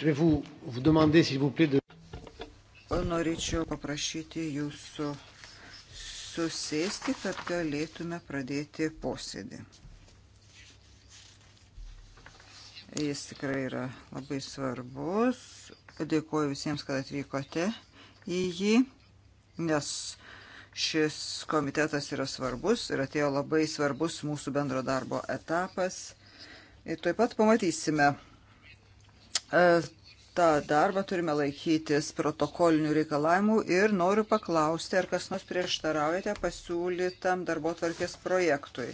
Vous, vous demander, plaît, de... Norėčiau paprašyti jūsų susėsti, kad galėtume pradėti posėdį. Jis tikrai yra labai svarbus. Dėkuoju visiems, kad atvykote į jį, nes šis komitetas yra svarbus ir atėjo labai svarbus mūsų bendro darbo etapas. Ir taip pat pamatysime E, tą darbą turime laikytis protokolinių reikalavimų ir noriu paklausti, ar kas nors prieštaraujate pasiūlytam darbo tvarkės projektui.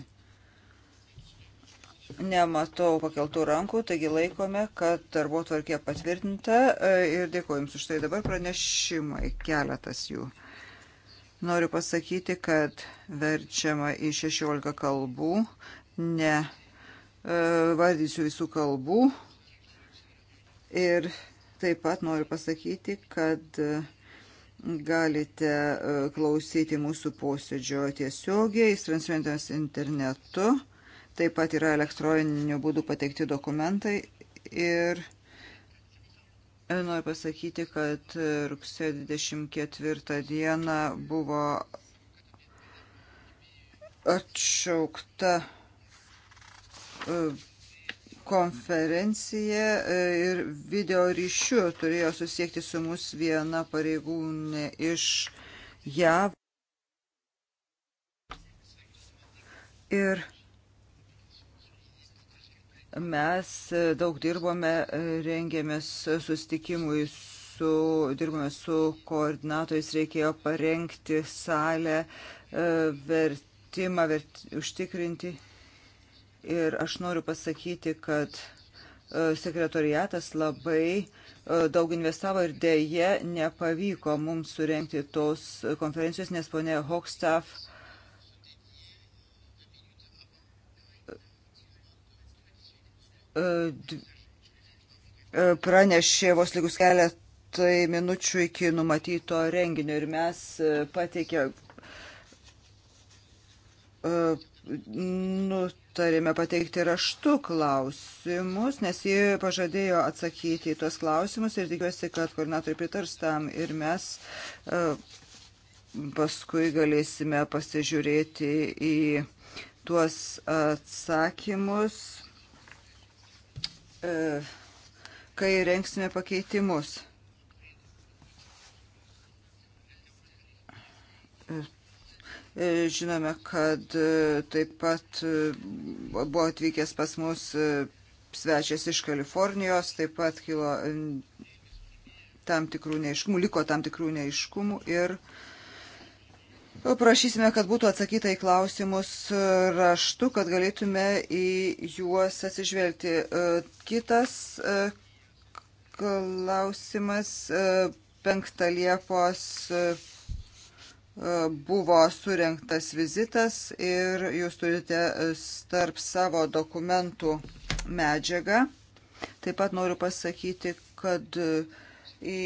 Nematau pakeltų rankų, taigi laikome, kad darbo tvarkė patvirtinta e, ir dėkuoju Jums už tai dabar pranešimai, keletas jų. Noriu pasakyti, kad verčiama į 16 kalbų, ne e, vardysiu visų kalbų, Ir taip pat noriu pasakyti, kad e, galite e, klausyti mūsų posėdžio tiesiogiai, transliuojantis internetu. Taip pat yra elektroniniu būdu pateikti dokumentai ir e, noriu pasakyti, kad rugsėjo 24 dieną buvo atšaukta konferenciją e, ir video ryšiu turėjo susiekti su mus viena pareigūnė iš JAV. Ir mes daug dirbome, rengėmės sustikimui su, dirbome su koordinatoriais, reikėjo parengti salę, e, vertimą, vert, užtikrinti Ir aš noriu pasakyti, kad e, sekretoriatas labai e, daug investavo ir dėje nepavyko mums surenkti tos konferencijos, nes ponė Hochstaff e, pranešė vos lygus keletai minučių iki numatyto renginio ir mes pateikė nu, sutarėme pateikti raštu klausimus, nes ji pažadėjo atsakyti į tuos klausimus ir tikiuosi, kad koordinatoriai pritars tam ir mes e, paskui galėsime pasižiūrėti į tuos atsakymus, e, kai renksime pakeitimus. E, žinome, kad e, taip pat e, buvo atvykęs pas mus svečias iš Kalifornijos, taip pat kilo tam tikrų neiškumų, liko tam tikrų neiškumų ir prašysime, kad būtų atsakyta į klausimus raštu, kad galėtume į juos atsižvelgti. Kitas klausimas penktą Liepos buvo surinktas vizitas ir jūs turite tarp savo dokumentų medžiagą. Taip pat noriu pasakyti, kad į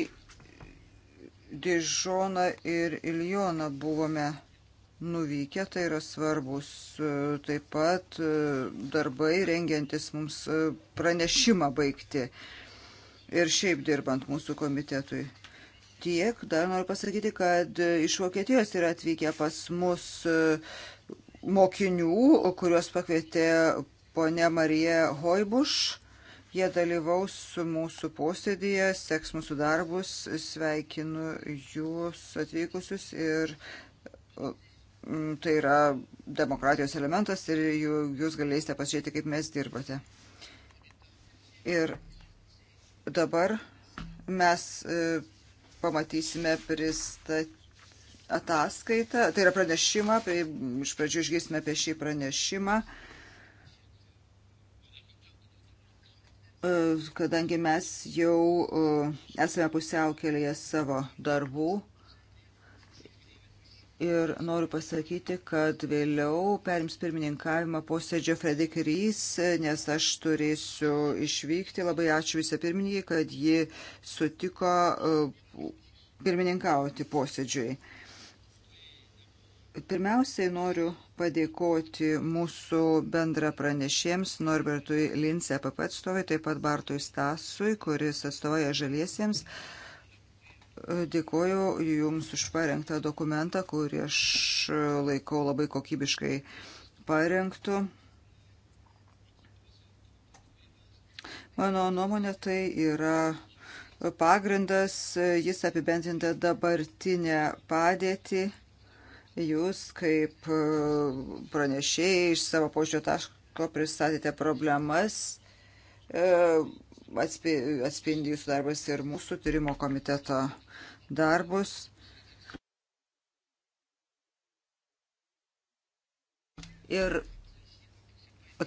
Dižoną ir Iljoną buvome nuvykę, tai yra svarbus taip pat darbai rengiantis mums pranešimą baigti ir šiaip dirbant mūsų komitetui tiek. Dar noriu pasakyti, kad e, iš Vokietijos yra atvykę pas mus e, mokinių, kuriuos pakvietė ponia Marija Hoibuš. Jie dalyvaus mūsų posėdėje, seks mūsų darbus, sveikinu jūs atvykusius ir e, tai yra demokratijos elementas ir jūs galėsite pasižiūrėti, kaip mes dirbate. Ir dabar mes pamatysime pristatyti ataskaitą, tai yra pranešimą, tai iš pradžių išgirsime apie šį pranešimą, e, kadangi mes jau e, esame pusiaukelėje savo darbų ir noriu pasakyti, kad vėliau perims pirmininkavimą posėdžio Fredrik Rys, nes aš turėsiu išvykti. Labai ačiū visą pirmininkai, kad ji sutiko uh, pirmininkauti posėdžiui. Pirmiausiai noriu padėkoti mūsų bendra pranešėms Norbertui Lince, PP atstovai, taip pat Bartui Stasui, kuris atstovauja žaliesiems. Uh, Dėkoju Jums už parengtą dokumentą, kurį aš laikau labai kokybiškai parengtų. Mano nuomonė tai yra pagrindas, jis apibendrinta dabartinę padėtį. Jūs kaip pranešėjai iš savo požiūrio taško pristatėte problemas atspindi jūsų darbas ir mūsų tyrimo komiteto darbus. Ir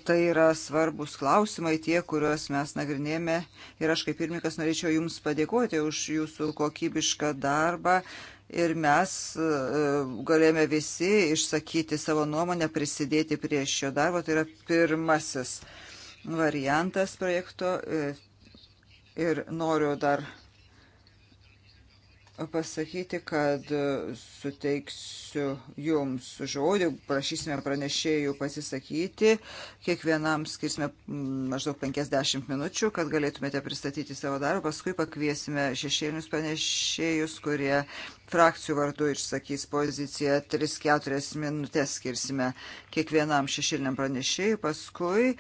tai yra svarbus klausimai tie, kuriuos mes nagrinėjame. Ir aš kaip pirmininkas norėčiau Jums padėkoti už Jūsų kokybišką darbą. Ir mes e, galėjome visi išsakyti savo nuomonę, prisidėti prie šio darbo. Tai yra pirmasis variantas projekto. E, Ir noriu dar pasakyti, kad suteiksiu jums žodį, prašysime pranešėjų pasisakyti, kiekvienam skirsime maždaug 50 minučių, kad galėtumėte pristatyti savo darbą, paskui pakviesime šešėlinius pranešėjus, kurie frakcijų vardu išsakys poziciją, 3-4 minutės skirsime kiekvienam šešiliniam pranešėjui, paskui e,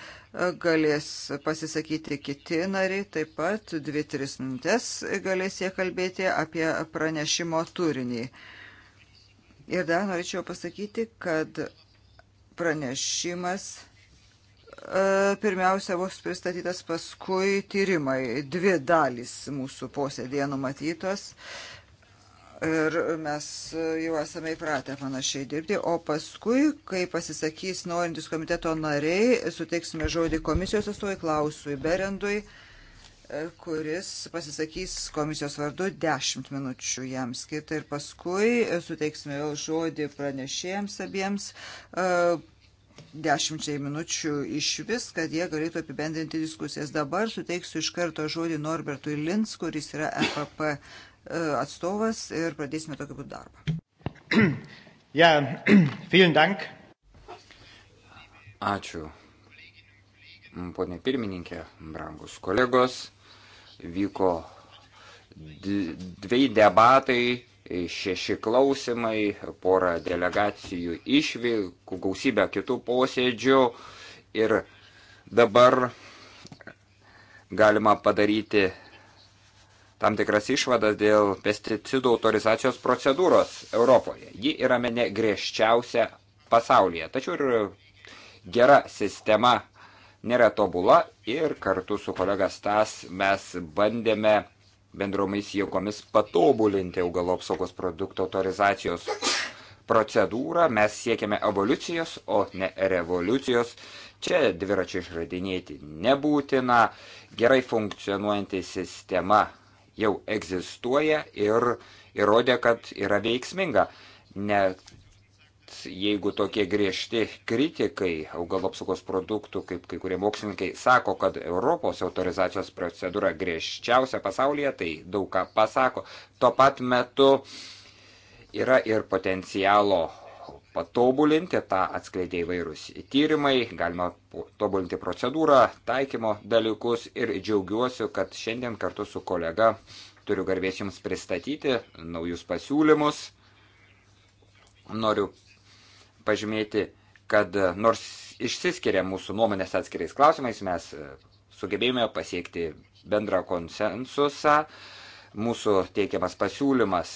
galės pasisakyti kiti nariai, taip pat 2-3 minutės galės jie kalbėti apie pranešimo turinį. Ir dar norėčiau pasakyti, kad pranešimas e, pirmiausia bus pristatytas paskui tyrimai. Dvi dalys mūsų posėdėje numatytos. Uh, Ir mes jau esame įpratę panašiai dirbti, o paskui, kai pasisakys norintis komiteto nariai, suteiksime žodį komisijos atstovui Klausui Berendui, e, kuris pasisakys komisijos vardu 10 minučių jam skirtą ir paskui suteiksime vėl žodį pranešėjams abiems e, dešimčiai minučių iš vis, kad jie galėtų apibendrinti diskusijas. Dabar suteiksiu iš karto žodį Norbertui Lins, kuris yra FAP e E, atstovas ir pradėsime tokiu būdu darbą. Ja, vielen Dank. Ačiū. Pone pirmininkė, brangus kolegos, vyko dviejai debatai, šeši klausimai, pora delegacijų išvykų, gausybę kitų posėdžių ir dabar galima padaryti tam tikras išvadas dėl pesticidų autorizacijos procedūros Europoje. Ji yra mene griežčiausia pasaulyje, tačiau ir gera sistema nėra tobula ir kartu su kolega Stas mes bandėme bendromis jėgomis patobulinti augalo apsaugos produkto autorizacijos procedūrą. Mes siekiame evoliucijos, o ne revoliucijos. Čia dviračiai išradinėti nebūtina. Gerai funkcionuojanti sistema jau egzistuoja ir įrodė, kad yra veiksminga. Net jeigu tokie griežti kritikai augalų apsaugos produktų, kaip kai kurie mokslininkai, sako, kad Europos autorizacijos procedūra griežčiausia pasaulyje, tai daug ką pasako. Tuo pat metu yra ir potencialo patobulinti, tą atskleidė įvairūs tyrimai, galima tobulinti procedūrą, taikymo dalykus ir džiaugiuosi, kad šiandien kartu su kolega turiu garbės jums pristatyti naujus pasiūlymus. Noriu pažymėti, kad nors išsiskiria mūsų nuomonės atskiriais klausimais, mes e, sugebėjome pasiekti bendrą konsensusą. Mūsų teikiamas pasiūlymas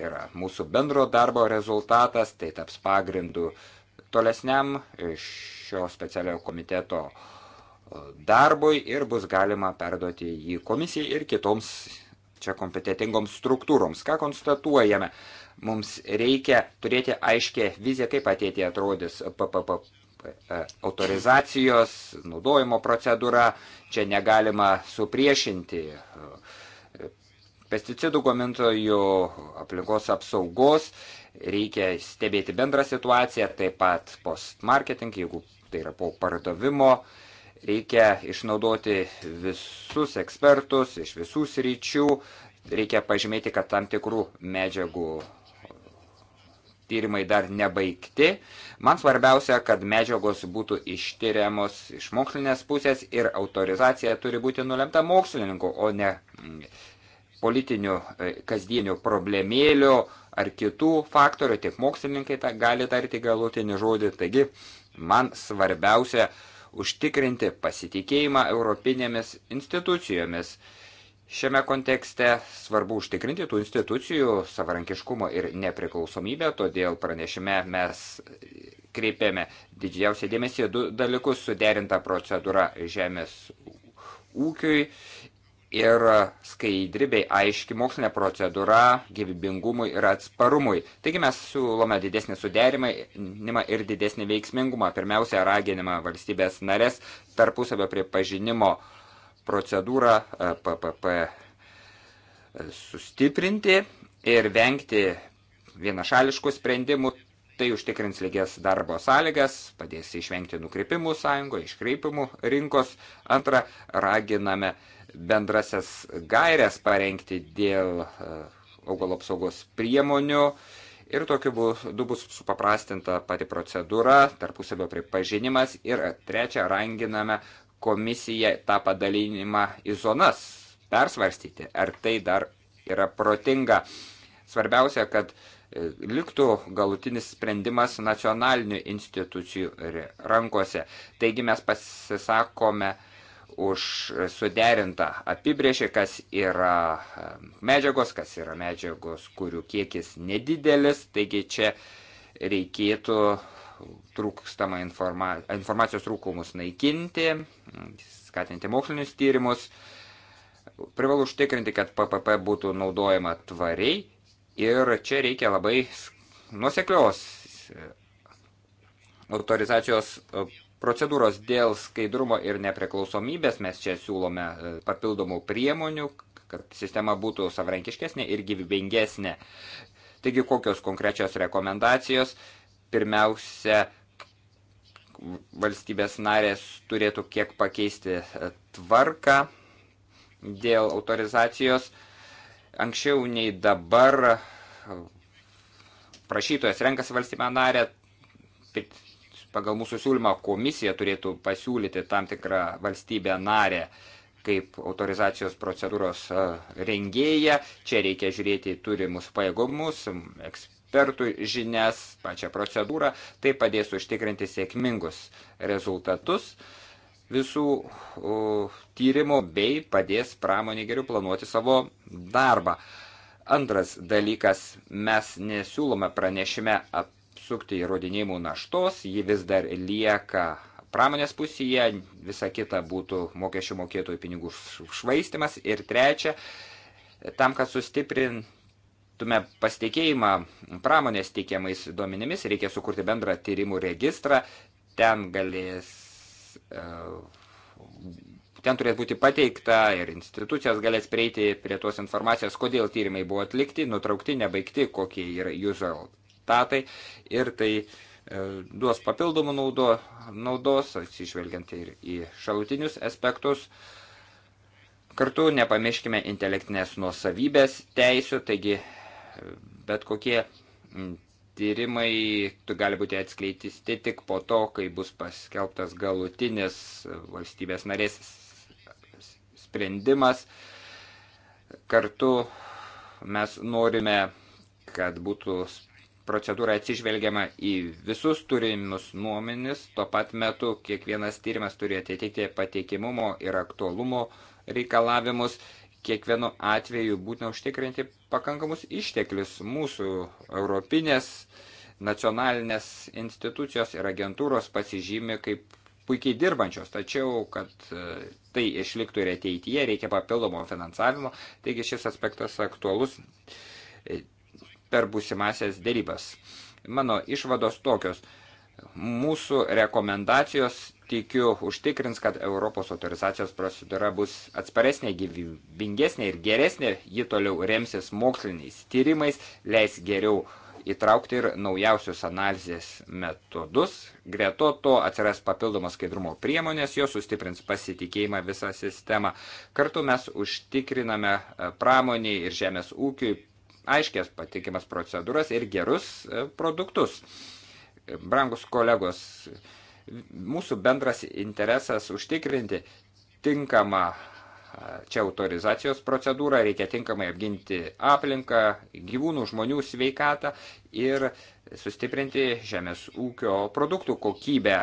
yra mūsų bendro darbo rezultatas, tai taps pagrindu tolesniam šio specialiojo komiteto e, darbui ir bus galima perduoti jį komisijai ir kitoms čia kompetitingoms struktūroms. Ką konstatuojame? Mums reikia turėti aiškę viziją, kaip ateitį atrodys PPP e, autorizacijos, naudojimo procedūra. Čia negalima supriešinti uh, pesticidų gamintojų, aplinkos apsaugos, reikia stebėti bendrą situaciją, taip pat post-marketing, jeigu tai yra po pardavimo, reikia išnaudoti visus ekspertus iš visų sričių, reikia pažymėti, kad tam tikrų medžiagų tyrimai dar nebaigti. Man svarbiausia, kad medžiagos būtų ištyriamos iš mokslinės pusės ir autorizacija turi būti nulemta mokslininko, o ne mm, politinių e, kasdienių problemėlių ar kitų faktorių, tik mokslininkai ta, gali tarti galutinį žodį. Taigi, man svarbiausia užtikrinti pasitikėjimą europinėmis institucijomis. Šiame kontekste svarbu užtikrinti tų institucijų savarankiškumo ir nepriklausomybę, todėl pranešime mes kreipėme didžiausią dėmesį du dalykus - suderinta procedūra žemės ūkiui ir skaidri bei aiški mokslinė procedūra gyvybingumui ir atsparumui. Taigi mes siūlome didesnį suderinimą ir didesnį veiksmingumą. Pirmiausia, raginimą valstybės narės tarpusavio pripažinimo procedūrą PPP e, e, sustiprinti ir vengti vienašališkų sprendimų. Tai užtikrins lygias darbo sąlygas, padės išvengti nukreipimų sąjungo, iškreipimų rinkos. Antra, raginame uh, bendrasias gairias parengti dėl e, augalo apsaugos priemonių ir tokiu būdu bus supaprastinta pati procedūra, tarpusavio pripažinimas ir trečia, ranginame komisiją tą padalinimą į zonas persvarstyti, ar tai dar yra protinga. Svarbiausia, kad e, liktų galutinis sprendimas nacionalinių institucijų rankose. Taigi mes pasisakome uh, už suderintą apibrėžį, kas yra medžiagos, kas yra medžiagos, kurių kiekis nedidelis, taigi čia reikėtų trūkstamą informa informacijos trūkumus naikinti, skatinti mokslinius tyrimus, privalu užtikrinti, kad PPP būtų naudojama tvariai ir čia reikia labai nuseklios e, autorizacijos e, Procedūros dėl skaidrumo ir nepriklausomybės mes čia siūlome e, papildomų priemonių, kad sistema būtų savrankiškesnė ir gyvybingesnė. Taigi kokios konkrečios rekomendacijos? Pirmiausia, valstybės narės turėtų kiek pakeisti e, tvarką dėl autorizacijos. Anksčiau nei dabar e, prašytojas renkasi valstybę narę, pagal mūsų siūlymą komisija turėtų pasiūlyti tam tikrą valstybę narę kaip autorizacijos procedūros rengėja. Čia reikia žiūrėti turimus pajėgumus, ekspertų žinias, pačią procedūrą. Tai padės užtikrinti sėkmingus rezultatus visų tyrimų bei padės pramonį geriau planuoti savo darbą. Antras dalykas, mes nesiūlome pranešime apie sukti įrodinėjimų naštos, ji vis dar lieka pramonės pusėje, visa kita būtų mokesčių mokėtojų pinigų švaistimas. Ir trečia, tam, kad sustiprintume pasitikėjimą pramonės teikiamais duomenimis, reikia sukurti bendrą tyrimų registrą, ten galės. E, ten turės būti pateikta ir institucijos galės prieiti prie tos informacijos, kodėl tyrimai buvo atlikti, nutraukti, nebaigti, kokie yra user rezultatai ir tai e, duos papildomų naudo, naudos, atsižvelgiant ir į šalutinius aspektus. Kartu nepamirškime intelektinės nuosavybės teisių, taigi e, bet kokie tyrimai gali būti atskleisti tik po to, kai bus paskelbtas galutinis valstybės narės sprendimas. Kartu mes norime, kad būtų procedūrą atsižvelgiama į visus turimus nuomenis, tuo pat metu kiekvienas tyrimas turi atitikti pateikimumo ir aktualumo reikalavimus, kiekvienu atveju būtina užtikrinti pakankamus išteklius mūsų europinės nacionalinės institucijos ir agentūros pasižymi kaip puikiai dirbančios, tačiau, kad e, tai išliktų ir ateityje, reikia papildomo finansavimo, taigi šis aspektas aktualus e, per būsimasias dėrybas. Mano išvados tokios. Mūsų rekomendacijos, tikiu, užtikrins, kad Europos autorizacijos procedūra bus atsparesnė, gyvybingesnė ir geresnė, ji toliau remsis moksliniais tyrimais, leis geriau įtraukti ir naujausius analizės metodus. Greto to atsiras papildomas skaidrumo priemonės, jos sustiprins pasitikėjimą visą sistemą. Kartu mes užtikriname pramoniai ir žemės ūkiui aiškės patikimas procedūras ir gerus e, produktus. Brangus kolegos, mūsų bendras interesas užtikrinti tinkamą e, čia autorizacijos procedūrą, reikia tinkamai apginti aplinką, gyvūnų, žmonių sveikatą ir sustiprinti žemės ūkio produktų kokybę.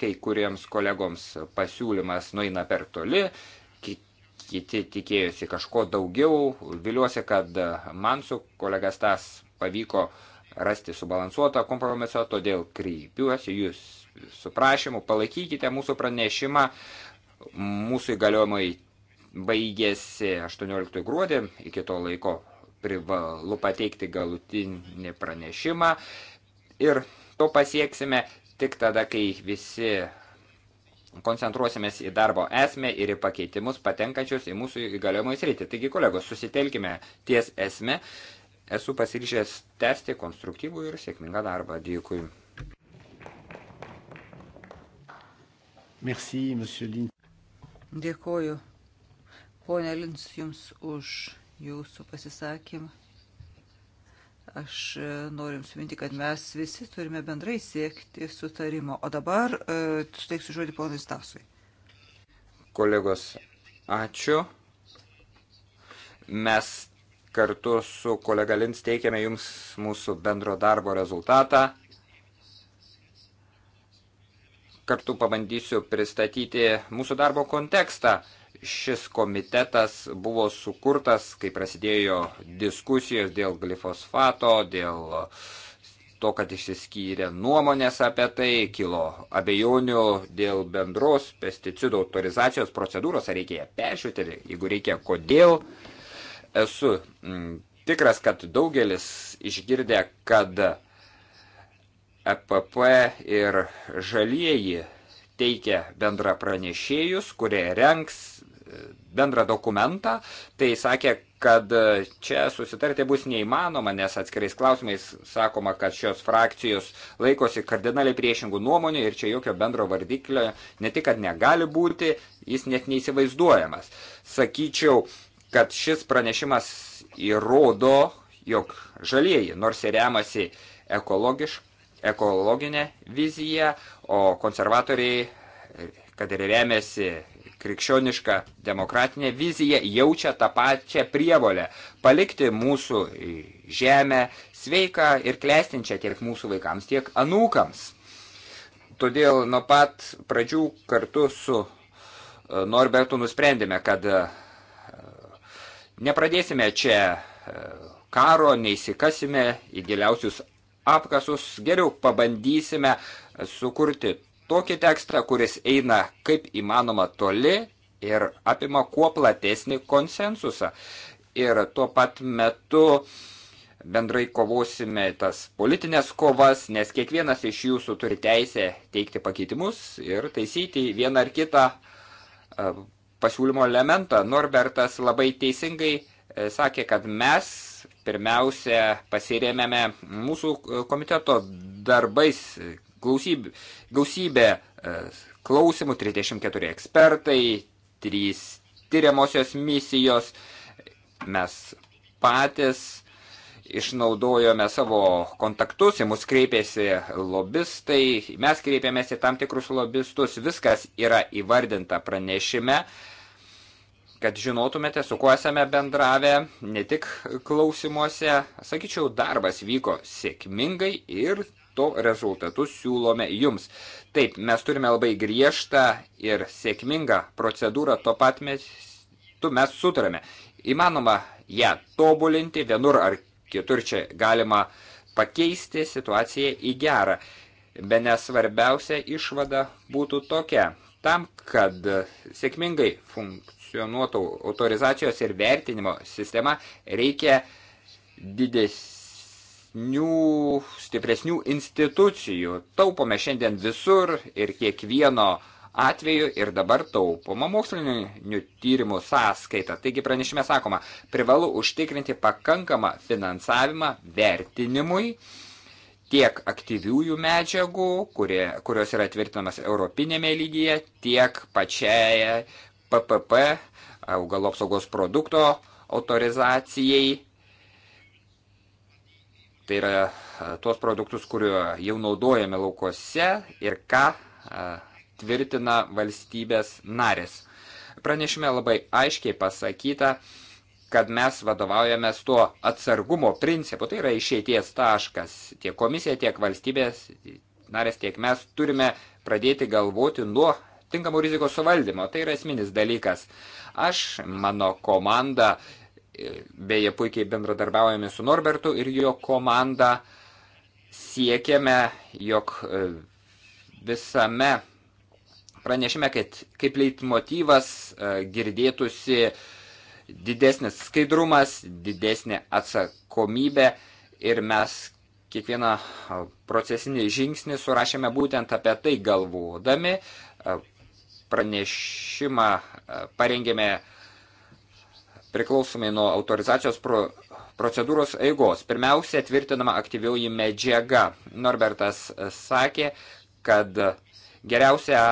Kai kuriems kolegoms pasiūlymas nueina per toli, kiti tikėjosi kažko daugiau. Viliuosi, kad man su kolega Stas pavyko rasti subalansuotą kompromisą, todėl kreipiuosi jūs su prašymu, palaikykite mūsų pranešimą. Mūsų įgaliojimai baigėsi 18 gruodį, iki to laiko privalu pateikti galutinį pranešimą ir to pasieksime tik tada, kai visi koncentruosimės į darbo esmę ir į pakeitimus patenkančius į mūsų įgaliojimo sritį. Taigi, kolegos, susitelkime ties esmę. Esu pasiryžęs tęsti konstruktyvų ir sėkmingą darbą. Dėkui. Merci, monsieur Lin. Dėkoju. Pone Lins, jums už jūsų pasisakymą. Aš e, noriu Jums minti, kad mes visi turime bendrai siekti sutarimo. O dabar e, suteiksiu žodį ponui Stasui. Kolegos, ačiū. Mes kartu su kolega Lins teikiame Jums mūsų bendro darbo rezultatą kartu pabandysiu pristatyti mūsų darbo kontekstą šis komitetas buvo sukurtas, kai prasidėjo diskusijos dėl glifosfato, dėl to, kad išsiskyrė nuomonės apie tai, kilo abejonių dėl bendros pesticidų autorizacijos procedūros, ar reikia ją peržiūrėti, jeigu reikia, kodėl. Esu m, mm, tikras, kad daugelis išgirdė, kad EPP ir žalieji teikia bendra pranešėjus, kurie renks bendrą dokumentą, tai sakė, kad čia susitarti bus neįmanoma, nes atskirais klausimais sakoma, kad šios frakcijos laikosi kardinaliai priešingų nuomonių ir čia jokio bendro vardiklio ne tik, kad negali būti, jis net neįsivaizduojamas. Sakyčiau, kad šis pranešimas įrodo, jog žalieji, nors ir remasi ekologiš, ekologinė vizija, o konservatoriai, kad ir remiasi krikščionišką demokratinę viziją jaučia tą pačią prievolę palikti mūsų žemę sveiką ir klestinčią tiek mūsų vaikams, tiek anūkams. Todėl nuo pat pradžių kartu su e, Norbertu nusprendėme, kad e, nepradėsime čia e, karo, neįsikasime į giliausius apkasus, geriau pabandysime sukurti tokį tekstą, kuris eina kaip įmanoma toli ir apima kuo platesnį konsensusą. Ir tuo pat metu bendrai kovosime tas politinės kovas, nes kiekvienas iš jūsų turi teisę teikti pakeitimus ir taisyti vieną ar kitą e, pasiūlymo elementą. Norbertas labai teisingai e, sakė, kad mes pirmiausia pasirėmėme mūsų e, komiteto darbais, gausybė, gausybė e, klausimų, 34 ekspertai, 3 tyriamosios misijos. Mes patys išnaudojome savo kontaktus, į mus kreipėsi lobistai, mes kreipėmės į tam tikrus lobistus, viskas yra įvardinta pranešime, kad žinotumėte, su kuo esame bendravę, ne tik klausimuose, sakyčiau, darbas vyko sėkmingai ir to rezultatus siūlome jums. Taip, mes turime labai griežtą ir sėkmingą procedūrą, to pat metu mes sutarame. Įmanoma ją tobulinti, vienur ar kitur čia galima pakeisti situaciją į gerą. Be nesvarbiausia išvada būtų tokia. Tam, kad sėkmingai funkcionuotų autorizacijos ir vertinimo sistema, reikia didesnį stipresnių, stipresnių institucijų. Taupome šiandien visur ir kiekvieno atveju ir dabar taupoma mokslinių tyrimų sąskaita. Taigi pranešime sakoma, privalu užtikrinti pakankamą finansavimą vertinimui tiek aktyviųjų medžiagų, kurie, kurios yra tvirtinamas europinėme lygyje, tiek pačiai PPP augalų apsaugos produkto autorizacijai Tai yra e, tuos produktus, kurio jau naudojame laukose ir ką e, tvirtina valstybės narės. Pranešime labai aiškiai pasakyta, kad mes vadovaujamės tuo atsargumo principu, tai yra išeities taškas. Tiek komisija, tiek valstybės narės, tiek mes turime pradėti galvoti nuo tinkamų rizikos suvaldymo. Tai yra esminis dalykas. Aš, mano komanda, uh, beje puikiai bendradarbiaujame su Norbertu ir jo komanda siekiame, jog e, visame pranešime, kad kaip leitmotyvas e, girdėtųsi didesnis skaidrumas, didesnė atsakomybė ir mes kiekvieną e, procesinį žingsnį surašėme būtent apie tai galvodami. Pranešimą parengėme priklausomai nuo autorizacijos pro, procedūros eigos. Pirmiausia, tvirtinama aktyvioji medžiaga. Norbertas e, sakė, kad geriausia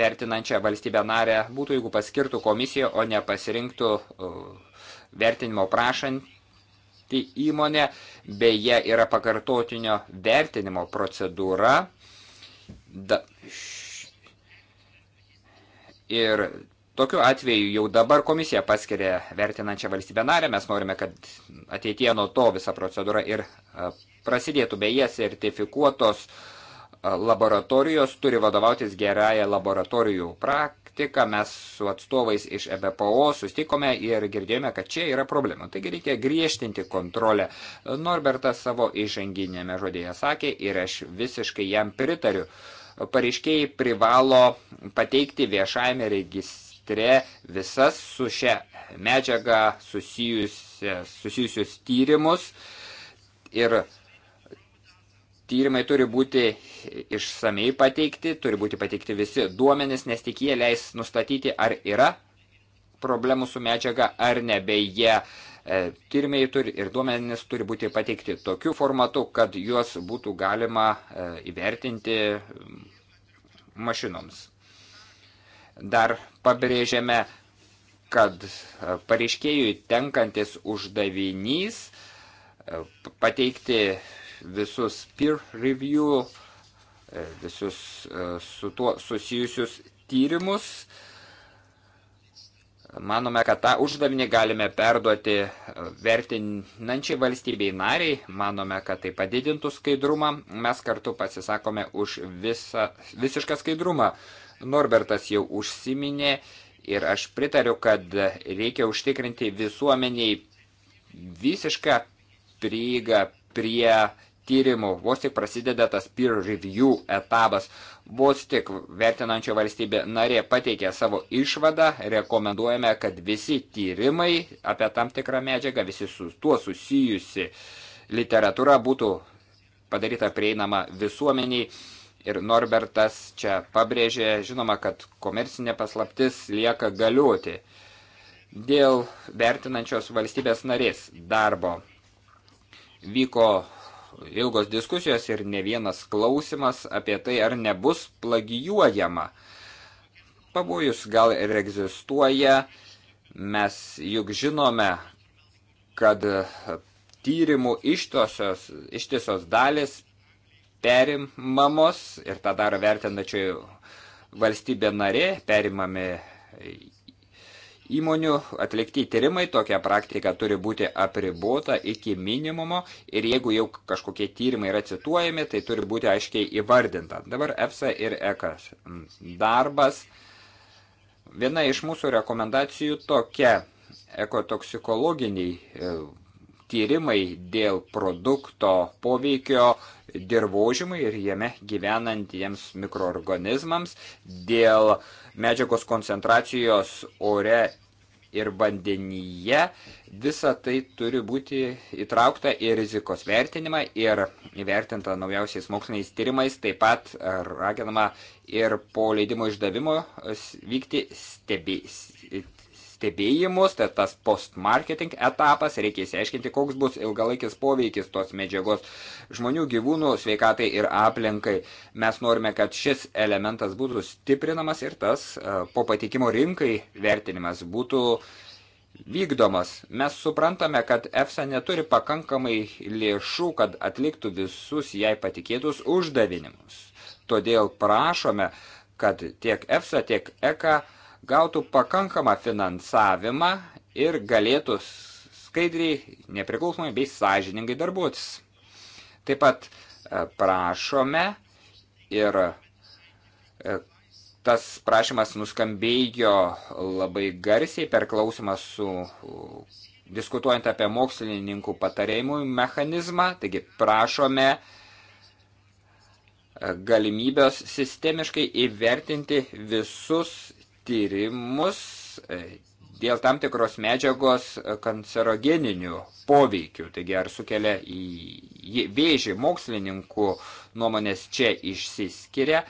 vertinančią valstybę narę būtų, jeigu paskirtų komisiją, o ne pasirinktų e, vertinimo prašantį įmonę. Beje, yra pakartotinio vertinimo procedūra. Da, ir Tokiu atveju jau dabar komisija paskiria vertinančią valstybę narę, mes norime, kad ateitie nuo to visa procedūra ir e, prasidėtų beje sertifikuotos e, laboratorijos, turi vadovautis gerąją laboratorijų praktiką, mes su atstovais iš EBPO sustikome ir girdėjome, kad čia yra problema, taigi reikia griežtinti kontrolę. Norbertas savo įžanginėme žodėje sakė ir aš visiškai jam pritariu. Pareiškėjai privalo pateikti viešajame registrui centre visas su šia medžiaga susijusius tyrimus ir tyrimai turi būti išsamei pateikti, turi būti pateikti visi duomenys, nes tik jie leis nustatyti, ar yra problemų su medžiaga ar ne, beje, e, tyrimai turi ir duomenys turi būti pateikti tokiu formatu, kad juos būtų galima e, įvertinti mašinoms. Dar pabrėžiame, kad pareiškėjui tenkantis uždavinys e, pateikti visus peer review, e, visus e, su tuo susijusius tyrimus. Manome, kad tą uždavinį galime perduoti vertinančiai valstybei nariai, manome, kad tai padidintų skaidrumą, mes kartu pasisakome už visą, visišką skaidrumą Norbertas jau užsiminė ir aš pritariu, kad reikia užtikrinti visuomeniai visišką prieigą prie tyrimų. Vos tik prasideda tas peer review etapas, vos tik vertinančio valstybė narė pateikė savo išvadą, rekomenduojame, kad visi tyrimai apie tam tikrą medžiagą, visi su tuo susijusi literatūra būtų padaryta prieinama visuomeniai ir Norbertas čia pabrėžė, žinoma, kad komercinė paslaptis lieka galiuoti dėl vertinančios valstybės narės darbo. Vyko ilgos diskusijos ir ne vienas klausimas apie tai, ar nebus plagijuojama. Pavojus gal ir egzistuoja, mes juk žinome, kad tyrimų ištosios, ištisos dalis perimamos ir tą daro vertinačiai valstybė narė, perimami įmonių atlikti tyrimai, tokia praktika turi būti apribota iki minimumo ir jeigu jau kažkokie tyrimai yra cituojami, tai turi būti aiškiai įvardinta. Dabar EFSA ir ECAS darbas. Viena iš mūsų rekomendacijų tokia ekotoksikologiniai e, tyrimai dėl produkto poveikio dirbožimui ir jame gyvenantiems mikroorganizmams dėl medžiagos koncentracijos ore ir vandenyje. Visa tai turi būti įtraukta į rizikos vertinimą ir įvertinta naujausiais moksliniais tyrimais, taip pat raginama ir po leidimo išdavimo vykti stebės stebėjimus, tai tas post-marketing etapas, reikia įsiaiškinti, koks bus ilgalaikis poveikis tos medžiagos žmonių, gyvūnų sveikatai ir aplinkai. Mes norime, kad šis elementas būtų stiprinamas ir tas e, po patikimo rinkai vertinimas būtų vykdomas. Mes suprantame, kad EFSA neturi pakankamai lėšų, kad atliktų visus jai patikėtus uždavinimus. Todėl prašome, kad tiek EFSA, tiek ECA gautų pakankamą finansavimą ir galėtų skaidriai, nepriklausomai bei sąžiningai darbuotis. Taip pat e, prašome ir e, tas prašymas nuskambėjo labai garsiai per klausimą su diskutuojant apie mokslininkų patarėjimų mechanizmą, taigi prašome e, galimybės sistemiškai įvertinti visus tyrimus e, dėl tam tikros medžiagos kancerogeninių poveikių. Taigi ar sukelia į vėžį mokslininkų nuomonės čia išsiskiria.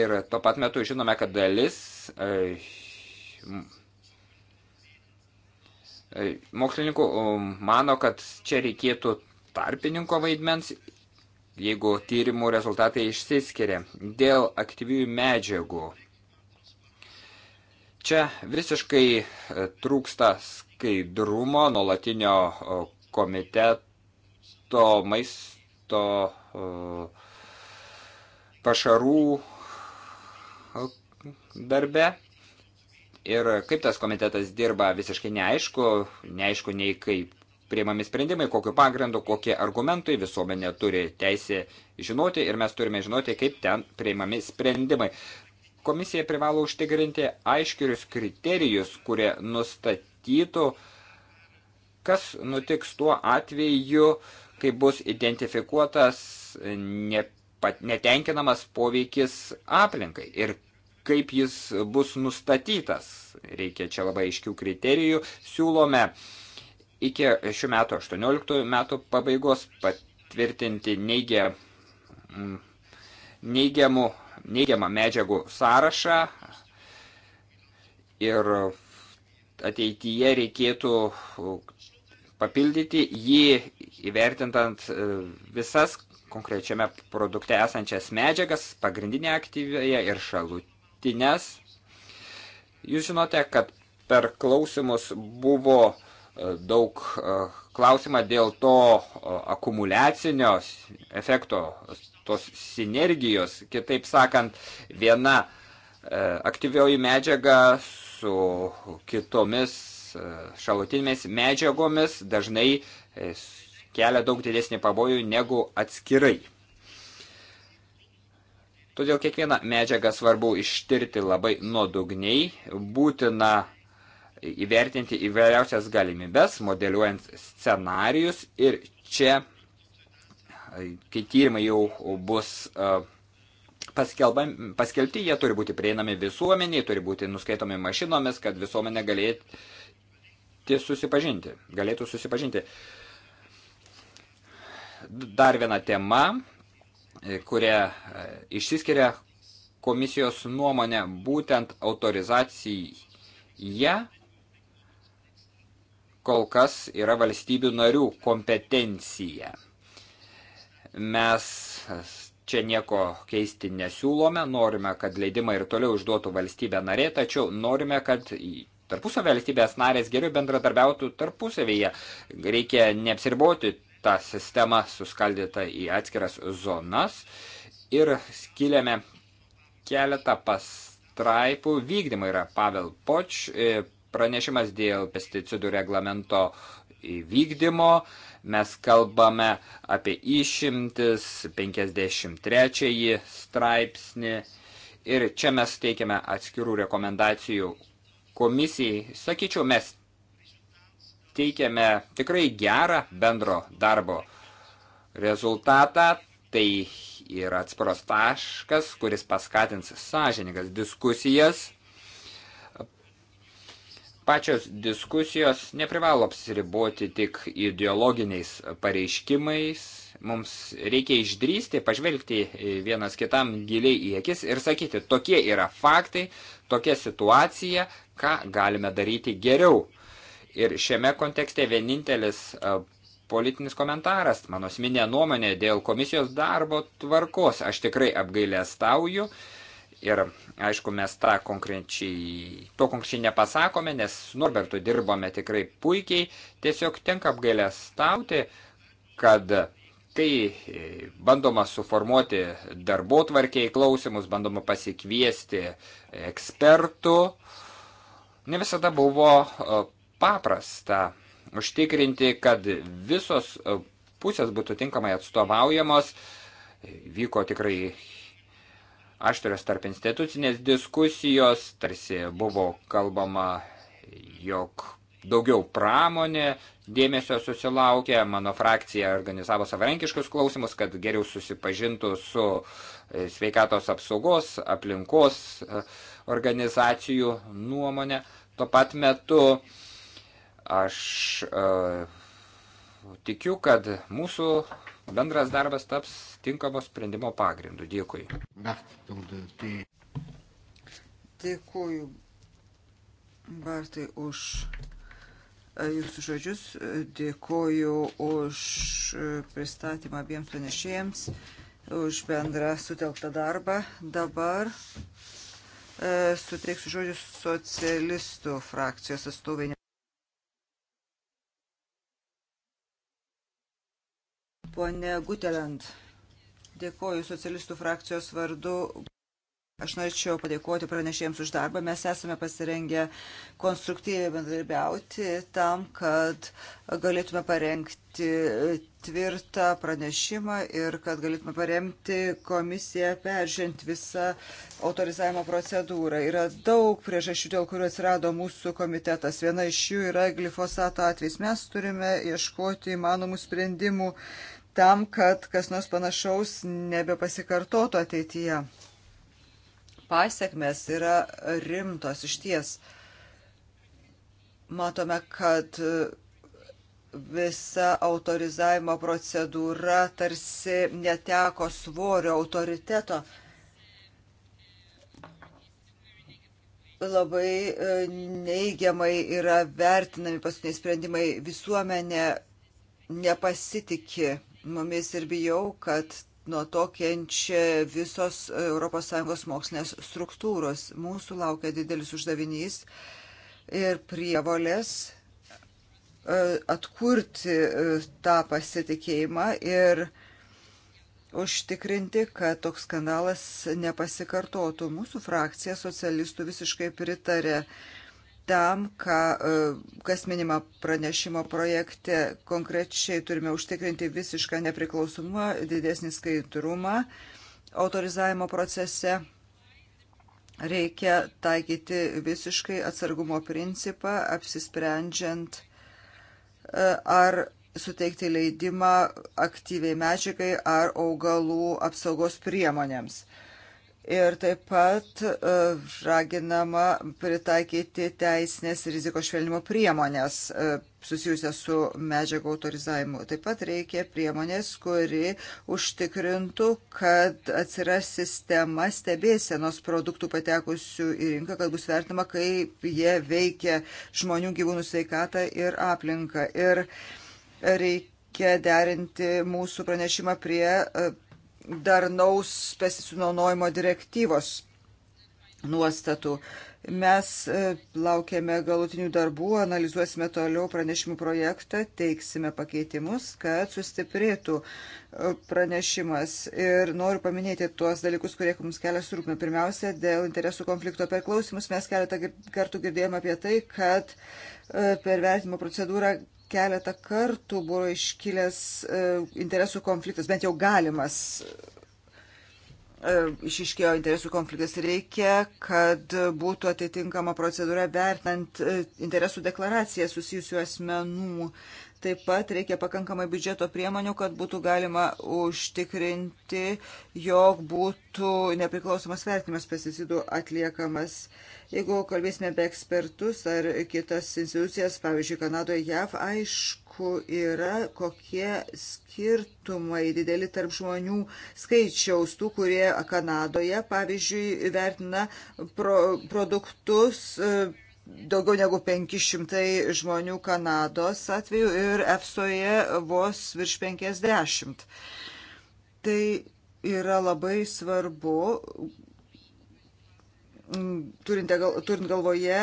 Ir tuo pat metu žinome, kad dalis e, e, mokslininkų mano, kad čia reikėtų tarpininko vaidmens, jeigu tyrimų rezultatai išsiskiria dėl aktyviųjų medžiagų Čia visiškai e, trūksta skaidrumo nuolatinio komiteto maisto pašarų darbe. Ir kaip tas komitetas dirba visiškai neaišku, neaišku nei kaip priimami sprendimai, kokiu pagrindu, kokie argumentai visuomenė turi teisę žinoti ir mes turime žinoti, kaip ten priimami sprendimai. Komisija privalo užtikrinti aiškius kriterijus, kurie nustatytų, kas nutiks tuo atveju, kai bus identifikuotas netenkinamas poveikis aplinkai ir kaip jis bus nustatytas. Reikia čia labai aiškių kriterijų. Siūlome iki šių metų 18 metų pabaigos patvirtinti neigia, neigiamų neigiamą medžiagų sąrašą ir ateityje reikėtų papildyti jį įvertintant e, visas konkrečiame produkte esančias medžiagas, pagrindinę aktyvėje ir šalutines. Jūs žinote, kad per klausimus buvo e, daug e, klausimą dėl to akumuliacinio efekto tos sinergijos. Kitaip sakant, viena e, aktyvioji medžiaga su kitomis e, šalutinėmis medžiagomis dažnai e, kelia daug didesnį pavojų negu atskirai. Todėl kiekvieną medžiagą svarbu ištirti labai nuodugniai, būtina įvertinti įvairiausias galimybes, modeliuojant scenarius ir čia kai tyrimai jau bus e, paskelbti, jie turi būti prieinami visuomeniai, turi būti nuskaitomi mašinomis, kad visuomenė galėtų susipažinti. Galėtų susipažinti. Dar viena tema, e, kuria e, išsiskiria komisijos nuomonė, būtent autorizacija kol kas yra valstybių narių kompetencija. Mes čia nieko keisti nesiūlome, norime, kad leidimą ir toliau išduotų valstybė narė, tačiau norime, kad tarpusavio valstybės narės geriau bendradarbiautų tarpusavyje. Reikia neapsirboti tą sistemą suskaldytą į atskiras zonas ir skiliame keletą pastraipų. Vykdymai yra Pavel Poč, e, pranešimas dėl pesticidų reglamento vykdymo. Mes kalbame apie išimtis 53 straipsnį ir čia mes teikiame atskirų rekomendacijų komisijai. Sakyčiau, mes teikiame tikrai gerą bendro darbo rezultatą. Tai yra atsparos taškas, kuris paskatins sąžininkas diskusijas Pačios diskusijos neprivalo apsiriboti tik ideologiniais pareiškimais, mums reikia išdrysti, pažvelgti vienas kitam giliai į akis ir sakyti, tokie yra faktai, tokia situacija, ką galime daryti geriau. Ir šiame kontekste vienintelis e, politinis komentaras, mano asmeninė nuomonė dėl komisijos darbo tvarkos, aš tikrai apgailę stauju, Ir aišku, mes tą konkrečiai, to konkrečiai nepasakome, nes su Norbertu dirbome tikrai puikiai, tiesiog tenka apgailę stauti, kad kai e, bandoma suformuoti darbo tvarkiai klausimus, bandoma pasikviesti ekspertų, ne visada buvo e, paprasta užtikrinti, kad visos e, pusės būtų tinkamai atstovaujamos. Vyko tikrai aštrios tarp institucinės diskusijos, tarsi buvo kalbama, jog daugiau pramonė dėmesio susilaukė, mano frakcija organizavo savarankiškus klausimus, kad geriau susipažintų su e, sveikatos apsaugos, aplinkos e, organizacijų nuomonė. Tuo pat metu aš uh, tikiu, kad mūsų bendras darbas taps tinkamo sprendimo pagrindu. Dėkui. Dėkuoju, Bartai, už e, jūsų žodžius. Dėkuoju už e, pristatymą abiems pranešėjams, už bendrą sutelktą darbą. Dabar e, suteiksiu žodžius socialistų frakcijos atstovai. Pone Gutelant, dėkoju socialistų frakcijos vardu. Aš norėčiau padėkoti pranešėjams už darbą. Mes esame pasirengę konstruktyviai bendradarbiauti tam, kad galėtume parengti tvirtą pranešimą ir kad galėtume paremti komisiją peržint visą autorizavimo procedūrą. Yra daug priežasčių, dėl kurių atsirado mūsų komitetas. Viena iš jų yra glifosato atvejs. Mes turime ieškoti įmanomų sprendimų tam, kad kas nors panašaus nebepasikartotų ateityje. Pasiekmes yra rimtos iš ties. Matome, kad visa autorizavimo procedūra tarsi neteko svorio autoriteto. Labai e, neigiamai yra vertinami paskutiniai sprendimai. Visuomenė nepasitiki mumis ir bijau, kad nuo to kenčia visos ES mokslinės struktūros. Mūsų laukia didelis uždavinys ir prievolės e, atkurti e, tą pasitikėjimą ir užtikrinti, kad toks skandalas nepasikartotų. Mūsų frakcija socialistų visiškai pritarė tam, ką, e, kas minima pranešimo projekte. Konkrečiai turime užtikrinti visišką nepriklausomumą, didesnį skaidrumą autorizavimo procese. Reikia taikyti visiškai atsargumo principą, apsisprendžiant, e, ar suteikti leidimą aktyviai medžiagai ar augalų apsaugos priemonėms. Ir taip pat e, raginama pritaikyti teisinės rizikos švelnimo priemonės e, susijusias su medžiagų autorizavimu. Taip pat reikia priemonės, kuri užtikrintų, kad atsiras sistema stebėsenos produktų patekusių į rinką, kad bus vertima, kaip jie veikia žmonių gyvūnų sveikatą ir aplinką. Ir reikia derinti mūsų pranešimą prie e, darnaus pesticinonojimo direktyvos nuostatų. Mes e, laukiame galutinių darbų, analizuosime toliau pranešimų projektą, teiksime pakeitimus, kad sustiprėtų e, pranešimas. Ir noriu paminėti tuos dalykus, kurie mums kelia surūpimą. Pirmiausia, dėl interesų konflikto per klausimus mes keletą kartų girdėjome apie tai, kad e, per vertimo procedūrą keletą kartų buvo iškilęs e, interesų konfliktas, bent jau galimas e, išiškėjo interesų konfliktas. Reikia, kad būtų atitinkama procedūra vertinant e, interesų deklaraciją susijusių asmenų. Taip pat reikia pakankamai biudžeto priemonių, kad būtų galima užtikrinti, jog būtų nepriklausomas vertinimas pesticidų atliekamas. Jeigu kalbėsime apie ekspertus ar kitas institucijas, pavyzdžiui, Kanadoje, JAV, aišku, yra kokie skirtumai dideli tarp žmonių skaičiaus, tų, kurie Kanadoje, pavyzdžiui, vertina pro, produktus. E, daugiau negu 500 žmonių Kanados atveju ir EFSOje vos virš 50. Tai yra labai svarbu, mm, turint galvoje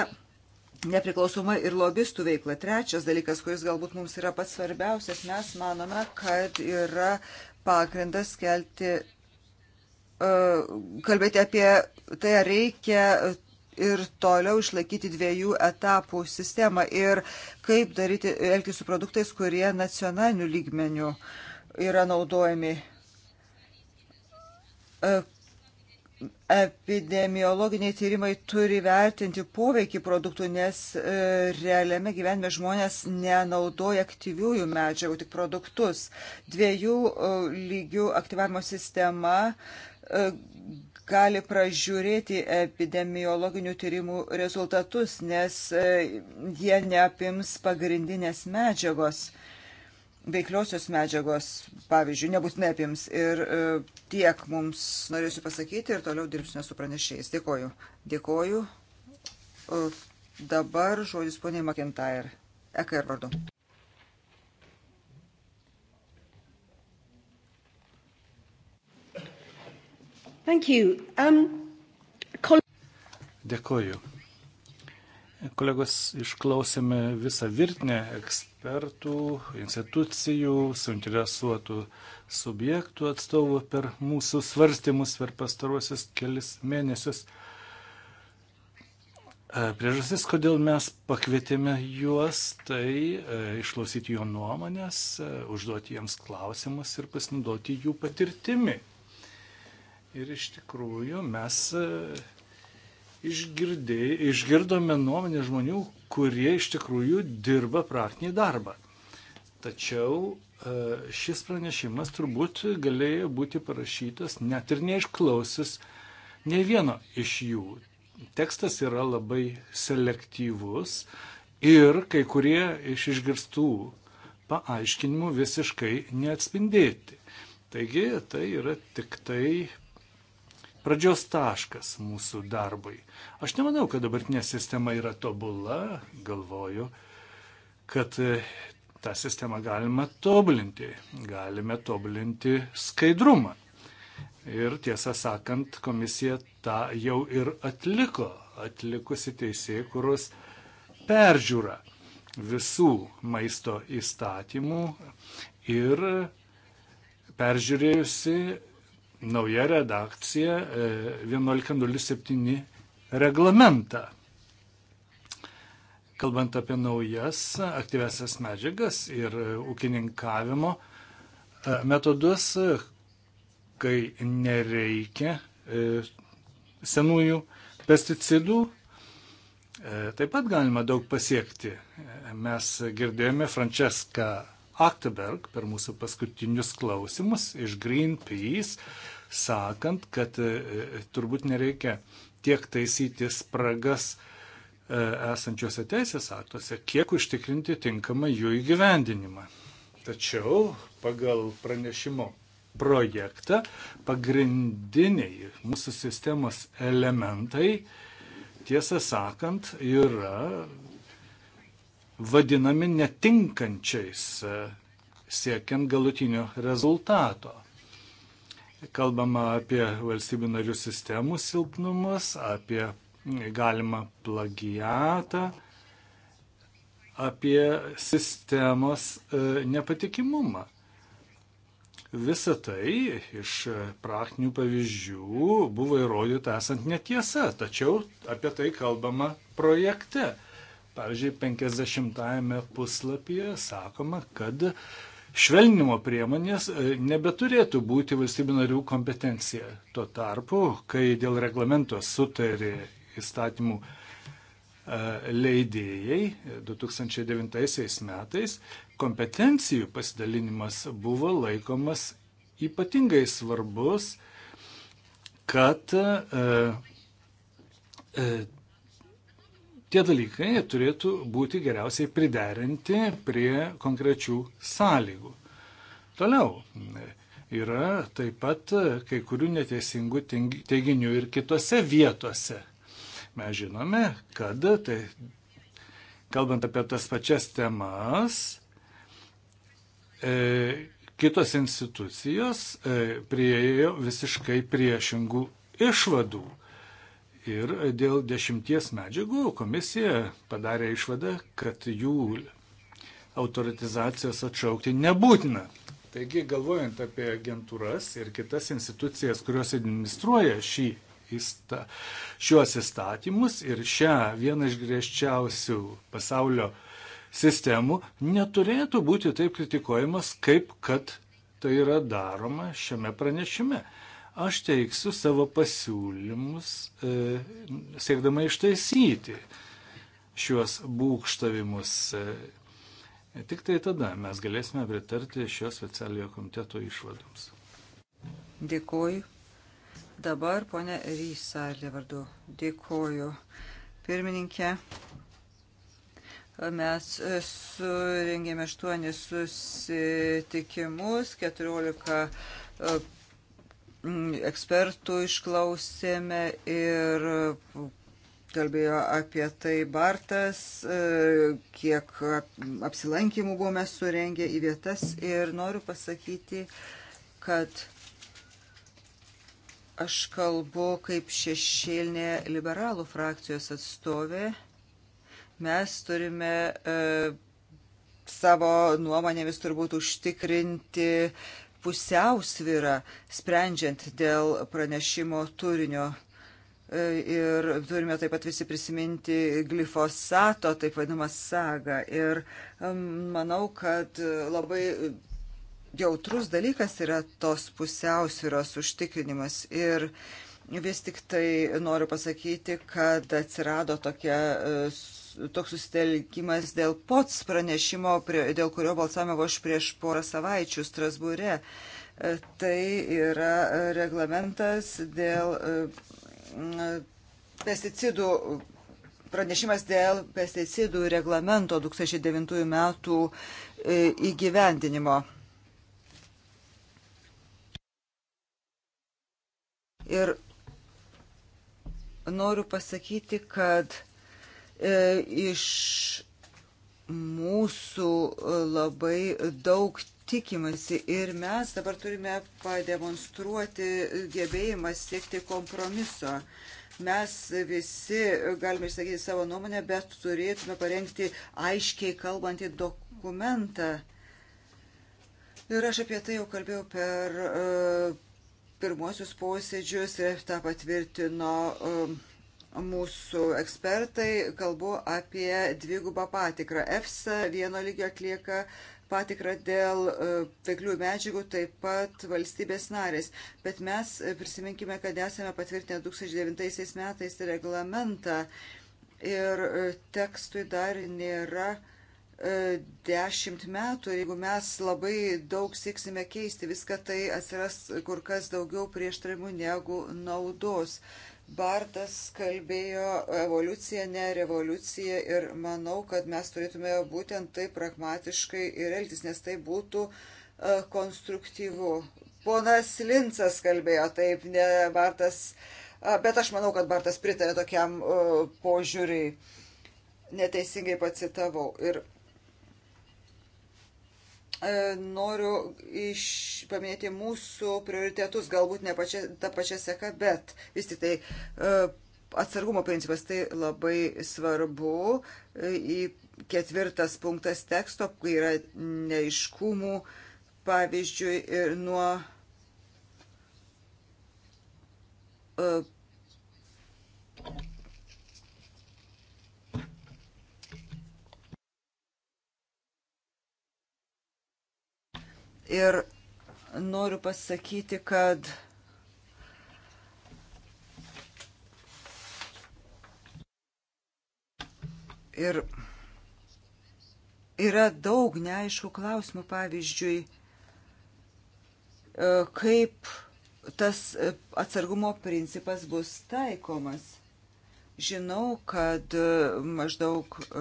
nepriklausomą ir lobistų veiklą. Trečias dalykas, kuris galbūt mums yra pats svarbiausias, mes manome, kad yra pagrindas kelti, e, kalbėti apie tai, ar reikia ir toliau išlaikyti dviejų etapų sistemą ir kaip daryti, elgtis su produktais, kurie nacionaliniu lygmeniu yra naudojami. E, epidemiologiniai tyrimai turi vertinti poveikį produktų, nes e, realiame gyvenime žmonės nenaudoja aktyviųjų medžiagų, tik produktus. Dviejų e, lygių aktyvavimo sistema gali pražiūrėti epidemiologinių tyrimų rezultatus, nes e, jie neapims pagrindinės medžiagos, veikliosios medžiagos, pavyzdžiui, nebūtinai apims. Ir e, tiek mums norėsiu pasakyti ir toliau dirbsime su pranešėjais. Dėkoju. Dėkoju. Dabar žodis poniai McIntyre. EKR vardu. Um, kol... Dėkoju. Kolegos, išklausėme visą virtinę ekspertų, institucijų, suinteresuotų subjektų atstovų per mūsų svarstymus per pastaruosius kelis mėnesius. E, Priežasis, kodėl mes pakvietėme juos, tai e, išklausyti jų nuomonės, e, užduoti jiems klausimus ir pasinaudoti jų patirtimi. Ir iš tikrųjų mes e, išgirdė, išgirdome nuomonę žmonių, kurie iš tikrųjų dirba praktinį darbą. Tačiau e, šis pranešimas turbūt galėjo būti parašytas net ir neišklausis ne vieno iš jų. Tekstas yra labai selektyvus ir kai kurie iš išgirstų paaiškinimų visiškai neatspindėti. Taigi tai yra tik tai pradžios taškas mūsų darbui. Aš nemanau, kad dabartinė sistema yra tobula, galvoju, kad e, tą sistemą galima tobulinti, galime tobulinti skaidrumą. Ir tiesą sakant, komisija tą jau ir atliko, atlikusi teisėjai, kurus peržiūra visų maisto įstatymų ir peržiūrėjusi nauja redakcija 1107 e, reglamentą. Kalbant apie naujas aktyvesias medžiagas ir e, ūkininkavimo e, metodus, kai nereikia senųjų pesticidų, taip pat galima daug pasiekti. Mes girdėjome Franceską Akteberg per mūsų paskutinius klausimus iš Greenpeace, sakant, kad e, e, turbūt nereikia tiek taisyti spragas e, esančiose teisės aktuose, kiek užtikrinti tinkamą jų įgyvendinimą. Tačiau pagal pranešimo projektą pagrindiniai mūsų sistemos elementai, tiesą sakant, yra vadinami netinkančiais e, siekiant galutinio rezultato. Kalbama apie valstybių narių sistemų silpnumus, apie galimą plagijatą, apie sistemos e, nepatikimumą. Visą tai iš praktinių pavyzdžių buvo įrodyta esant netiesa, tačiau apie tai kalbama projekte. Pavyzdžiui, 50-ame puslapyje sakoma, kad švelnimo priemonės e, nebeturėtų būti valstybių narių kompetencija. Tuo tarpu, kai dėl reglamento sutarė įstatymų e, leidėjai 2009 metais, kompetencijų pasidalinimas buvo laikomas ypatingai svarbus, kad e, Tie dalykai turėtų būti geriausiai priderinti prie konkrečių sąlygų. Toliau yra taip pat kai kurių neteisingų teiginių ir kitose vietose. Mes žinome, kad tai, kalbant apie tas pačias temas, e, kitos institucijos e, priejo visiškai priešingų išvadų. Ir dėl dešimties medžiagų komisija padarė išvadą, kad jų autoritizacijos atšaukti nebūtina. Taigi, galvojant apie agentūras ir kitas institucijas, kurios administruoja šį, įsta, šiuos įstatymus ir šią vieną iš griežčiausių pasaulio sistemų, neturėtų būti taip kritikuojamas, kaip kad tai yra daroma šiame pranešime. Aš teiksiu savo pasiūlymus, e, siekdama ištaisyti šiuos būkštavimus. E, tik tai tada mes galėsime pritarti šio specialiojo komiteto išvadoms. Dėkoju. Dabar ponė Rysalė vardu. Dėkoju. Pirmininkė, mes surengėme 8 susitikimus, 14 Mm, ekspertų išklausėme ir kalbėjo apie tai Bartas, e, kiek apsilankimų buvome surengę į vietas ir noriu pasakyti, kad aš kalbu kaip šešėlinė liberalų frakcijos atstovė. Mes turime e, savo nuomonėmis turbūt užtikrinti e, pusiausvyrą, sprendžiant dėl pranešimo turinio. E, ir turime taip pat visi prisiminti glifosato, taip vadinamą sagą. Ir manau, kad labai jautrus dalykas yra tos pusiausvyros užtikrinimas. Ir vis tik tai noriu pasakyti, kad atsirado tokia e, toks susitelkimas dėl POTS pranešimo, prie, dėl kurio balsavome vos prieš porą savaičių Strasbūre. E, tai yra e, reglamentas dėl e, pesticidų, pranešimas dėl pesticidų reglamento 2009 metų įgyvendinimo. Ir noriu pasakyti, kad E, iš mūsų e, labai daug tikimasi ir mes dabar turime pademonstruoti gebėjimą siekti kompromiso. Mes visi galime išsakyti savo nuomonę, bet turėtume parengti aiškiai kalbantį dokumentą. Ir aš apie tai jau kalbėjau per uh, pirmosius posėdžius ir tą patvirtino uh, mūsų ekspertai, kalbu apie dvigubą patikrą. EFSA vieno lygio atlieka patikrą dėl e, veiklių medžiagų, taip pat valstybės narės. Bet mes prisiminkime, kad esame patvirtinę 2009 metais reglamentą ir e, tekstui dar nėra e, dešimt metų, jeigu mes labai daug sieksime keisti, viską tai atsiras kur kas daugiau prieštarimų negu naudos. Bartas kalbėjo evoliucija, ne revoliucija ir manau, kad mes turėtume būtent taip pragmatiškai ir elgtis, nes tai būtų e, konstruktyvu. Ponas Lincas kalbėjo taip, ne Bartas, bet aš manau, kad Bartas pritarė tokiam e, požiūriui. Neteisingai pacitavau. Ir E, noriu iš, paminėti mūsų prioritetus, galbūt ne pačia, tą pačią seką, bet vis tik tai e, atsargumo principas tai labai svarbu. E, į ketvirtas punktas teksto, kai yra neiškumų, pavyzdžiui, ir nuo Ir noriu pasakyti, kad ir yra daug neaiškų klausimų, pavyzdžiui, e, kaip tas atsargumo principas bus taikomas. Žinau, kad e, maždaug e,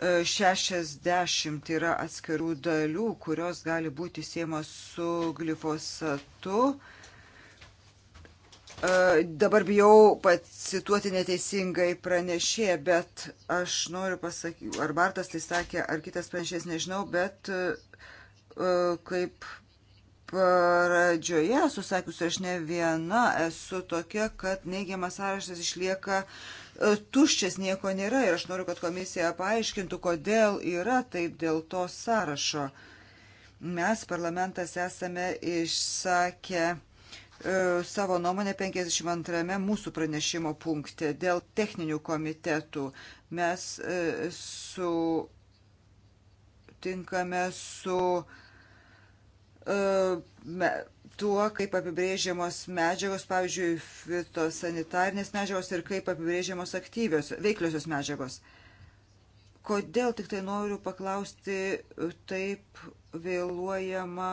60 yra atskirų dalių, kurios gali būti siemos su glifosatu. E, dabar bijau pacituoti neteisingai pranešė, bet aš noriu pasakyti, ar Bartas tai sakė, ar kitas pranešės, nežinau, bet e, kaip pradžioje susakius, aš ne viena esu tokia, kad neigiamas sąrašas išlieka uh, E, tuščias nieko nėra ir aš noriu, kad komisija paaiškintų, kodėl yra taip dėl to sąrašo. Mes, parlamentas, esame išsakę e, savo nuomonę 52 mūsų pranešimo punkte dėl techninių komitetų. Mes e, sutinkame su tuo, kaip apibrėžiamos medžiagos, pavyzdžiui, fitosanitarnės medžiagos ir kaip apibrėžiamos aktyvios, veikliosios medžiagos. Kodėl tik tai noriu paklausti, taip vėluojama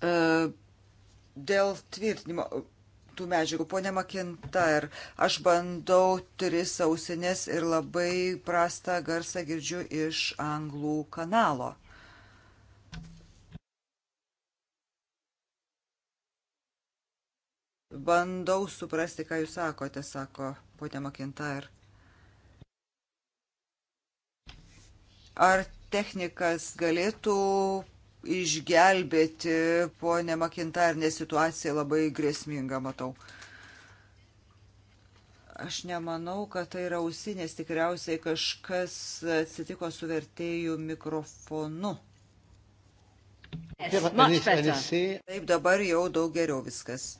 uh, dėl tvirtinimo tų medžiagų. Pone Makinta, ir aš bandau tris ausinės ir labai prastą garsą girdžiu iš anglų kanalo. Bandau suprasti, ką jūs sakote, sako ponia Makintair. Ar technikas galėtų išgelbėti ponę Makintair, nes situacija labai grėsminga, matau. Aš nemanau, kad tai yra ausinės, tikriausiai kažkas atsitiko su vertėjų mikrofonu. Yes, Taip, dabar jau daug geriau viskas.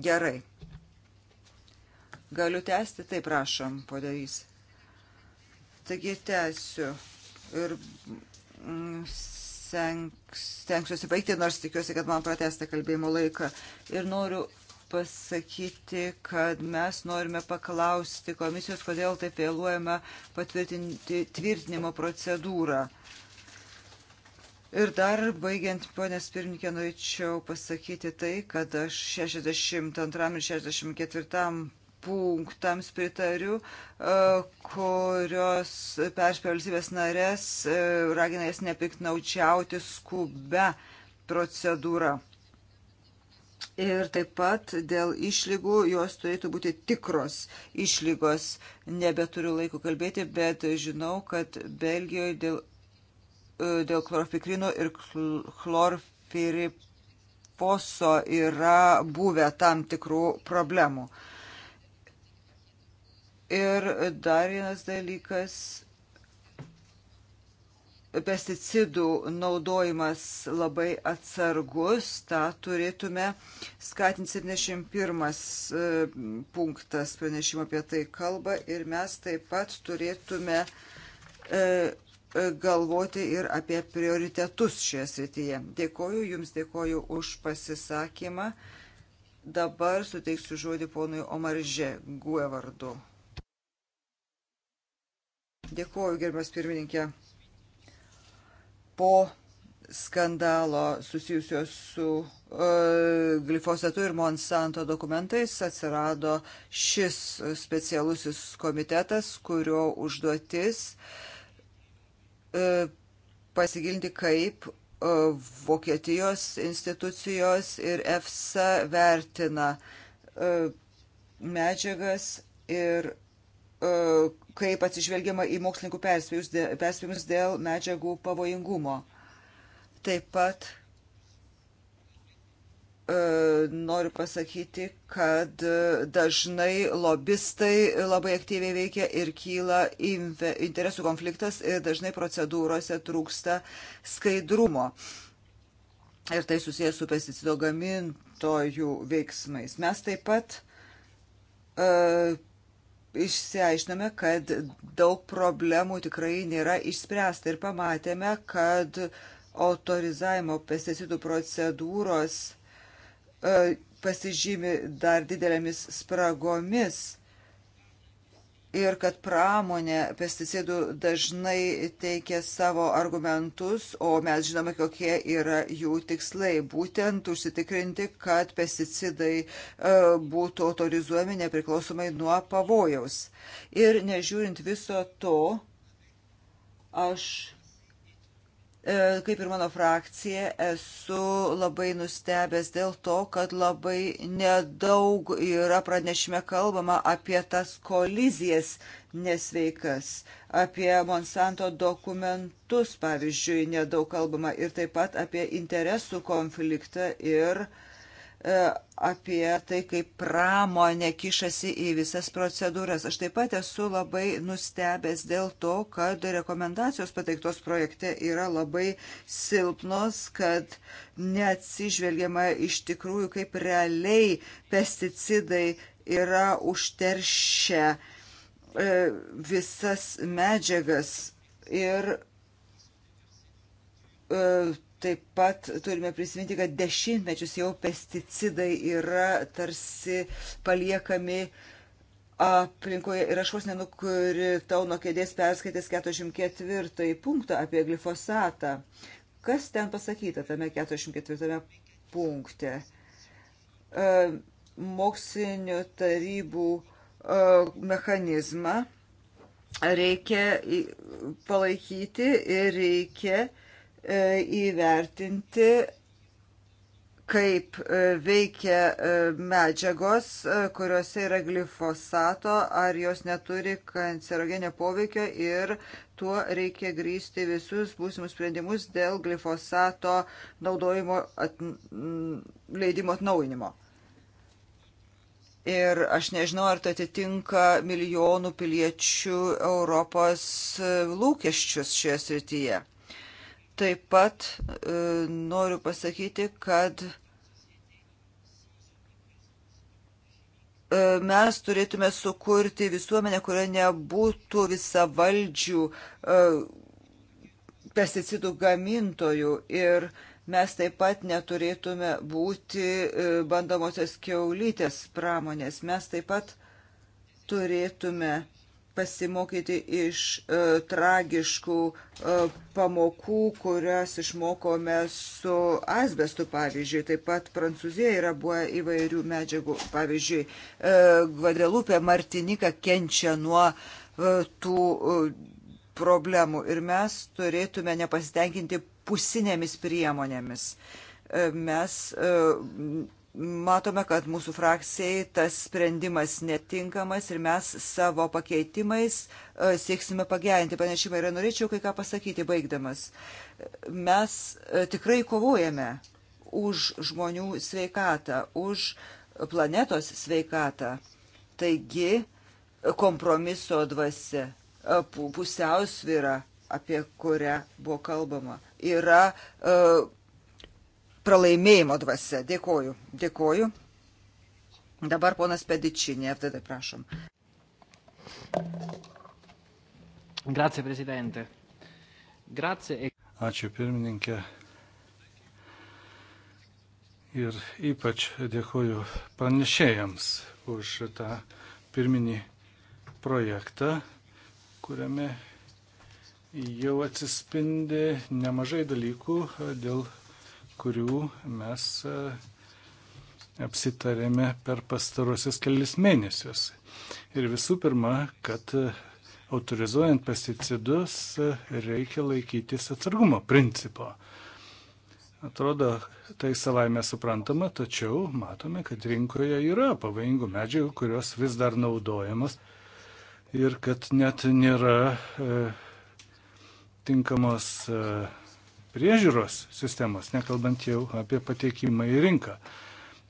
Gerai. Galiu tęsti? Taip, prašom, podarys. Taigi tęsiu ir mm, stengsiuosi baigti, nors tikiuosi, kad man pratesta kalbėjimo laiką. Ir noriu pasakyti, kad mes norime paklausti komisijos, kodėl taip vėluojame patvirtinti tvirtinimo procedūrą. Uh, Ir dar, baigiant, ponės pirmininkė, norėčiau pasakyti tai, kad aš 62 ir 64 punktams pritariu, e, kurios perspėjo valstybės narės, e, ragina jas nepiknaučiauti skubę procedūrą. Ir taip pat dėl išlygų jos turėtų būti tikros išlygos. Nebeturiu laiko kalbėti, bet žinau, kad Belgijoje dėl dėl chlorfikrino ir chlorfiriposo yra buvę tam tikrų problemų. Ir dar vienas dalykas - pesticidų naudojimas labai atsargus, tą turėtume skatinti 71 e, punktas pranešimo apie tai kalba ir mes taip pat turėtume e, E, galvoti ir apie prioritetus šioje srityje. Dėkoju Jums, dėkoju už pasisakymą. Dabar suteiksiu žodį ponui Omaržė Gue vardu. Dėkoju, gerbiamas pirmininkė. Po skandalo susijusios su e, glifosatu ir Monsanto dokumentais atsirado šis specialusis komitetas, kurio užduotis e, E, pasigilinti, kaip e, Vokietijos institucijos ir EFSA vertina e, medžiagas ir kaip atsižvelgiama į mokslininkų perspėjimus dėl medžiagų pavojingumo. Taip pat E, noriu pasakyti, kad dažnai lobistai labai aktyviai veikia ir kyla interesų konfliktas ir dažnai procedūrose trūksta skaidrumo. Ir tai susijęs su pesticido gamintojų veiksmais. Mes taip pat uh, e, išsiaiškiname, kad daug problemų tikrai nėra išspręsta ir pamatėme, kad autorizavimo pesticidų procedūros E, pasižymi dar didelėmis spragomis ir kad pramonė pesticidų dažnai teikia savo argumentus, o mes žinome, kokie yra jų tikslai. Būtent užsitikrinti, kad pesticidai e, būtų autorizuojami nepriklausomai nuo pavojaus. Ir nežiūrint viso to, aš E, kaip ir mano frakcija, esu labai nustebęs dėl to, kad labai nedaug yra pranešime kalbama apie tas kolizijas nesveikas, apie Monsanto dokumentus, pavyzdžiui, nedaug kalbama ir taip pat apie interesų konfliktą ir uh, E, apie tai, kaip pramonė kišasi į visas procedūras. Aš taip pat esu labai nustebęs dėl to, kad rekomendacijos pateiktos projekte yra labai silpnos, kad neatsižvelgiama iš tikrųjų, kaip realiai pesticidai yra užteršę e, visas medžiagas ir e, Taip pat turime prisiminti, kad dešimtmečius jau pesticidai yra tarsi paliekami aplinkoje ir aš vos nenukritau nuo kėdės perskaitęs 44 punktą apie glifosatą. Kas ten pasakyta tame 44 punkte? E, mokslinių tarybų e, mechanizmą reikia palaikyti ir reikia E, įvertinti, kaip e, veikia e, medžiagos, kuriuose yra glifosato, ar jos neturi kancerogenio poveikio ir tuo reikia grįsti visus būsimus sprendimus dėl glifosato naudojimo at, leidimo atnaujinimo. Ir aš nežinau, ar tai atitinka milijonų piliečių Europos lūkesčius šioje srityje. Taip pat e, noriu pasakyti, kad e, mes turėtume sukurti visuomenę, kurioje nebūtų visa valdžių e, pesticidų gamintojų ir mes taip pat neturėtume būti e, bandomosios keulytės pramonės. Mes taip pat turėtume pasimokyti iš e, tragiškų e, pamokų, kurias išmokome su asbestu, pavyzdžiui. Taip pat Prancūzija yra buvę įvairių medžiagų. Pavyzdžiui, e, Gvadelupė Martinika kenčia nuo e, tų e, problemų ir mes turėtume nepasitenkinti pusinėmis priemonėmis. E, mes e, matome, kad mūsų frakcijai tas sprendimas netinkamas ir mes savo pakeitimais e, sieksime pagerinti panešimą. Ir norėčiau kai ką pasakyti baigdamas. Mes e, tikrai kovojame už žmonių sveikatą, už planetos sveikatą. Taigi kompromiso dvasia, e, pusiausvyra, apie kurią buvo kalbama, yra uh, pralaimėjimo dvasia. Dėkoju. Dėkoju. Dabar ponas Pedičinė, FDD, prašom. Grazie, prezidente. Grazie. E- Ačiū pirmininkė. Ir ypač dėkoju pranešėjams už tą pirminį projektą, kuriame jau atsispindi nemažai dalykų, dėl kurių mes e, apsitarėme per pastarosius kelius mėnesius. Ir visų pirma, kad e, autorizuojant pesticidus e, reikia laikytis atsargumo principo. Atrodo, tai savaime suprantama, tačiau matome, kad rinkoje yra pavojingų medžiagų, kurios vis dar naudojamos ir kad net nėra e, tinkamos e, priežiūros sistemos, nekalbant jau apie patekimą į rinką.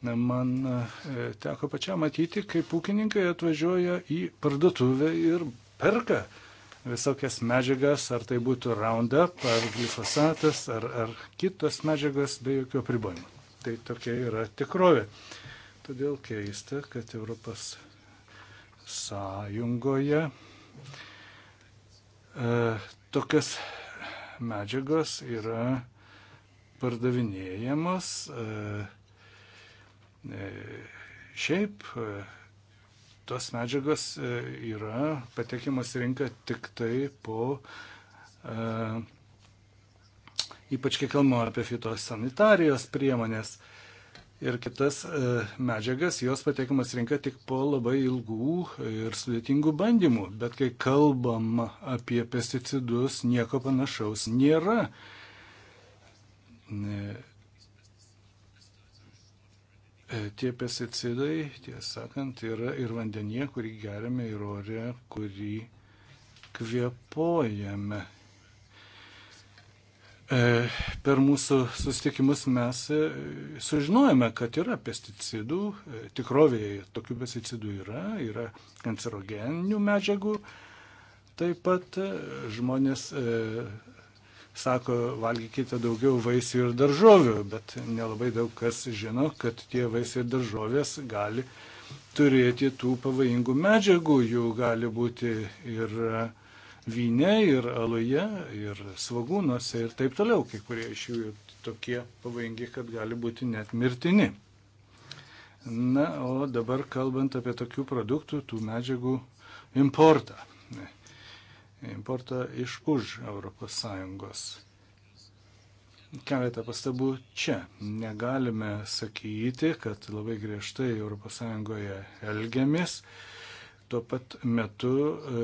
Man e, teko pačiam matyti, kaip ūkininkai atvažiuoja į parduotuvę ir perka visokias medžiagas, ar tai būtų Roundup, ar glifosatas, ar, ar kitos medžiagos be jokių apribojimų. Tai tokia yra tikrovė. Todėl keista, kad Europos Sąjungoje e, tokias medžiagos yra pardavinėjamos e, e, šiaip. E, tos medžiagos yra patekimas rinka tik tai po, ypač kai kalbame apie fitosanitarijos priemonės, ir kitas e, medžiagas, jos patekimas rinka tik po labai ilgų ir sudėtingų bandymų. Bet kai kalbam apie pesticidus, nieko panašaus nėra. E, tie pesticidai, tiesą sakant, yra ir vandenyje, kurį geriame, ir ore, kurį kvėpuojame. E, per mūsų susitikimus mes e, sužinojame, kad yra pesticidų, e, tikrovėje tokių pesticidų yra, yra kancerogeninių medžiagų. Taip pat žmonės sako, valgykite daugiau vaisių ir daržovių, bet nelabai daug kas žino, kad tie vaisiai ir daržovės gali turėti tų pavojingų medžiagų, jų gali būti ir vyne ir aluje ir svagūnuose ir taip toliau. Kai kurie iš jų tokie pavojingi, kad gali būti net mirtini. Na, o dabar kalbant apie tokių produktų, tų medžiagų importą. Importą iš už ES. Keletą pastabų čia. Negalime sakyti, kad labai griežtai ES elgiamės. Tuo pat metu e,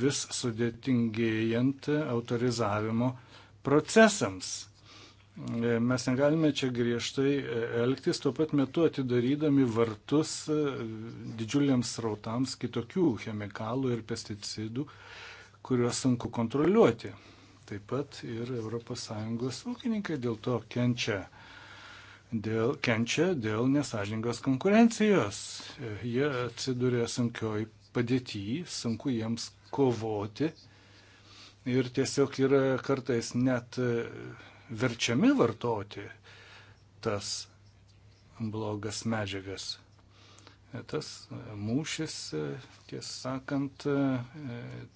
vis sudėtingėjant autorizavimo procesams. E, mes negalime čia griežtai e, elgtis, tuo pat metu atidarydami vartus didžiuliams rautams kitokių chemikalų ir pesticidų, kuriuos sunku kontroliuoti. Taip pat ir ES ūkininkai dėl to kenčia. Dėl, kenčia dėl nesažingos konkurencijos. Jie atsiduria sunkioj padėty, sunku jiems kovoti ir tiesiog yra kartais net e, verčiami vartoti tas blogas medžiagas. E, tas e, mūšis, tiesą sakant,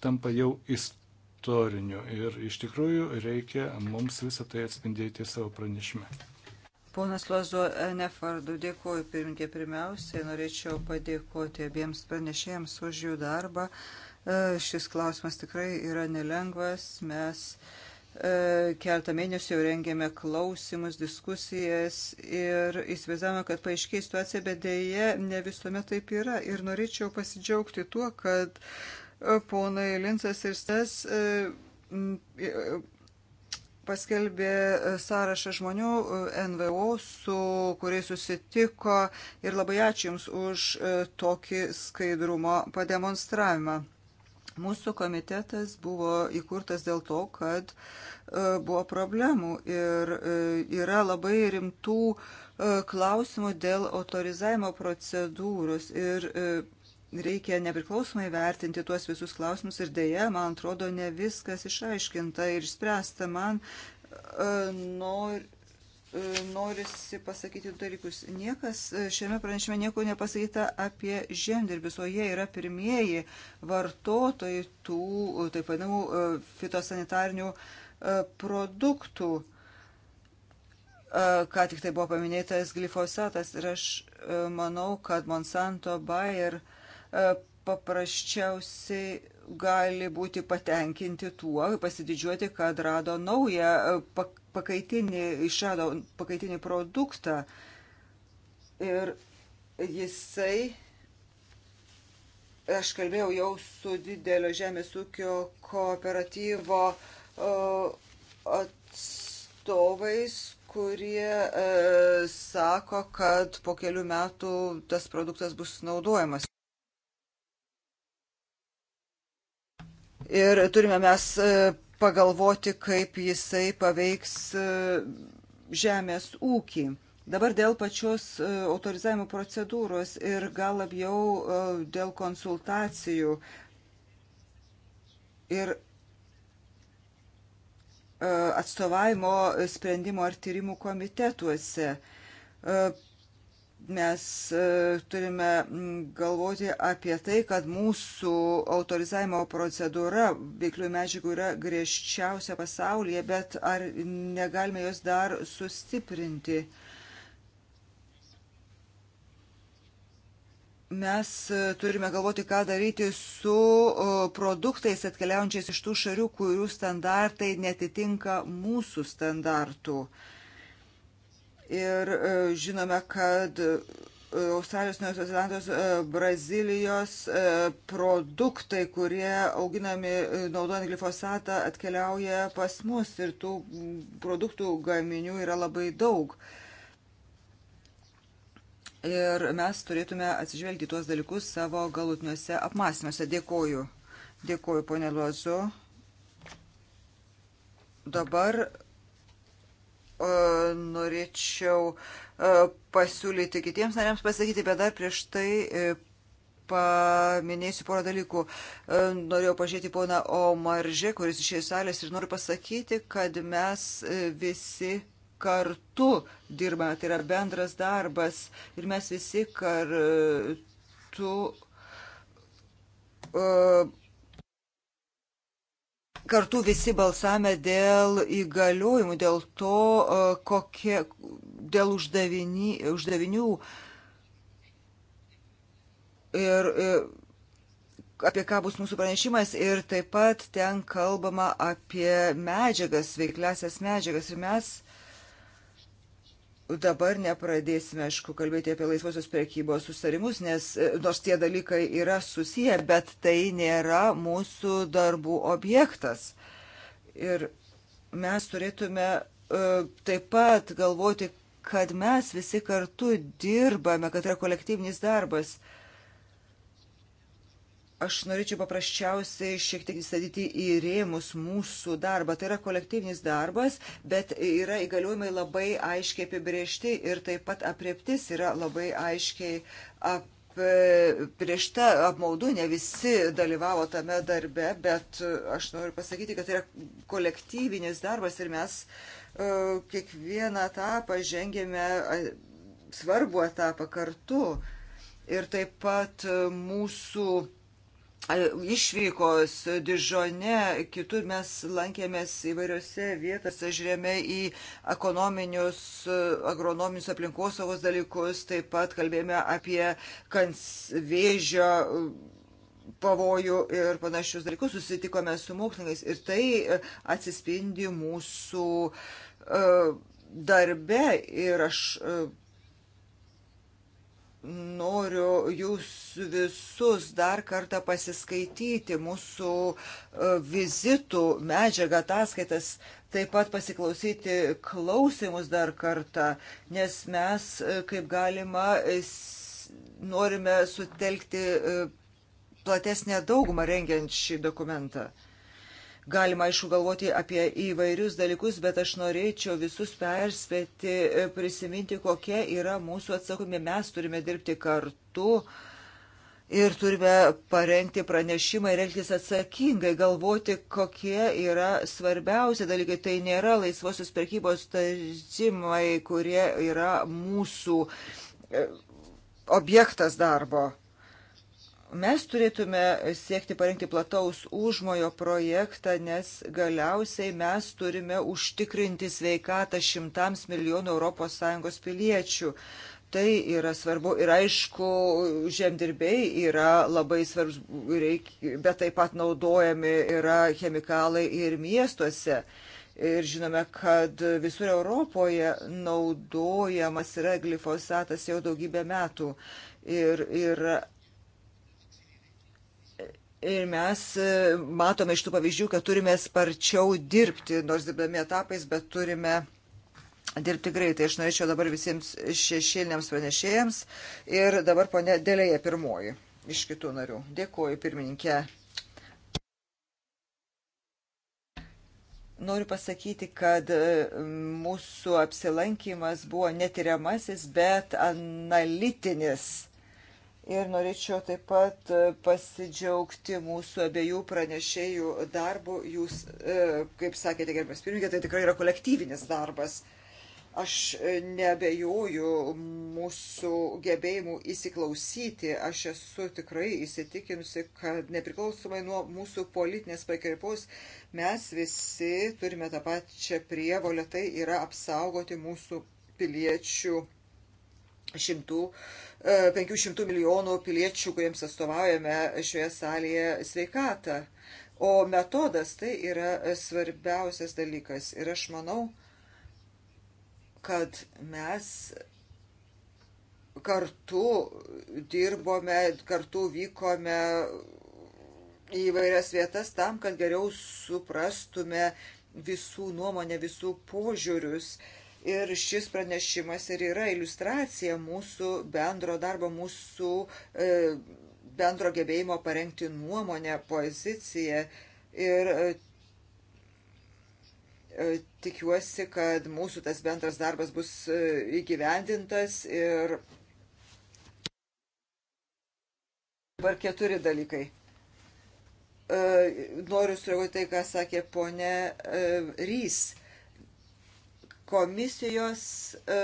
tampa jau istoriniu ir iš tikrųjų reikia mums visą tai atspindėti savo pranešime. Ponas Lozo e, Nefardu, dėkoju pirmininkė pirmiausiai, norėčiau padėkoti abiems pranešėjams už jų darbą. E, šis klausimas tikrai yra nelengvas, mes e, keltą mėnesių jau rengėme klausimus, diskusijas ir įsivaizdavome, kad paaiškiai situacija, bet dėje ne visuomet taip yra. Ir norėčiau pasidžiaugti tuo, kad ponai Lincas ir Stas paskelbė e, sąrašą žmonių e, NVO, su kuriais susitiko ir labai ačiū Jums už e, tokį skaidrumo pademonstravimą. Mūsų komitetas buvo įkurtas dėl to, kad buvo problemų ir yra labai rimtų klausimų dėl autorizavimo procedūros ir reikia nepriklausomai vertinti tuos visus klausimus ir dėja, man atrodo, ne viskas išaiškinta ir išspręsta. Man e, nor, e, norisi pasakyti dalykus. Niekas e, šiame pranešime nieko nepasakyta apie žemdirbius, o jie yra pirmieji vartotojai tų, taip vadinamų, fitosanitarnių produktų. Ką tik tai buvo paminėtas glifosatas ir aš manau, kad Monsanto Bayer ir E, paprasčiausiai gali būti patenkinti tuo, pasididžiuoti, kad rado naują e, pakaitinį, išrado pakaitinį produktą. Ir jisai, aš kalbėjau jau su didelio žemės ūkio kooperatyvo e, atstovais, kurie e, sako, kad po kelių metų tas produktas bus naudojamas. ir turime mes e, pagalvoti, kaip jisai paveiks e, žemės ūkį. Dabar dėl pačios e, autorizavimo procedūros ir gal labiau dėl konsultacijų. Ir atstovavimo sprendimo ar tyrimų komitetuose mes e, turime galvoti apie tai, kad mūsų autorizavimo procedūra veiklių medžiagų yra griežčiausia pasaulyje, bet ar negalime jos dar sustiprinti? mes e, turime galvoti, ką daryti su produktais atkeliaujančiais iš tų šalių, kurių standartai netitinka mūsų standartų. Uh, ir e, žinome, kad e, Australijos, Naujosios Zelandijos, e, Brazilijos produktai, kurie auginami naudojant glifosatą, atkeliauja pas mus ir tų produktų gaminių yra labai daug. Ir mes turėtume atsižvelgti tuos dalykus savo galutiniuose apmąstymuose. Dėkoju. Dėkoju, ponė Luozu. Dabar E, norėčiau e, pasiūlyti kitiems nariams pasakyti, bet dar prieš tai e, paminėsiu porą dalykų. Norėjau pažiūrėti poną Omaržė, kuris išėjo iš salės ir noriu pasakyti, kad mes visi kartu dirbame, tai yra bendras darbas ir mes visi kartu kartu visi balsavome dėl įgaliojimų, dėl to, e, kokie, dėl uždavini, uždavinių. Ir e, apie ką bus mūsų pranešimas ir taip pat ten kalbama apie medžiagas, veikliasias medžiagas. Ir mes dabar nepradėsime, aišku, kalbėti apie laisvosios prekybos sustarimus, nes e, nors tie dalykai yra susiję, bet tai nėra mūsų darbų objektas. Ir mes turėtume uh, taip pat galvoti, kad mes visi kartu dirbame, kad yra kolektyvinis darbas. Uh, Aš norėčiau paprasčiausiai šiek tiek įstatyti į rėmus mūsų darbą. Tai yra kolektyvinis darbas, bet yra įgaliojimai labai aiškiai apibriežti ir taip pat apreptis yra labai aiškiai apibriežta apmaudu. Ne visi dalyvavo tame darbe, bet aš noriu pasakyti, kad tai yra kolektyvinis darbas ir mes e, kiekvieną etapą žengėme svarbu etapą kartu. Ir taip pat mūsų išvykos Dižone, kitur mes lankėmės įvairiose vietose, žiūrėjome į ekonominius, agronominius aplinkosaugos dalykus, taip pat kalbėjome apie vėžio pavojų ir panašius dalykus, susitikome su mokslininkais ir tai e, atsispindi mūsų e, darbe ir aš e, noriu jūs visus dar kartą pasiskaityti mūsų e, vizitų medžiagą, ataskaitas, taip pat pasiklausyti klausimus dar kartą, nes mes e, kaip galima norime sutelkti e, platesnę daugumą rengiant šį dokumentą. Galima, aišku, galvoti apie įvairius dalykus, bet aš norėčiau visus perspėti, e, prisiminti, kokia yra mūsų atsakomybė. Mes turime dirbti kartu ir turime parengti pranešimą ir elgtis atsakingai, galvoti, kokie yra svarbiausi dalykai. Tai nėra laisvosios perkybos tažymai, kurie yra mūsų e, objektas darbo. Mes turėtume siekti parengti plataus užmojo projektą, nes galiausiai mes turime užtikrinti sveikatą šimtams milijonų ES piliečių. Tai yra svarbu ir aišku, žemdirbiai yra labai svarbus, bet taip pat naudojami yra chemikalai ir miestuose. Ir žinome, kad visur Europoje naudojamas yra glifosatas jau daugybę metų. Ir, ir Ir mes e, matome iš tų pavyzdžių, kad turime sparčiau dirbti, nors dirbdami etapais, bet turime dirbti greitai. Aš norėčiau dabar visiems šešėliniams pranešėjams ir dabar ponė Dėlėje pirmoji iš kitų narių. Dėkuoju, pirmininkė. Noriu pasakyti, kad e, mūsų apsilankimas buvo netiriamasis, bet analitinis Ir norėčiau taip pat e, pasidžiaugti mūsų abiejų pranešėjų darbų. Jūs, e, kaip sakėte, gerbės pirmininkė, tai tikrai yra kolektyvinis darbas. Aš e, nebejoju mūsų gebėjimų įsiklausyti. Aš esu tikrai įsitikinusi, kad nepriklausomai nuo mūsų politinės pakraipos mes visi turime tą pačią prievolę, tai yra apsaugoti mūsų piliečių šimtų, 500 e, milijonų piliečių, kuriems atstovaujame šioje salėje sveikatą. O metodas tai yra svarbiausias dalykas. Ir aš manau, kad mes kartu dirbome, kartu vykome į vairias vietas tam, kad geriau suprastume visų nuomonę, visų požiūrius. Uh, Ir šis pranešimas ir yra iliustracija mūsų bendro darbo, mūsų e, bendro gebėjimo parengti nuomonę, poziciją. Ir e, e tikiuosi, kad mūsų tas bendras darbas bus e, įgyvendintas ir dabar keturi dalykai. E, noriu sureaguoti tai, ką sakė ponė Rys komisijos e,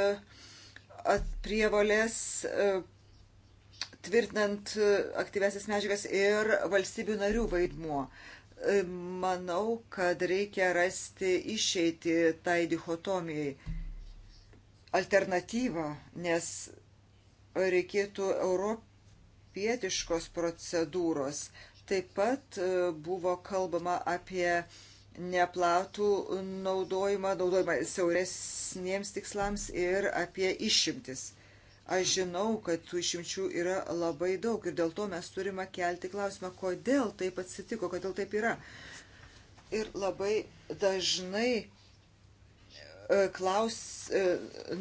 prievolės e, tvirtinant e, aktyvesias medžiagas ir valstybių narių vaidmuo. Manau, kad reikia rasti išeiti tai dichotomijai alternatyvą, nes reikėtų europietiškos procedūros. Taip pat buvo kalbama apie neplatų naudojimą, naudojimą siauresniems tikslams ir apie išimtis. Aš žinau, kad tų išimčių yra labai daug ir dėl to mes turime kelti klausimą, kodėl taip atsitiko, kodėl taip yra. Ir labai dažnai e, klaus e,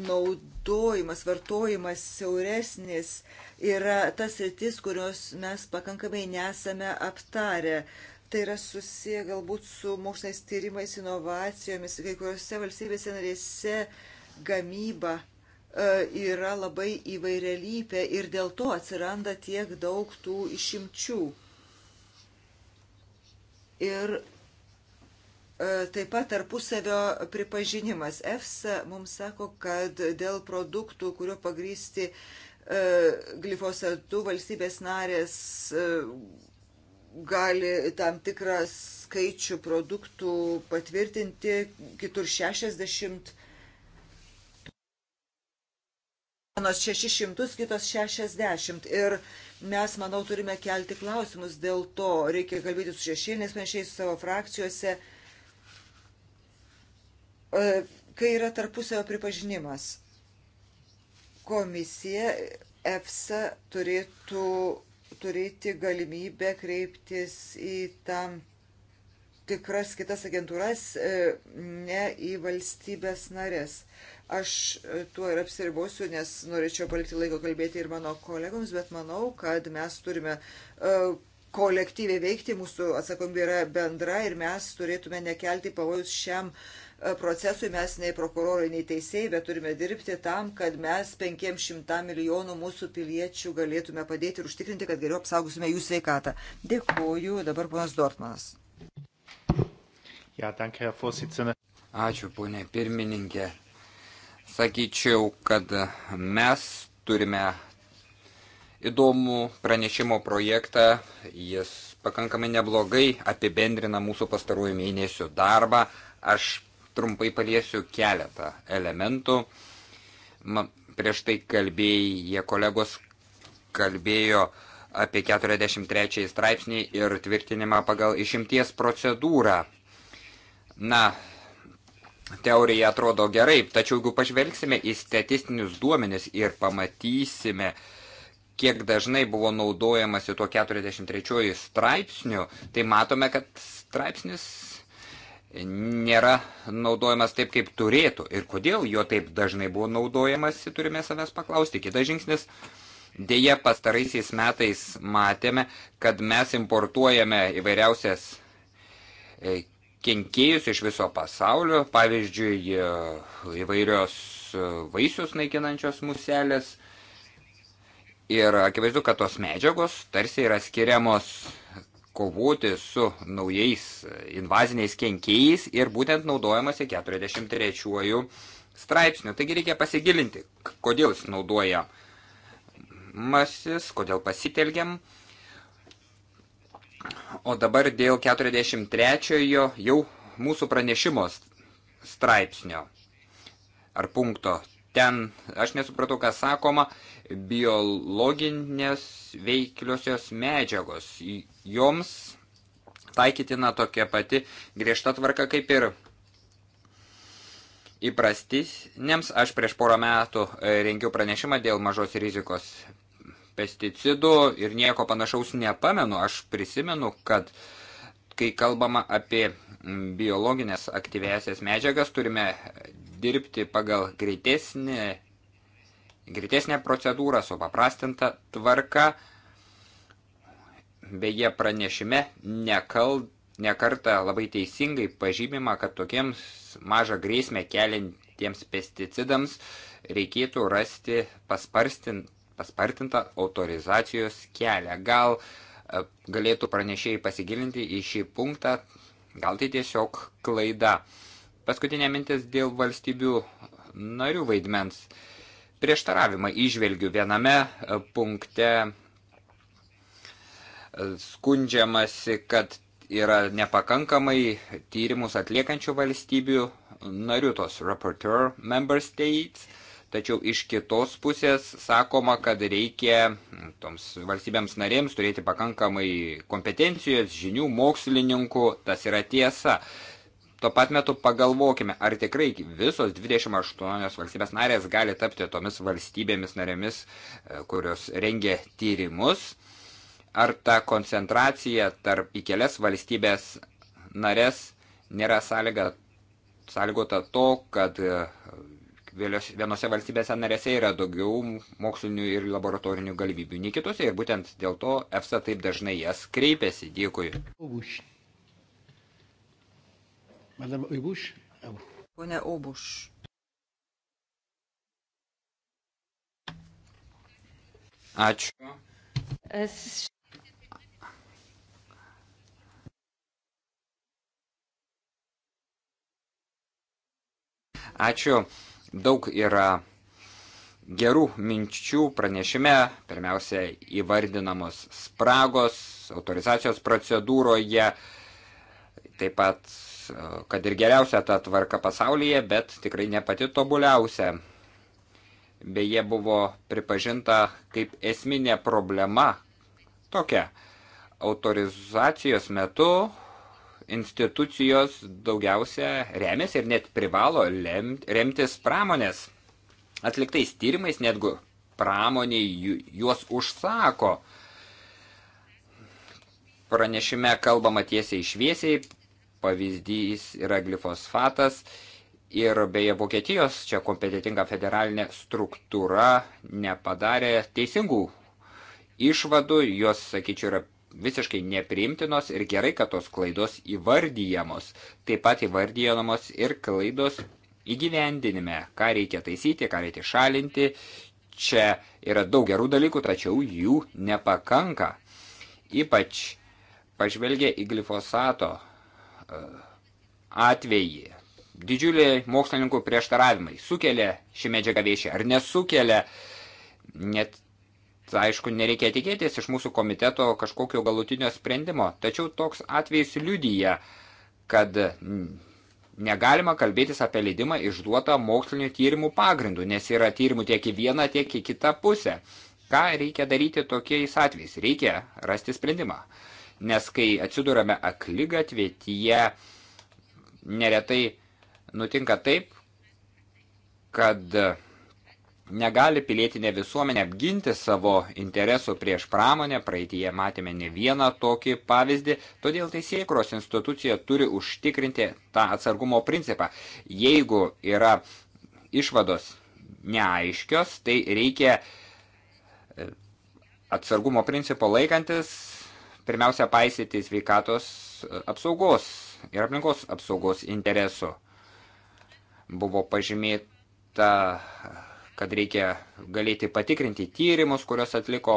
naudojimas, vartojimas siauresnis yra tas rytis, kurios mes pakankamai nesame aptarę. Tai yra susiję galbūt su moksliniais tyrimais, inovacijomis. Kai kuriuose valstybėse narėse gamyba e, yra labai įvairialypė ir dėl to atsiranda tiek daug tų išimčių. Ir e, taip pat tarpusavio pripažinimas. EFSA mums sako, kad dėl produktų, kurio pagrysti e, glifosatu valstybės narės gali tam tikrą skaičių produktų patvirtinti, kitur 60, vienos 600, kitos 60. Ir mes, manau, turime kelti klausimus dėl to. Reikia kalbėti su šešėliniais mešiais savo frakcijose, e, kai yra tarpusavio pripažinimas. Komisija EFSA turėtų turėti galimybę kreiptis į tam tikras kitas agentūras, e, ne į valstybės narės. Aš tuo ir apsiribosiu, nes norėčiau palikti laiko kalbėti ir mano kolegoms, bet manau, kad mes turime e, kolektyviai veikti, mūsų atsakomybė yra bendra ir mes turėtume nekelti pavojus šiam uh, E, procesui mes nei prokurorai, nei teisėjai, bet turime dirbti tam, kad mes 500 milijonų mūsų piliečių galėtume padėti ir užtikrinti, kad geriau apsaugosime jų sveikatą. Dėkuoju, dabar ponas Dortmanas. Ja, danke, Ačiū, ponė pirmininkė. Sakyčiau, kad mes turime įdomų pranešimo projektą. Jis pakankamai neblogai apibendrina mūsų pastaruoju mėnesiu darbą. Aš trumpai paliesiu keletą elementų. Man prieš tai kalbėjai, kolegos kalbėjo apie 43 straipsnį ir tvirtinimą pagal išimties procedūrą. Na, teorija atrodo gerai, tačiau jeigu pažvelgsime į statistinius duomenis ir pamatysime, kiek dažnai buvo naudojamasi tuo 43 straipsniu, tai matome, kad straipsnis nėra naudojamas taip, kaip turėtų. Ir kodėl jo taip dažnai buvo naudojamas, turime savęs paklausti. Kitas žingsnis. Deja, pastaraisiais metais matėme, kad mes importuojame įvairiausias e, kenkėjus iš viso pasaulio, pavyzdžiui, e, įvairios e, vaisius naikinančios muselės. Ir akivaizdu, kad tos medžiagos tarsi yra skiriamos kovoti su naujais invaziniais kenkėjais ir būtent naudojamasi 43 straipsniu. Taigi reikia pasigilinti, kodėl jis naudoja masis, kodėl pasitelgiam. O dabar dėl 43 jau mūsų pranešimo straipsnio ar punkto ten, aš nesupratau, ką sakoma, biologinės veikliosios medžiagos. Joms taikytina tokia pati griežta tvarka kaip ir įprastinėms. Aš prieš porą metų e, rengiau pranešimą dėl mažos rizikos pesticidų ir nieko panašaus nepamenu. Aš prisimenu, kad kai kalbama apie biologinės aktyviasias medžiagas, turime dirbti pagal greitesnį, greitesnę procedūrą, supaprastintą tvarką. Beje, pranešime nekal, nekarta labai teisingai pažymima, kad tokiems mažą grėsmę keliantiems pesticidams reikėtų rasti paspartintą autorizacijos kelią. Gal e, galėtų pranešėjai pasigilinti į šį punktą, Gal tai tiesiog klaida. Paskutinė mintis dėl valstybių narių vaidmens. Prieštaravimą išvelgiu viename e, punkte e, skundžiamasi, kad yra nepakankamai tyrimus atliekančių valstybių narių tos rapporteur member states – tačiau iš kitos pusės sakoma, kad reikia toms valstybėms narėms turėti pakankamai kompetencijos, žinių, mokslininkų, tas yra tiesa. Tuo pat metu pagalvokime, ar tikrai visos 28 valstybės narės gali tapti tomis valstybėmis narėmis, e, kurios rengia tyrimus, ar ta koncentracija tarp į kelias valstybės narės nėra sąlyga, sąlygota to, kad e, vienose valstybėse narėse yra daugiau mokslinių ir laboratorinių galimybių nei kitose ir būtent dėl to EFSA taip dažnai jas kreipiasi. Dėkui. Pone Obuš. Ačiū. Ačiū. Daug yra gerų minčių pranešime, pirmiausia įvardinamos spragos autorizacijos procedūroje, taip pat, kad ir geriausia ta tvarka pasaulyje, bet tikrai ne pati tobuliausia. Beje, buvo pripažinta kaip esminė problema tokia. Autorizacijos metu institucijos daugiausia remiasi ir net privalo remtis pramonės atliktais tyrimais, netgi pramonė juos užsako. Pranešime kalbama tiesiai išviesiai, pavyzdys yra glifosfatas ir beje Vokietijos čia kompetitinga federalinė struktūra nepadarė teisingų išvadų, jos, sakyčiau, yra visiškai nepriimtinos ir gerai, kad tos klaidos įvardyjamos. Taip pat įvardyjamos ir klaidos įgyvendinime, ką reikia taisyti, ką reikia šalinti. Čia yra daug gerų dalykų, tačiau jų nepakanka. Ypač pažvelgia į glifosato e, atvejį. Didžiuliai mokslininkų prieštaravimai sukelia ši medžiaga viešia ar nesukelia, net aišku, nereikia tikėtis iš mūsų komiteto kažkokio galutinio sprendimo, tačiau toks atvejs liudyja, kad negalima kalbėtis apie leidimą išduotą mokslinio tyrimų pagrindų, nes yra tyrimų tiek į vieną, tiek į kitą pusę. Ką reikia daryti tokiais atvejais? Reikia rasti sprendimą. Nes kai atsidurame aklygatvėtyje, neretai nutinka taip, kad negali pilietinė visuomenė apginti savo interesų prieš pramonę, praeitįje matėme ne vieną tokį pavyzdį, todėl teisėkros institucija turi užtikrinti tą atsargumo principą. Jeigu yra išvados neaiškios, tai reikia e, atsargumo principo laikantis, pirmiausia, paisyti sveikatos e, apsaugos ir aplinkos apsaugos interesų. Buvo pažymėta kad reikia galėti patikrinti tyrimus, kurios atliko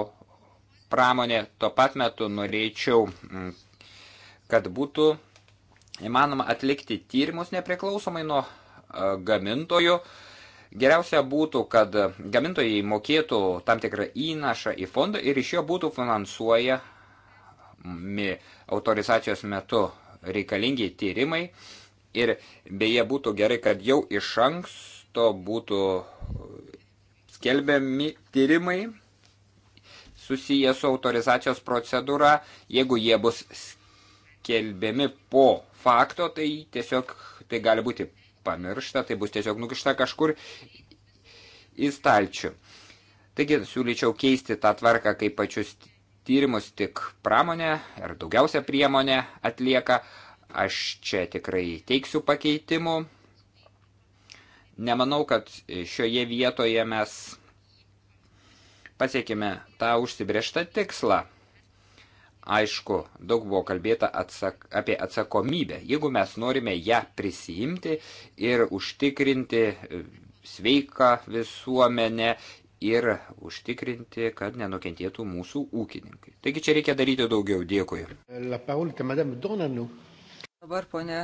pramonė. Tuo pat metu norėčiau, mm, kad būtų įmanoma atlikti tyrimus nepriklausomai nuo e, gamintojų. Geriausia būtų, kad gamintojai mokėtų tam tikrą įnašą į fondą ir iš jo būtų finansuojami autorizacijos metu reikalingi tyrimai. Ir beje būtų gerai, kad jau iš anksto būtų skelbiami tyrimai susiję su autorizacijos procedūra, jeigu jie bus skelbiami po fakto, tai tiesiog tai gali būti pamiršta, tai bus tiesiog nukišta kažkur į stalčių. Taigi siūlyčiau keisti tą tvarką, kaip pačius tyrimus tik pramonė ir daugiausia priemonė atlieka. Aš čia tikrai teiksiu pakeitimų. Nemanau, kad šioje vietoje mes pasiekime tą užsibriežtą tikslą. Aišku, daug buvo kalbėta atsak apie atsakomybę. Jeigu mes norime ją prisijimti ir užtikrinti e, sveiką visuomenę ir užtikrinti, kad nenukentėtų mūsų ūkininkai. Taigi čia reikia daryti daugiau. Dėkui. Dabar, ponė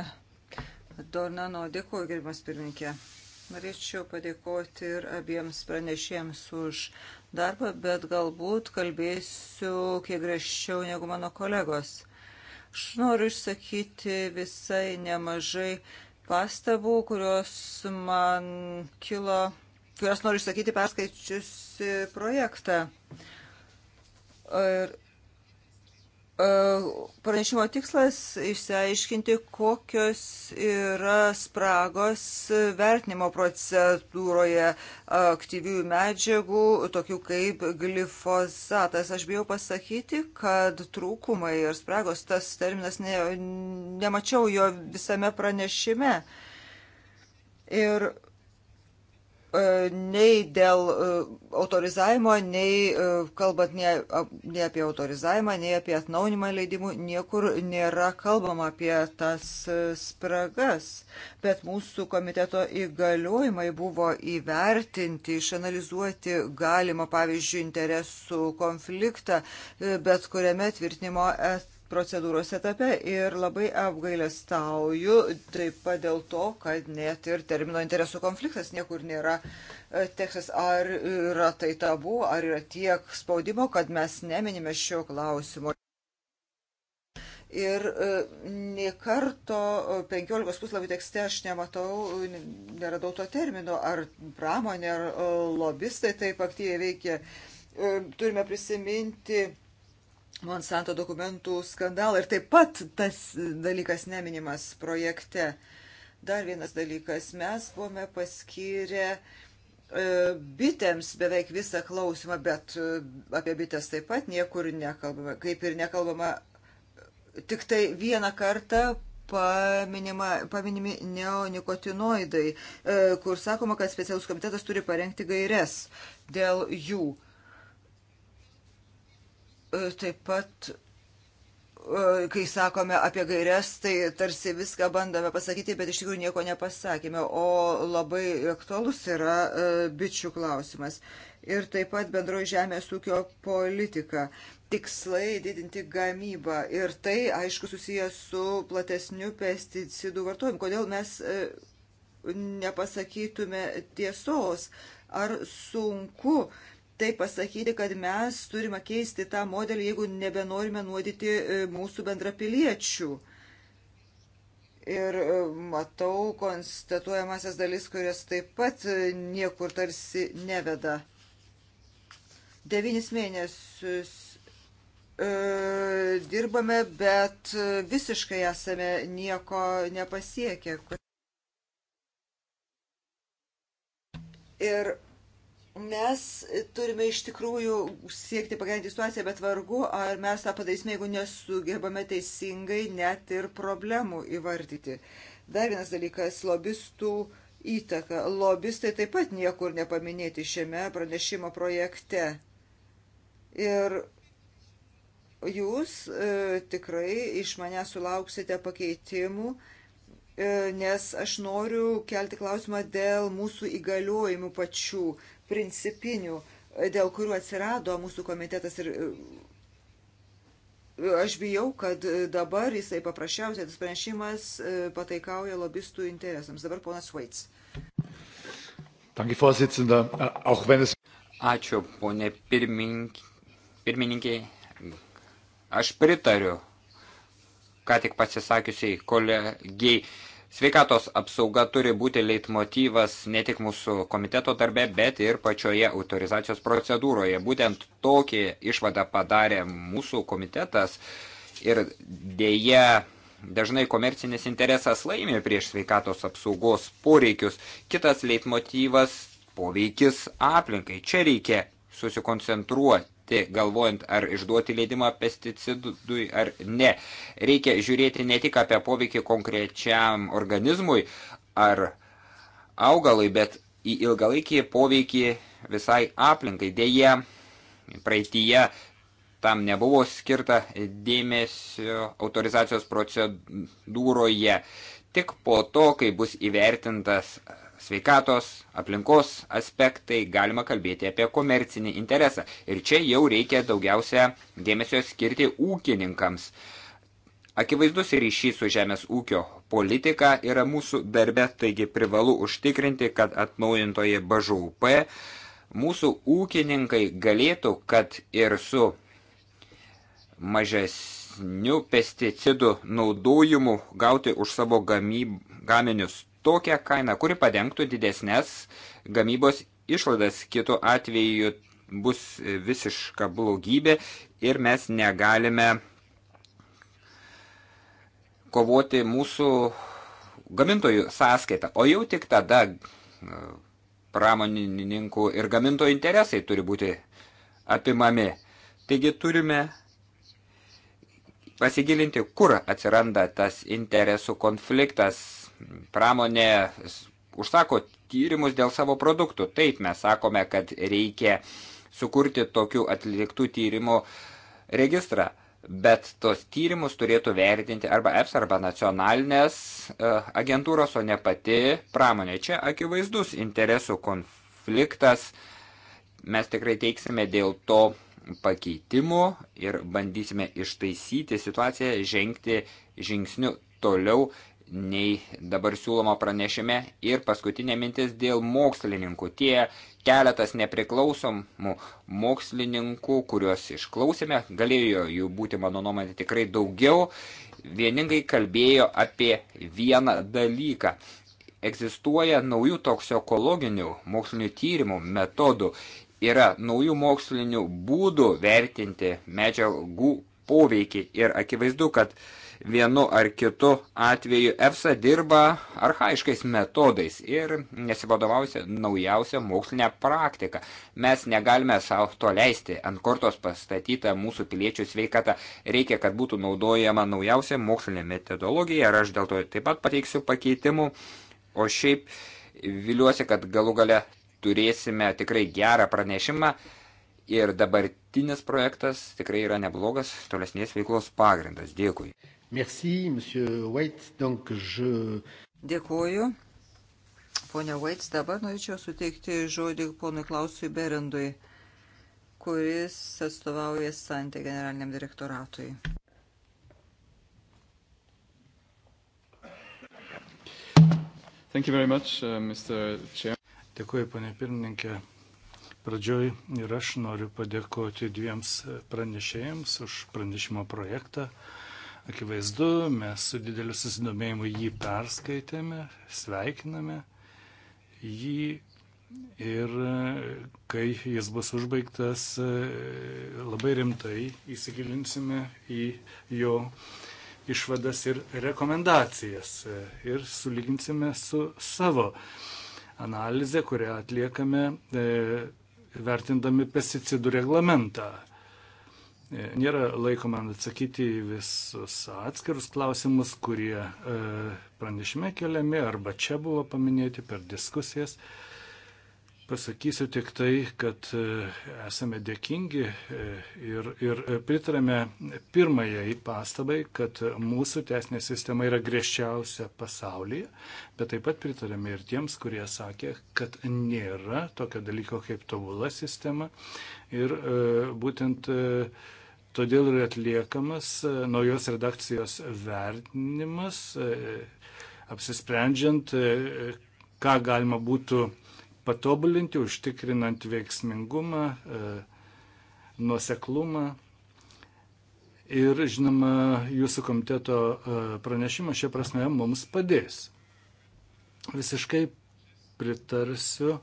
Dornano, dėkuoju, gerbimas pirmininkė. Norėčiau padėkoti ir abiems pranešėjams už darbą, bet galbūt kalbėsiu kiek greščiau negu mano kolegos. Aš noriu išsakyti visai nemažai pastabų, kurios man kilo, kurias noriu išsakyti perskaičiusi projektą. Ir E, pranešimo tikslas išsiaiškinti, kokios yra spragos vertinimo procedūroje aktyvių medžiagų, tokių kaip glifosatas. Aš bijau pasakyti, kad trūkumai ir spragos, tas terminas, ne, nemačiau jo visame pranešime. Ir E, nei dėl e, autorizavimo, nei e, kalbant nei apie autorizavimą, nei apie atnaunimą leidimų, niekur nėra kalbama apie tas spragas. Bet mūsų komiteto įgaliojimai buvo įvertinti, išanalizuoti galimą, pavyzdžiui, interesų konfliktą, bet kuriame tvirtinimo etapą procedūros etape ir labai apgailestauju taip pat dėl to, kad net ir termino interesų konfliktas niekur nėra e, tekstas. Ar yra tai tabu, ar yra tiek spaudimo, kad mes neminime šio klausimo. Ir ne karto 15 e, puslapių tekste aš nematau, neradau to termino, ar pramonė, ar e, lobistai taip aktyviai veikia. Turime prisiminti Monsanto dokumentų skandalą ir taip pat tas dalykas neminimas projekte. Dar vienas dalykas, mes buvome paskyrę e, bitėms beveik visą klausimą, bet e, apie bitės taip pat niekur nekalbama, kaip ir nekalbama, tik tai vieną kartą paminima, paminimi neonikotinoidai, e, kur sakoma, kad specialus komitetas turi parengti gairias dėl jų. E, taip pat, e, kai sakome apie gairias, tai tarsi viską bandome pasakyti, bet iš tikrųjų nieko nepasakėme. O labai aktualus yra e, bičių klausimas. Ir taip pat bendroji žemės ūkio politika. Tikslai didinti gamybą. Ir tai, aišku, susijęs su platesniu pesticidų vartojimu. Kodėl mes nepasakytume tiesos? Ar sunku uh, tai pasakyti, kad mes turime keisti tą modelį, jeigu nebenorime nuodyti e, mūsų bendrapiliečių. Ir e, matau konstatuojamasias dalis, kurias taip pat e, niekur tarsi neveda. Devynis mėnesius e, dirbame, bet visiškai esame nieko nepasiekę. Ir Mes turime iš tikrųjų siekti pagerinti situaciją, bet vargu, ar mes tą padarysime, jeigu nesugebame teisingai net ir problemų įvardyti. Dar vienas dalykas - lobistų įtaka. Lobistai taip pat niekur nepaminėti šiame pranešimo projekte. Ir jūs e, tikrai iš mane sulauksite pakeitimų, e, nes aš noriu kelti klausimą dėl mūsų įgaliojimų pačių principinių, dėl kurių atsirado mūsų komitetas ir e, aš bijau, kad dabar jisai paprasčiausiai tas pranešimas e, pataikauja lobistų interesams. Dabar ponas Vaits. Ačiū, ponė pirmink... pirmininkė. Aš pritariu, ką tik pasisakiusiai kolegiai. Sveikatos apsauga turi būti leitmotyvas ne tik mūsų komiteto darbe, bet ir pačioje autorizacijos procedūroje. Būtent tokį išvadą padarė mūsų komitetas ir dėja dažnai komercinis interesas laimė prieš sveikatos apsaugos poreikius. Kitas leitmotyvas – poveikis aplinkai. Čia reikia susikoncentruoti priimti, galvojant ar išduoti leidimą pesticidui ar ne. Reikia žiūrėti ne tik apie poveikį konkrečiam organizmui ar augalai, bet į ilgalaikį poveikį visai aplinkai. Deja, praeitįje tam nebuvo skirta dėmesio autorizacijos procedūroje. Tik po to, kai bus įvertintas sveikatos, aplinkos aspektai, galima kalbėti apie komercinį interesą. Ir čia jau reikia daugiausia dėmesio skirti ūkininkams. Akivaizdus ryšys su žemės ūkio politika yra mūsų darbe, taigi privalu užtikrinti, kad atnaujintoje BŽUP mūsų ūkininkai galėtų, kad ir su mažesniu pesticidų naudojimu gauti už savo gamyb, gaminius tokią kainą, kuri padengtų didesnės gamybos išlaidas. Kitu atveju bus visiška blogybė ir mes negalime kovoti mūsų gamintojų sąskaitą. O jau tik tada e, pramonininkų ir gamintojų interesai turi būti apimami. Taigi turime pasigilinti, kur atsiranda tas interesų konfliktas pramonė užsako tyrimus dėl savo produktų. Taip mes sakome, kad reikia sukurti tokių atliktų tyrimų registrą, bet tos tyrimus turėtų vertinti arba EPS, arba nacionalinės e, agentūros, o ne pati pramonė. Čia akivaizdus interesų konfliktas. Mes tikrai teiksime dėl to pakeitimų ir bandysime ištaisyti situaciją, žengti žingsniu toliau nei dabar siūloma pranešime. Ir paskutinė mintis dėl mokslininkų. Tie keletas nepriklausomų mokslininkų, kuriuos išklausėme, galėjo jų būti, mano nuomonė, tikrai daugiau, vieningai kalbėjo apie vieną dalyką. Egzistuoja naujų toksikologinių mokslinių tyrimų metodų, yra naujų mokslinių būdų vertinti medžiagų poveikį ir akivaizdu, kad uh, vienu ar kitu atveju EFSA dirba arhaiškais metodais ir nesivadovausia naujausia mokslinė praktika. Mes negalime savo to leisti. Ant kortos pastatyta mūsų piliečių sveikata. Reikia, kad būtų naudojama naujausia mokslinė metodologija ir aš dėl to taip pat pateiksiu pakeitimų. O šiaip viliuosi, kad galų gale turėsime tikrai gerą pranešimą ir dabartinis projektas tikrai yra neblogas tolesnės veiklos pagrindas. Dėkui. Merci, monsieur Waits. Donc, je... Dėkuoju. Pone Waits, dabar norėčiau suteikti žodį ponui Klausui Berendui, kuris atstovauja Santė generaliniam direktoratui. Thank you very much, uh, Mr. Chair. Dėkuoju, ponė pirmininkė. Pradžioj ir aš noriu padėkoti dviems pranešėjams už pranešimo projektą. Uh, Akivaizdu, mes su dideliu susidomėjimu jį perskaitėme, sveikiname jį ir kai jis bus užbaigtas, labai rimtai įsigilinsime į jo išvadas ir rekomendacijas ir sulyginsime su savo analizė, kurią atliekame e, vertindami pesticidų reglamentą. E, nėra laiko man atsakyti į visus atskirus klausimus, kurie e, pranešime keliami arba čia buvo paminėti per diskusijas. E, Pasakysiu tik tai, kad e, esame dėkingi e, ir, ir pritarame pirmajai pastabai, kad mūsų teisinė sistema yra griežčiausia pasaulyje, bet taip pat pritarame ir tiems, kurie sakė, kad nėra tokio dalyko kaip tobula sistema ir e, būtent todėl ir atliekamas naujos redakcijos vertinimas, apsisprendžiant, ką galima būtų patobulinti, užtikrinant veiksmingumą, e, nuoseklumą. Ir, žinoma, jūsų komiteto e, pranešimas šia prasme mums padės. Visiškai pritarsiu e,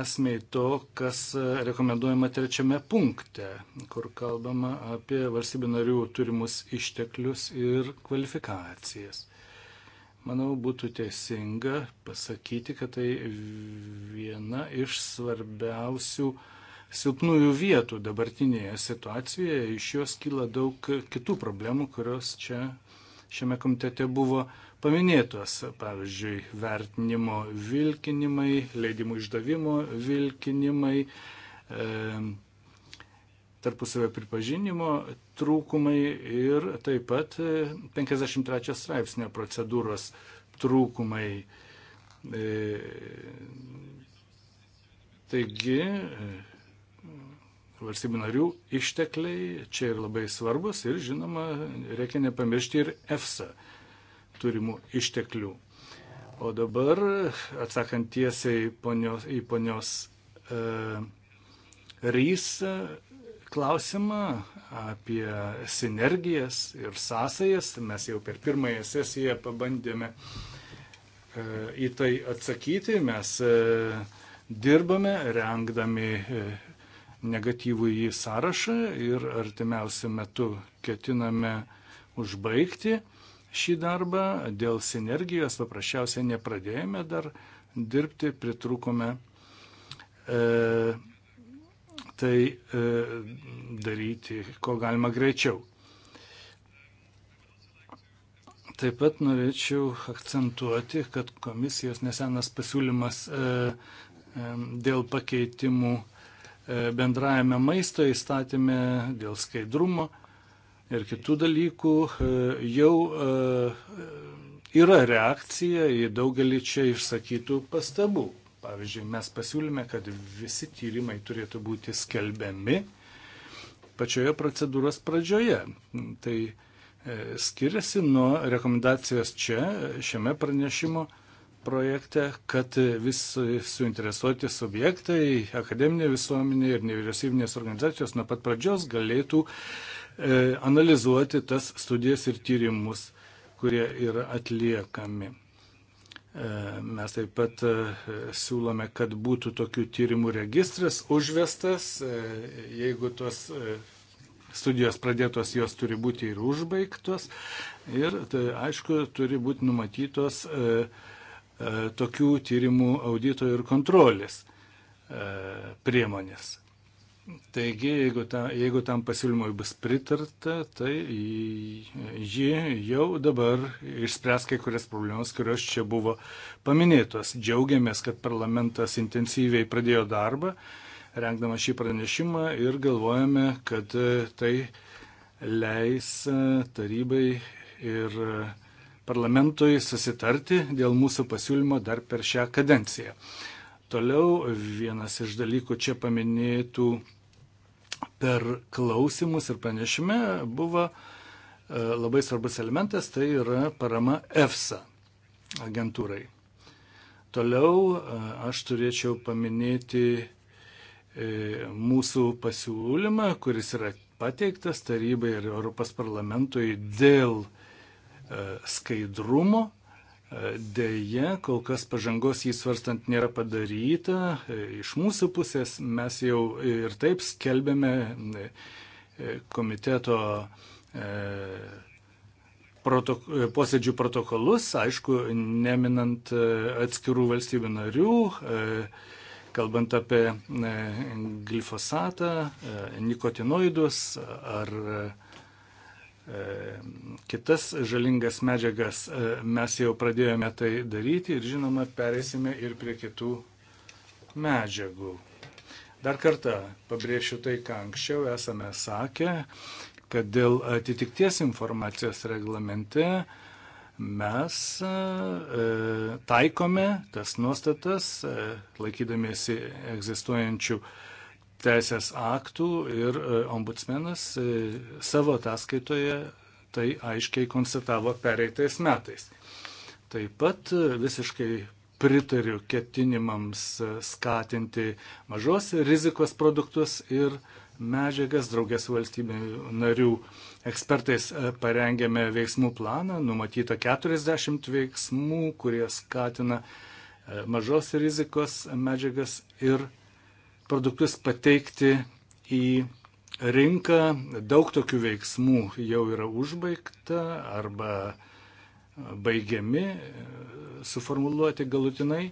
esmei to, kas rekomenduojama trečiame punkte, kur kalbama apie valstybių narių turimus išteklius ir kvalifikacijas. Manau, būtų teisinga pasakyti, kad tai viena iš svarbiausių silpnųjų vietų dabartinėje situacijoje. Iš jos kyla daug kitų problemų, kurios čia šiame komitete buvo paminėtos. Pavyzdžiui, vertinimo vilkinimai, leidimų išdavimo vilkinimai. E, tarpusavio pripažinimo trūkumai ir taip pat 53 e, straipsnio procedūros trūkumai. E, taigi, e, valstybių narių ištekliai čia ir labai svarbus ir, žinoma, reikia nepamiršti ir EFSA turimų išteklių. O dabar, atsakant tiesiai ponios, į ponios e, Rys klausimą apie sinergijas ir sąsajas. Mes jau per pirmąją sesiją pabandėme e, į tai atsakyti. Mes e, dirbame, rengdami e, negatyvų į sąrašą ir artimiausiu metu ketiname užbaigti šį darbą. Dėl sinergijos paprasčiausiai nepradėjome dar dirbti, pritrūkome e, tai e, daryti, ko galima greičiau. Taip pat norėčiau akcentuoti, kad komisijos nesenas pasiūlymas e, e, dėl pakeitimų e, bendrajame maisto įstatymė, dėl skaidrumo ir kitų dalykų e, jau e, yra reakcija į daugelį čia išsakytų pastabų. Pavyzdžiui, mes pasiūlyme, kad visi tyrimai turėtų būti skelbiami pačioje procedūros pradžioje. Tai e, skiriasi nuo rekomendacijos čia, šiame pranešimo projekte, kad visi suinteresuoti subjektai, akademinė visuomenė ir nevyriausybinės organizacijos nuo pat pradžios galėtų e, analizuoti tas studijas ir tyrimus, kurie yra atliekami. E, mes taip pat e, siūlome, kad būtų tokių tyrimų registras užvestas, e, jeigu tos studijos pradėtos, jos turi būti ir užbaigtos. Ir tai, aišku, turi būti numatytos tokių tyrimų audito ir kontrolės priemonės. Taigi, jeigu, ta, jeigu tam pasiūlymui bus pritarta, tai ji jau dabar išspręs kai kurias problemas, kurios čia buvo paminėtos. Džiaugiamės, kad parlamentas intensyviai pradėjo darbą, rengdama šį pranešimą ir galvojame, kad tai leis tarybai ir parlamentui susitarti dėl mūsų pasiūlymo dar per šią kadenciją. Toliau vienas iš dalykų čia paminėtų per klausimus ir pranešime buvo e, labai svarbus elementas, tai yra parama EFSA agentūrai. Toliau e, aš turėčiau paminėti e, mūsų pasiūlymą, kuris yra pateiktas tarybai ir Europos parlamentui dėl skaidrumo Deja, kol kas pažangos įsvarstant nėra padaryta. Iš mūsų pusės mes jau ir taip skelbėme e, komiteto e, protok posėdžių protokolus, aišku, neminant e, atskirų valstybių narių, kalbant apie glifosatą, nikotinoidus ar kitas žalingas medžiagas. E, mes jau pradėjome tai daryti ir žinoma, pereisime ir prie kitų medžiagų. Dar kartą pabrėšiu tai, ką anksčiau esame sakę, kad dėl atitikties informacijos reglamente mes e, taikome tas nuostatas, e, laikydamėsi egzistuojančių teisės aktų ir e, ombudsmenas e, savo ataskaitoje tai aiškiai konstatavo pereitais metais. Taip pat e, visiškai pritariu ketinimams skatinti mažos rizikos produktus ir medžiagas. Draugės valstybių narių ekspertais parengėme veiksmų planą, numatyta 40 veiksmų, kurie skatina mažos rizikos medžiagas ir produktus pateikti į rinką. Daug tokių veiksmų jau yra užbaigta arba baigiami suformuluoti galutinai.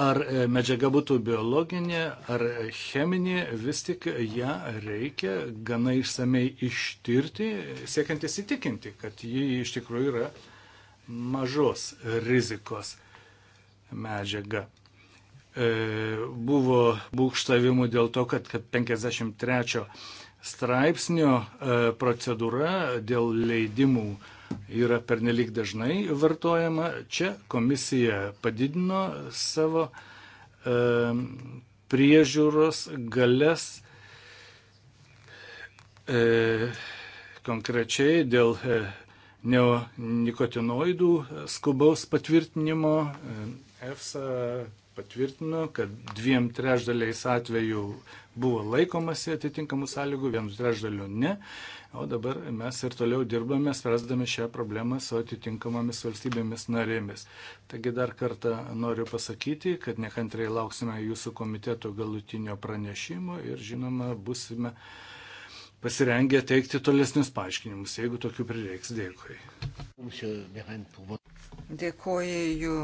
Ar medžiaga būtų biologinė ar cheminė, vis tik ją reikia gana išsamei ištirti, siekiant įsitikinti, kad ji iš tikrųjų yra mažos rizikos medžiaga. E, buvo būkštavimų dėl to, kad 53 straipsnio e, procedūra dėl leidimų yra pernelyg dažnai vartojama. Čia komisija padidino savo e, priežiūros galės konkrečiai dėl neonikotinoidų skubaus patvirtinimo EFSA patvirtino, kad dviem trešdaliais atvejų buvo laikomasi atitinkamų sąlygų, vienu trešdaliu ne. O dabar mes ir toliau dirbame, spręsdami šią problemą su atitinkamomis valstybėmis narėmis. Taigi dar kartą noriu pasakyti, kad nekantrai lauksime jūsų komiteto galutinio pranešimo ir žinoma, busime pasirengę teikti tolesnius paaiškinimus, jeigu tokių prireiks. Dėkui. Dėkoju,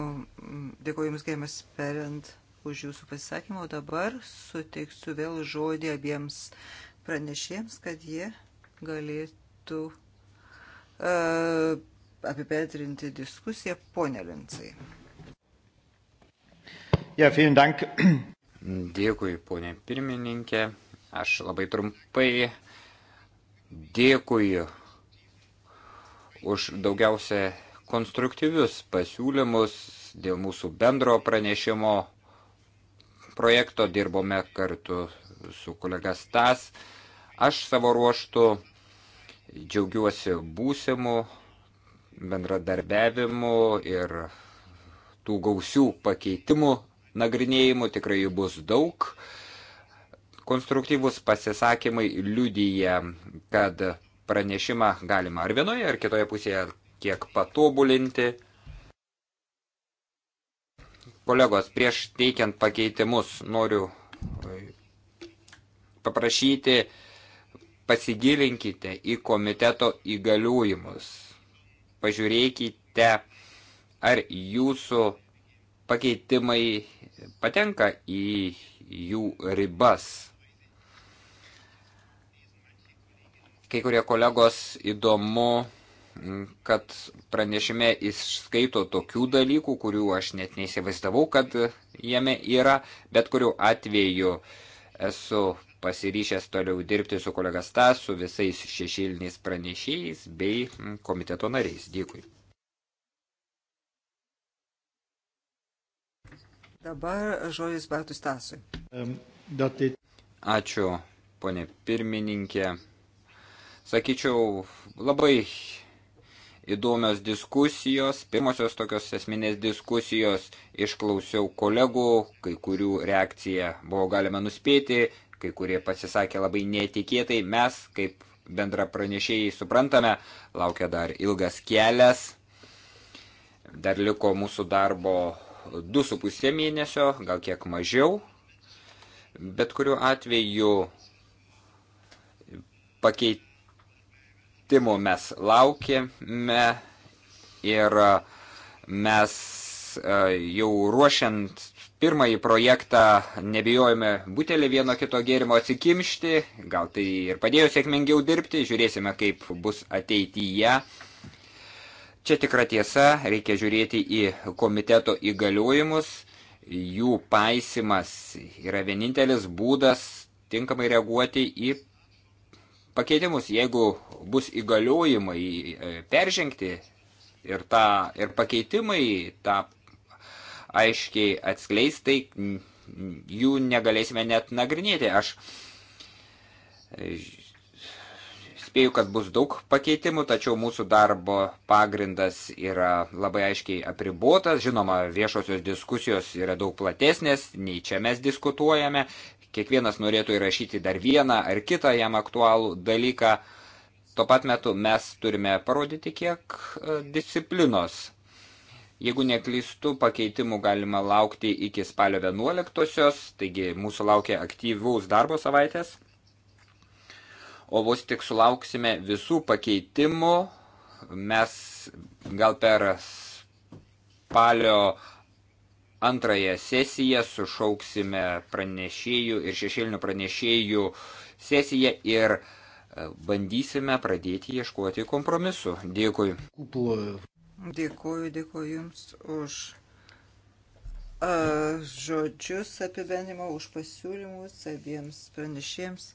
dėkoju Jums, Gėmas Perent, už Jūsų pasisakymą. O dabar suteiksiu vėl žodį abiems pranešėjams, kad jie galėtų uh, apibendrinti diskusiją. Pone Lincai. Ja, dank. Dėkui, ponė pirmininkė. Aš labai trumpai dėkui už daugiausia konstruktyvius pasiūlymus dėl mūsų bendro pranešimo projekto, dirbome kartu su kolega Stas. Aš savo ruoštų džiaugiuosi būsimu bendradarbiavimu ir tų gausių pakeitimų nagrinėjimų tikrai jų bus daug. Konstruktyvus pasisakymai liudyja, kad pranešimą galima ar vienoje, ar kitoje pusėje kiek patobulinti. Kolegos, prieš teikiant pakeitimus noriu e, paprašyti, pasigilinkite į komiteto įgaliujimus. Pažiūrėkite, ar jūsų pakeitimai patenka į jų ribas. Kai kurie kolegos įdomu kad pranešime įskaito tokių dalykų, kurių aš net neįsivaizdavau, kad jame yra, bet kurių atveju esu pasiryšęs toliau dirbti su kolega Stas, su visais šešiliniais pranešėjais bei komiteto nariais. Dėkui. Dabar žodis Bartus Stasui. Ačiū, ponė pirmininkė. Sakyčiau, labai įdomios diskusijos, pirmosios tokios esminės diskusijos, išklausiau kolegų, kai kurių reakciją buvo galima nuspėti, kai kurie pasisakė labai netikėtai, mes kaip bendra pranešėjai suprantame, laukia dar ilgas kelias, dar liko mūsų darbo 2,5 mėnesio, gal kiek mažiau, bet kuriuo atveju pakeit pakeitimų mes laukėme ir e, mes e, jau ruošiant pirmąjį projektą nebijojome butelį vieno kito gėrimo atsikimšti, gal tai ir padėjo sėkmingiau dirbti, žiūrėsime, kaip bus ateityje. Čia tikra tiesa, reikia žiūrėti į komiteto įgaliojimus, jų paisimas yra vienintelis būdas tinkamai reaguoti į pakeitimus, jeigu bus įgaliojimai e, peržengti ir, ta, ir pakeitimai tą aiškiai atskleis, tai jų negalėsime net nagrinėti. Aš e, spėju, kad bus daug pakeitimų, tačiau mūsų darbo pagrindas yra labai aiškiai apribotas. Žinoma, viešosios diskusijos yra daug platesnės, nei čia mes diskutuojame kiekvienas norėtų įrašyti dar vieną ar kitą jam aktualų dalyką. Tuo pat metu mes turime parodyti kiek e, disciplinos. Jeigu neklystu, pakeitimų galima laukti iki spalio 11-osios, taigi mūsų laukia aktyvus darbo savaitės. O vos tik sulauksime visų pakeitimų, mes gal per spalio antrąją sesiją sušauksime pranešėjų ir šešėlinių pranešėjų sesiją ir e, bandysime pradėti ieškoti kompromisu. Dėkui. Dėkuoju, dėkuoju Jums už a, e, žodžius apibendrimą, už pasiūlymus abiems pranešėjams.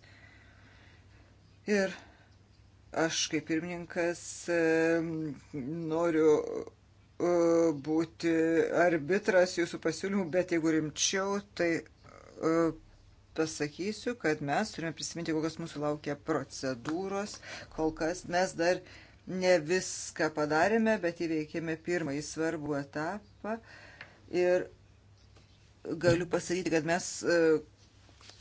Ir aš kaip pirmininkas e, noriu būti arbitras jūsų pasiūlymų, bet jeigu rimčiau, tai e, pasakysiu, kad mes turime prisiminti, kokios mūsų laukia procedūros. Kol kas mes dar ne viską padarėme, bet įveikėme pirmąjį svarbų etapą. Ir galiu pasakyti, kad mes e,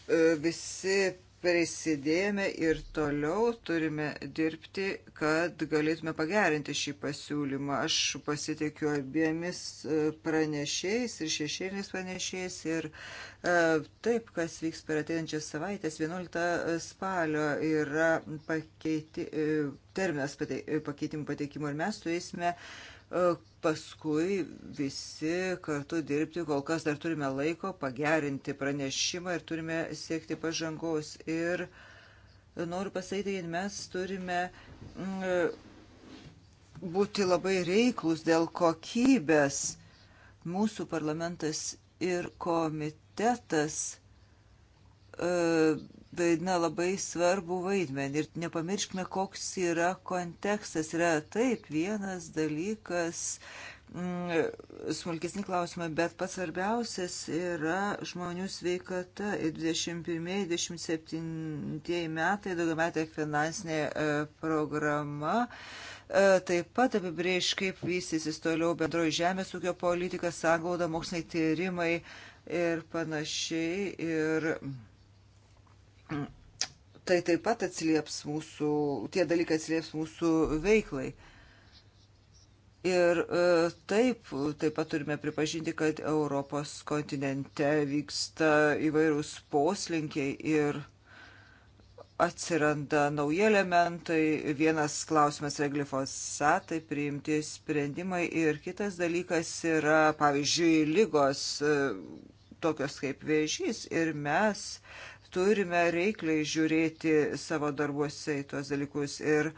e, visi prisidėjome ir toliau turime dirbti, kad galėtume pagerinti šį pasiūlymą. Aš pasitikiu abiemis e, pranešėjais ir šešėliniais pranešėjais ir e, taip, kas vyks per ateinančias savaitės, 11 spalio yra pakeiti, e, terminas pakeitimų pateikimo ir mes turėsime E, paskui visi kartu dirbti, kol kas dar turime laiko pagerinti pranešimą ir turime siekti pažangos. Ir noriu pasakyti, kad mes turime mm, būti labai reiklus dėl kokybės. Mūsų parlamentas ir komitetas e, vaidina labai svarbu vaidmenį. Ir nepamirškime, koks yra kontekstas. Yra taip vienas dalykas, mm, smulkesni klausimai, bet pats svarbiausias yra žmonių sveikata. 21-27 metai daugiametė finansinė e, programa e, taip pat apibrėž, kaip vystysis toliau bendroji žemės ūkio politika, sągauda, moksliniai tyrimai ir panašiai. Ir tai taip pat atsilieps mūsų, tie dalykai atsilieps mūsų veiklai. Ir e, taip, taip pat turime pripažinti, kad Europos kontinente vyksta įvairūs poslinkiai ir atsiranda nauji elementai. Vienas klausimas yra glifosatai, priimti sprendimai ir kitas dalykas yra, pavyzdžiui, lygos e, tokios kaip vėžys. Ir mes turime reikliai žiūrėti savo darbuose į tuos dalykus ir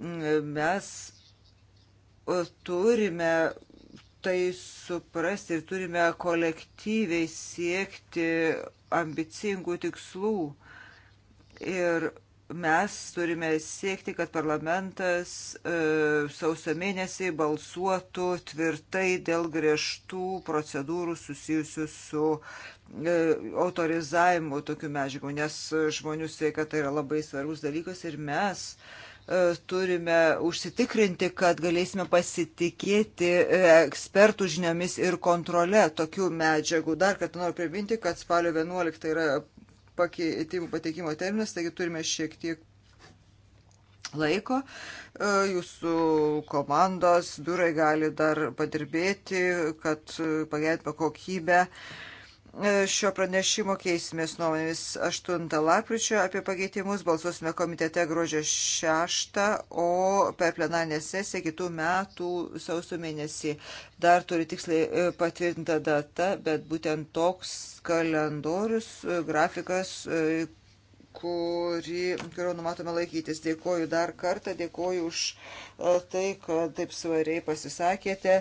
mm, mes turime tai suprasti ir turime kolektyviai siekti ambicingų tikslų. Ir mes turime siekti, kad parlamentas e, sausio mėnesį balsuotų tvirtai dėl griežtų procedūrų susijusių su E, autorizavimu tokių medžiagų, nes žmonių sveikata yra labai svarbus dalykas ir mes e, turime užsitikrinti, kad galėsime pasitikėti e, ekspertų žiniomis ir kontrole tokių medžiagų. Dar kartą noriu priminti, kad spalio 11 yra pakeitimų pateikimo terminas, taigi turime šiek tiek laiko. Jūsų komandos biurai gali dar padirbėti, kad pagerintume kokybę E, šio pranešimo keisimės nuomonėmis 8 lapkričio apie pakeitimus, balsuosime komitete gruodžio 6, o per plenarinę sesiją kitų metų sausio mėnesį dar turi tiksliai e, patvirtinta data, bet būtent toks kalendorius, e, grafikas, kuri, kurio numatome laikytis. Dėkoju dar kartą, dėkoju už e, tai, kad taip svariai pasisakėte.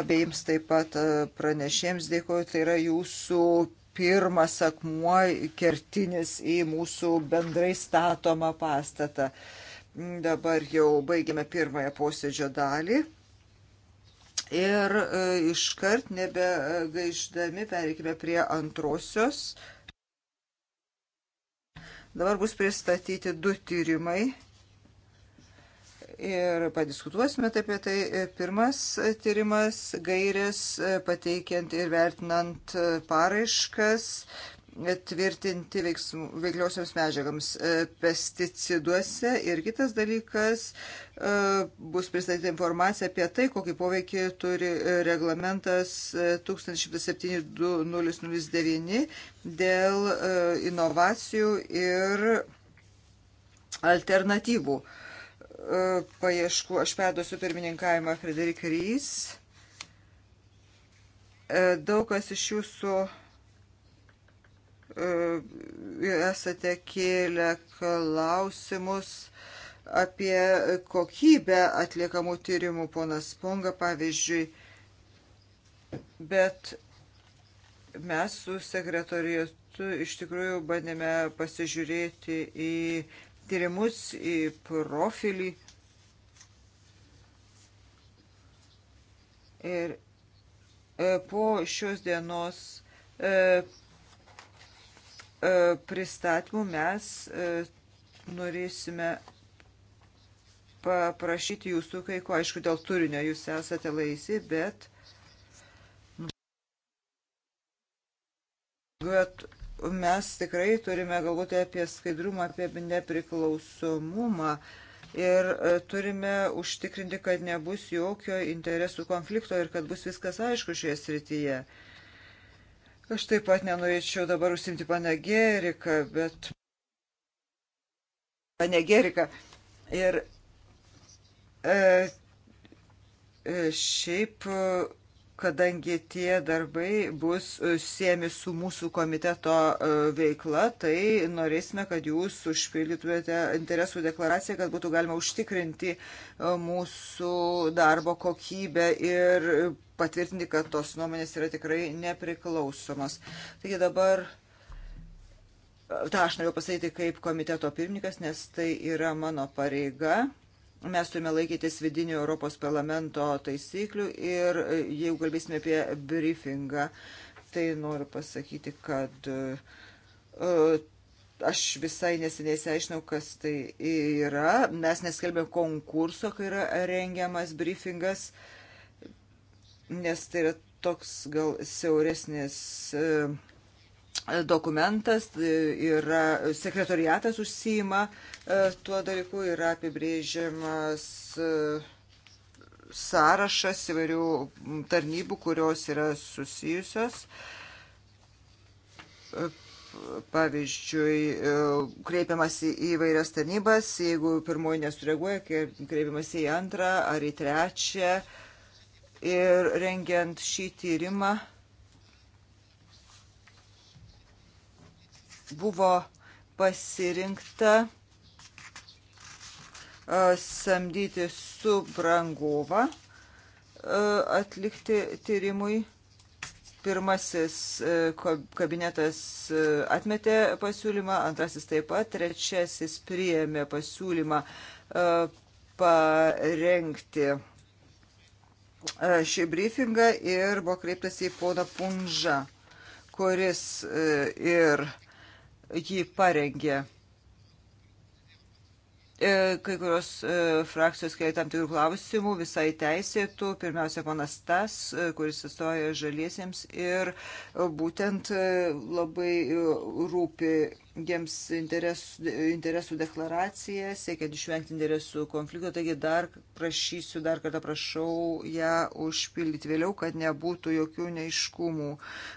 Abiejams taip pat e, pranešėms dėkoju. Tai yra jūsų pirmas akmuo kertinis į mūsų bendrai statomą pastatą. Dabar jau baigiame pirmąją posėdžio dalį. Ir e, iškart nebegaiždami pereikime prie antrosios Dabar bus pristatyti du tyrimai ir padiskutuosime apie tai. Pirmas tyrimas - gairės pateikiant ir vertinant paraiškas tvirtinti veiksmų, veikliosiams medžiagams e, pesticiduose. Ir kitas dalykas e, bus pristatyta informacija apie tai, kokį poveikį turi e, reglamentas 1107-2009 dėl inovacijų ir alternatyvų paieškų. Aš perduosiu pirmininkavimą Frederik Rys. Daug kas iš jūsų E, esate kėlę klausimus apie kokybę atliekamų tyrimų, ponas Ponga pavyzdžiui, bet mes su sekretorijatu iš tikrųjų bandėme pasižiūrėti į tyrimus, į profilį. Ir e, po šios dienos e, E, pristatymų mes e, norėsime paprašyti jūsų kai ko, aišku, dėl turinio jūs esate laisi, bet bet mes tikrai turime galvoti apie skaidrumą, apie nepriklausomumą ir e, turime užtikrinti, kad nebus jokio interesų konflikto ir kad bus viskas aišku šioje srityje. Aš taip pat nenorėčiau dabar užsimti panegeriką, bet. Panegeriką. Ir e, e, šiaip. E, kadangi tie darbai bus e, siemi su mūsų komiteto e, veikla, tai norėsime, kad jūs užpildytumėte interesų deklaraciją, kad būtų galima užtikrinti e, mūsų darbo kokybę ir patvirtinti, kad tos nuomonės yra tikrai nepriklausomos. Taigi dabar tą aš noriu pasakyti kaip komiteto pirmininkas, nes tai yra mano pareiga mes turime laikytis vidinių Europos parlamento taisyklių ir e, jeigu kalbėsime apie briefingą, tai noriu pasakyti, kad e, e, aš visai neseniai seišinau, kas tai yra. Mes neskelbėm konkurso, kai yra rengiamas briefingas, nes tai yra toks gal siauresnis. Uh, dokumentas e, yra sekretoriatas užsijima e, tuo dalyku, yra apibrėžiamas e, sąrašas įvairių tarnybų, kurios yra susijusios. Pavyzdžiui, kreipiamasi į vairias tarnybas, jeigu pirmoji nesureaguoja, kreipiamasi į antrą ar į trečią. Ir rengiant šį tyrimą buvo pasirinkta samdyti subrangovą atlikti tyrimui. Pirmasis kabinetas atmetė pasiūlymą, antrasis taip pat, trečiasis priėmė pasiūlymą parengti šį briefingą ir buvo kreiptas į poną Punžą, kuris ir jį parengė. E, kai kurios e, frakcijos kelia tam tikrų klausimų, visai teisėtų. Pirmiausia, panas Tas, e, kuris atstovauja žaliesiems ir būtent labai rūpi jiems interesų, interesų deklaraciją, siekiant išvengti interesų konflikto, taigi dar prašysiu, dar kartą prašau ją užpildyti vėliau, kad nebūtų jokių neiškumų,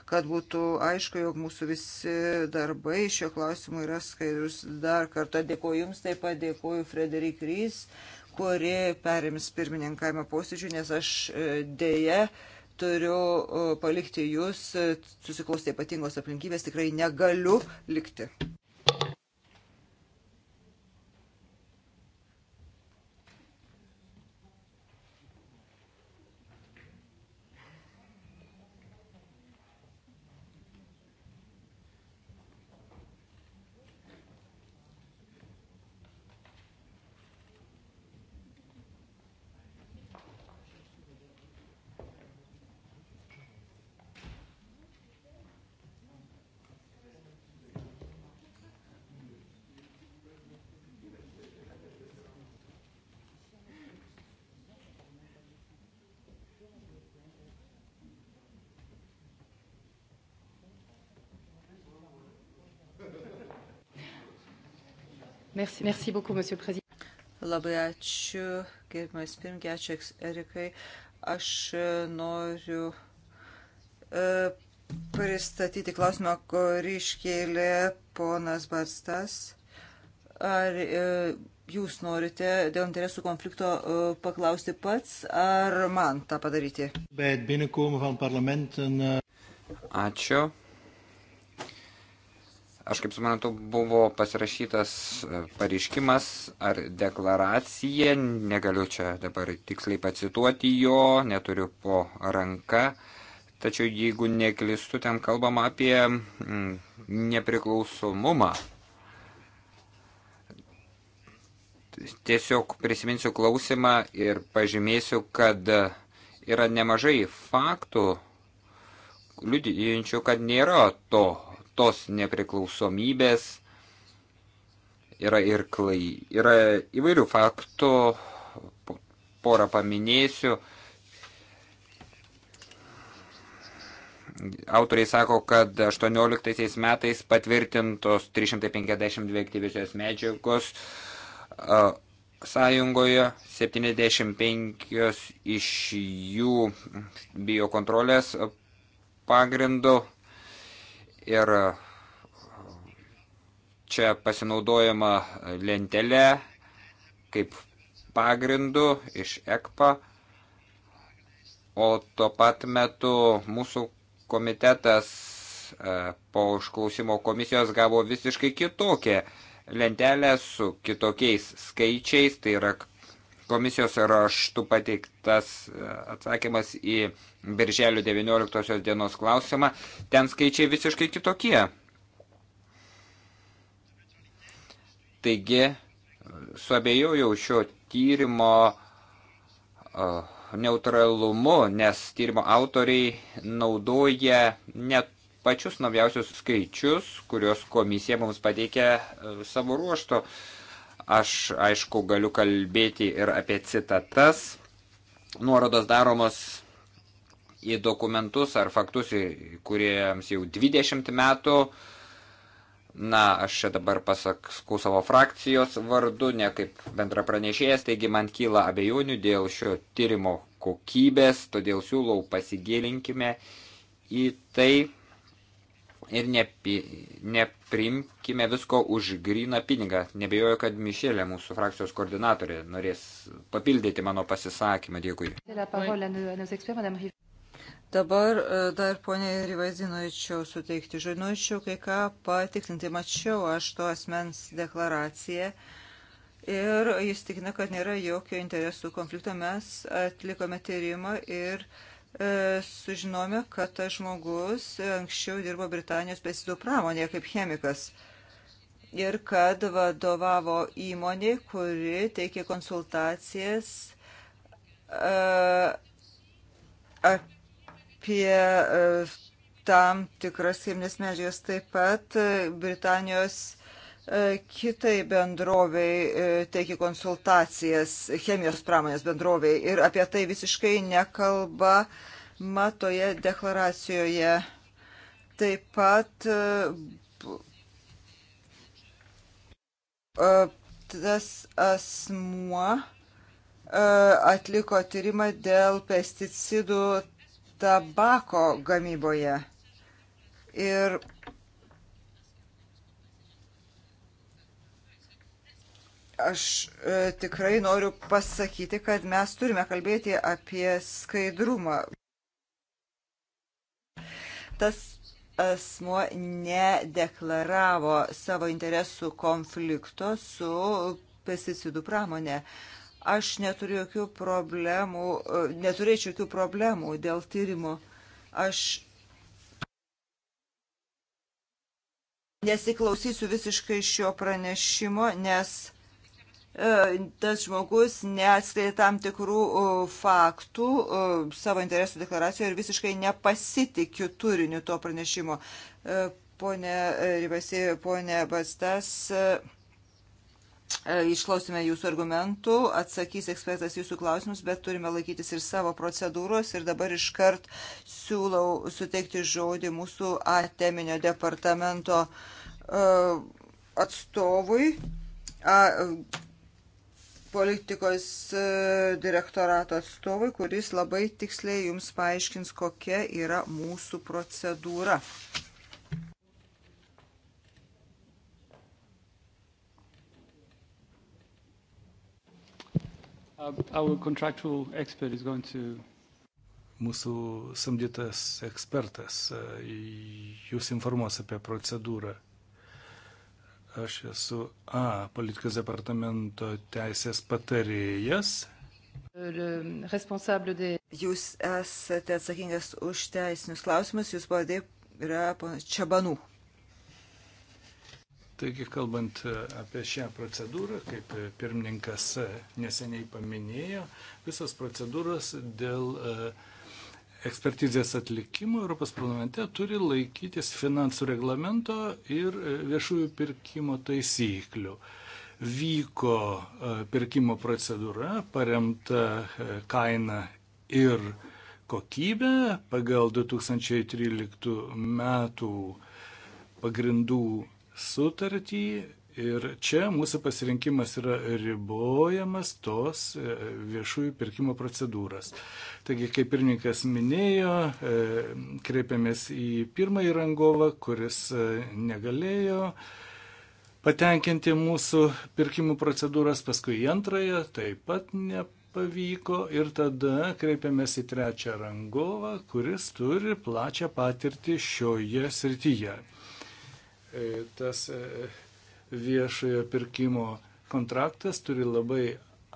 kad būtų aišku, jog mūsų visi darbai šio klausimu yra skaidrus. Dar kartą dėkoju Jums, taip pat dėkoju Frederik Rys, kuri perims pirmininkavimą posėdžių, nes aš e, dėje turiu e, palikti jūs, e, susiklostė ypatingos aplinkybės, tikrai negaliu likti. Merci, merci beaucoup, monsieur Président. Labai ačiū, gerbimas pirmkė, ačiū Erikai. Aš e, noriu e, pristatyti klausimą, kurį iškėlė ponas Barstas. Ar e, jūs norite dėl interesų konflikto e, paklausti pats, ar man tą padaryti? E, ačiū. Aš kaip suprantu, buvo pasirašytas e, pareiškimas ar deklaracija, negaliu čia dabar tiksliai pacituoti jo, neturiu po ranka, tačiau jeigu neklistu, ten kalbama apie mm, nepriklausomumą tiesiog prisiminsiu klausimą ir pažymėsiu, kad yra nemažai faktų, liudijančių, kad nėra to tos nepriklausomybės yra ir klai. Yra įvairių faktų, porą paminėsiu. Autoriai sako, kad 18 metais patvirtintos 352 aktyvisios medžiagos sąjungoje 75 iš jų biokontrolės pagrindu Ir e, čia pasinaudojama lentelė kaip pagrindu iš ECPA, o tuo pat metu mūsų komitetas e, po užklausimo komisijos gavo visiškai kitokią lentelę su kitokiais skaičiais, tai yra komisijos raštu pateiktas e, atsakymas į birželio 19 dienos klausimą, ten skaičiai visiškai kitokie. Taigi, suabejojau šio tyrimo neutralumu, nes tyrimo autoriai naudoja net pačius naujausius skaičius, kuriuos komisija mums pateikė e, savo ruošto. Aš, aišku, galiu kalbėti ir apie citatas. Nuorodos daromos į dokumentus ar faktus, kuriems jau 20 metų. Na, aš čia dabar pasakau savo frakcijos vardu, ne kaip bendra pranešėjas, taigi man kyla abejonių dėl šio tyrimo kokybės, todėl siūlau pasigėlinkime į tai ir nepi, neprimkime visko už gryną pinigą. Nebejoju, kad Mišelė, mūsų frakcijos koordinatorė, norės papildyti mano pasisakymą. Dėkui. Dabar e, dar poniai Rivazi norėčiau suteikti žodį, norėčiau kai ką patikrinti. Mačiau aš to asmens deklaraciją ir jis tikina, kad nėra jokio interesų konflikto. Mes atlikome tyrimą ir e, sužinome, kad tas žmogus anksčiau dirbo Britanijos pesticidų pramonėje kaip chemikas ir kad vadovavo įmonė, kuri teikė konsultacijas e, apie apie e, tam tikras cheminės medžiagas. Taip pat e, Britanijos e, kitai bendroviai teikia konsultacijas chemijos pramonės bendroviai ir apie tai visiškai nekalba matoje deklaracijoje. Taip pat tas asmuo atliko tyrimą dėl pesticidų tabako gamyboje. Ir aš e, tikrai noriu pasakyti, kad mes turime kalbėti apie skaidrumą. Tas asmo nedeklaravo savo interesų konflikto su pesticidų pramonė. Aš neturiu jokių problemų, e, neturėčiau jokių problemų dėl tyrimo. Aš nesiklausysiu visiškai šio pranešimo, nes e, tas žmogus neatskleidė tam tikrų e, faktų savo interesų deklaracijoje ir visiškai nepasitikiu turiniu to pranešimo. Pone Ribasi, pone Bastas, E, išklausime jūsų argumentų, atsakys ekspertas jūsų klausimus, bet turime laikytis ir savo procedūros. Ir dabar iškart siūlau suteikti žodį mūsų ateminio departamento e, atstovui, politikos e, direktorato atstovui, kuris labai tiksliai jums paaiškins, kokia yra mūsų procedūra. Uh, our contractual expert is going to mūsų samdytas ekspertas uh, jūs informuos apie procedūrą. Aš esu A politikos departamento teisės patarėjas. Um, jūs esate atsakingas už teisinius klausimus, jūs pavadė yra Čabanų. Taigi, kalbant e, apie šią procedūrą, kaip e, pirmininkas e, neseniai paminėjo, visas procedūras dėl ekspertizės atlikimo Europos parlamente turi laikytis finansų reglamento ir viešųjų pirkimo taisyklių. Vyko pirkimo procedūra paremta kaina ir kokybė pagal 2013 metų pagrindų sutartį ir čia mūsų pasirinkimas yra ribojamas tos e, viešųjų pirkimo procedūros. Taigi, kaip pirmininkas minėjo, e, kreipiamės į pirmąjį rangovą, kuris e, negalėjo patenkinti mūsų pirkimų procedūras, paskui į antrąją taip pat nepavyko ir tada kreipiamės į trečią rangovą, kuris turi plačią patirtį šioje srityje. E, tas e, viešojo pirkimo kontraktas turi labai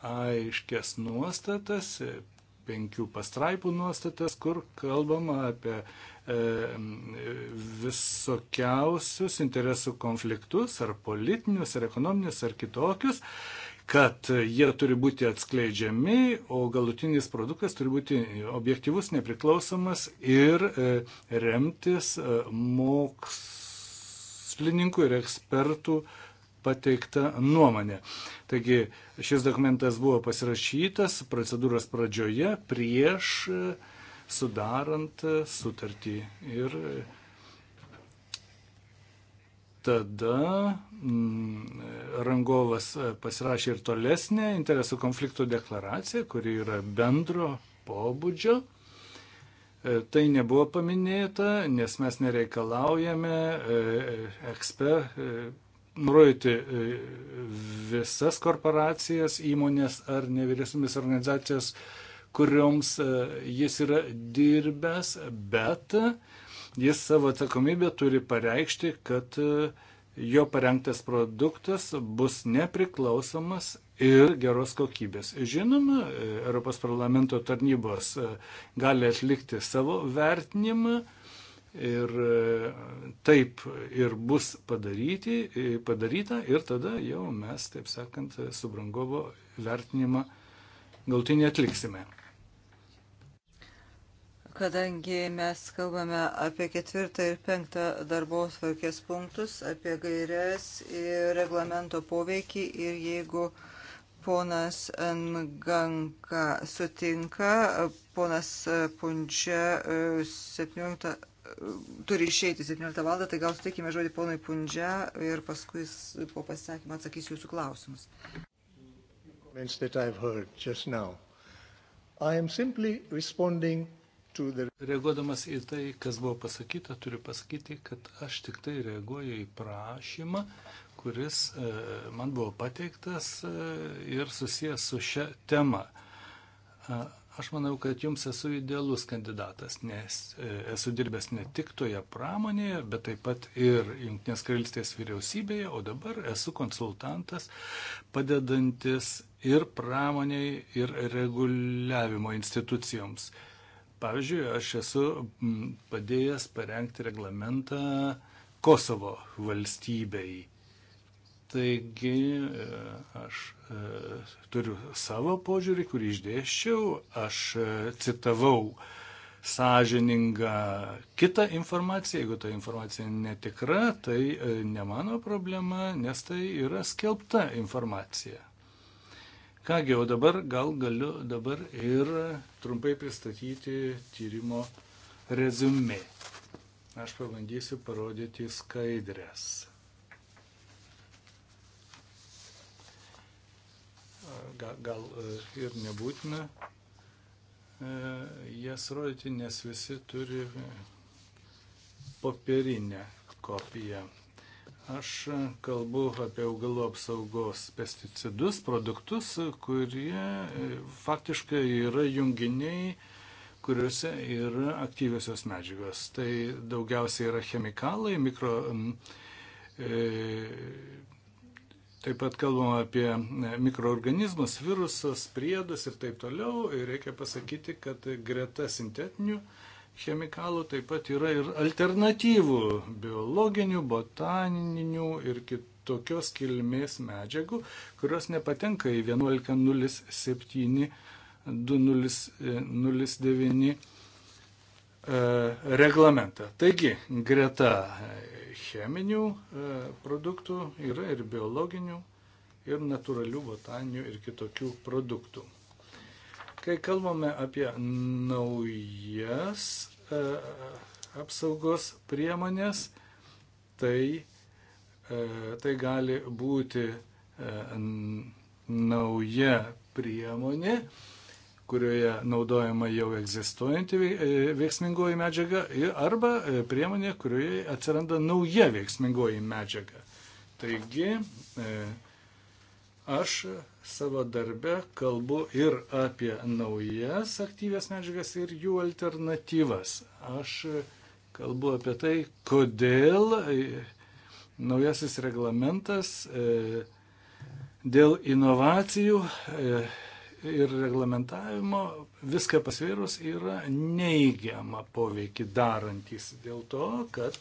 aiškias nuostatas, e, penkių pastraipų nuostatas, kur kalbama apie visokiausius interesų konfliktus, ar politinius, ar ekonominius, ar kitokius, kad jie turi būti atskleidžiami, o galutinis produktas turi būti objektivus, nepriklausomas ir remtis moks, mokslininkų ir ekspertų pateikta nuomonė. Taigi šis dokumentas buvo pasirašytas procedūros pradžioje prieš e, sudarant e, sutartį ir e, tada mm, rangovas pasirašė ir tolesnę interesų konflikto deklaraciją, kuri yra bendro pobūdžio. E, tai nebuvo paminėta, nes mes nereikalaujame e, e, ekspe nurodyti visas korporacijas, įmonės ar nevyriausybės organizacijas, kurioms jis yra dirbęs, bet jis savo atsakomybę turi pareikšti, kad uh, jo parengtas produktas bus nepriklausomas ir geros kokybės. Žinoma, Europos parlamento tarnybos e, gali atlikti savo vertinimą ir e, taip ir bus padaryti, e, padaryta ir tada jau mes, taip sakant, subrangovo vertinimą galtinį atliksime. Kadangi mes kalbame apie ketvirtą ir penktą darbos varkės punktus, apie gairias ir reglamento poveikį ir jeigu ponas Nganka sutinka, ponas Punčia 17 e, e, turi išeiti 17 val. tai gal sutikime žodį ponui Punčia ir paskui po pasisakymo atsakys jūsų klausimus. That I've heard just now. I am simply responding the... Reaguodamas į tai, kas buvo pasakyta, turiu pasakyti, kad aš tik tai reaguoju į prašymą, kuris e, man buvo pateiktas e, ir susijęs su šia tema. A, e, aš manau, kad jums esu idealus kandidatas, nes e, esu dirbęs ne tik toje pramonėje, bet taip pat ir Junktinės karalystės vyriausybėje, o dabar esu konsultantas padedantis ir pramoniai, ir reguliavimo institucijoms. E, Pavyzdžiui, aš esu padėjęs parengti reglamentą Kosovo valstybei. Taigi e, aš e, turiu savo požiūrį, kurį išdėščiau, aš e, citavau sąžiningą kitą informaciją, jeigu ta informacija netikra, tai ne mano problema, nes tai yra skelbta informacija. Kągi, o dabar gal galiu dabar ir trumpai pristatyti tyrimo rezumė. Aš pabandysiu parodyti skaidrės. Gal, gal e, ir nebūtina e, jas rodyti, nes visi turi e, popierinę kopiją. Aš kalbu apie augalų apsaugos pesticidus, produktus, kurie e, faktiškai yra junginiai, kuriuose yra aktyviosios medžiagos. Tai daugiausiai yra chemikalai, mikro. E, Taip pat kalbam apie e, mikroorganizmus, virusus, priedus ir taip toliau. Ir reikia pasakyti, kad greta sintetinių e, chemikalų, taip pat yra ir alternatyvų biologinių, botaninių ir kitokios kilmės medžiagų, kurios nepatenka į 1107 2009 e, e, reglamentą. Taigi, greta cheminių e, produktų yra ir biologinių, ir natūralių botaninių, ir kitokių produktų. Kai kalbame apie naujas e, apsaugos priemonės, tai, e, tai gali būti e, nauja priemonė, kurioje naudojama jau egzistuojanti veiksmingoji medžiaga arba priemonė, kurioje atsiranda nauja veiksmingoji medžiaga. Taigi, Aš savo darbę kalbu ir apie naujas aktyvės medžiagas ir jų alternatyvas. Aš kalbu apie tai, kodėl e, naujasis reglamentas e, dėl inovacijų e, ir reglamentavimo viską pasvėrus yra neigiamą poveikį darantis. Dėl to, kad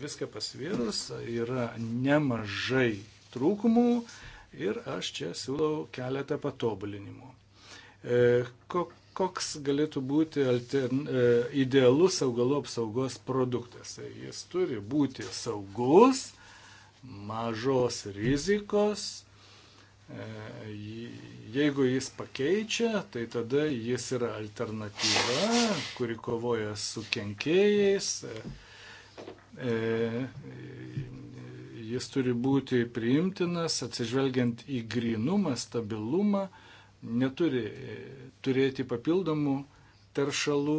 viską pasvėrus yra nemažai trūkumų ir aš čia siūlau keletą patobulinimų. E, koks galėtų būti altern, e, idealus augalų apsaugos produktas? Tai jis turi būti saugus, mažos rizikos. E, jeigu jis pakeičia, tai tada jis yra alternatyva, kuri kovoja su kenkėjais. Jis turi būti priimtinas, atsižvelgiant į grinumą, stabilumą, neturi e, turėti papildomų teršalų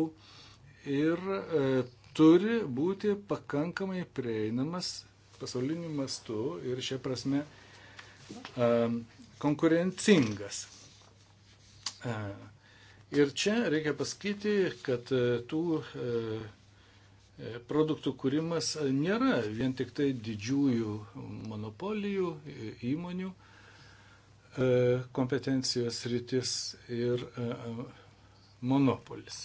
ir e, turi būti pakankamai prieinamas pasauliniu mastu ir šia prasme e, konkurencingas. E, ir čia reikia pasakyti, kad e, tų e, produktų kūrimas nėra vien tik tai didžiųjų monopolijų e, įmonių e, kompetencijos rytis ir e, monopolis.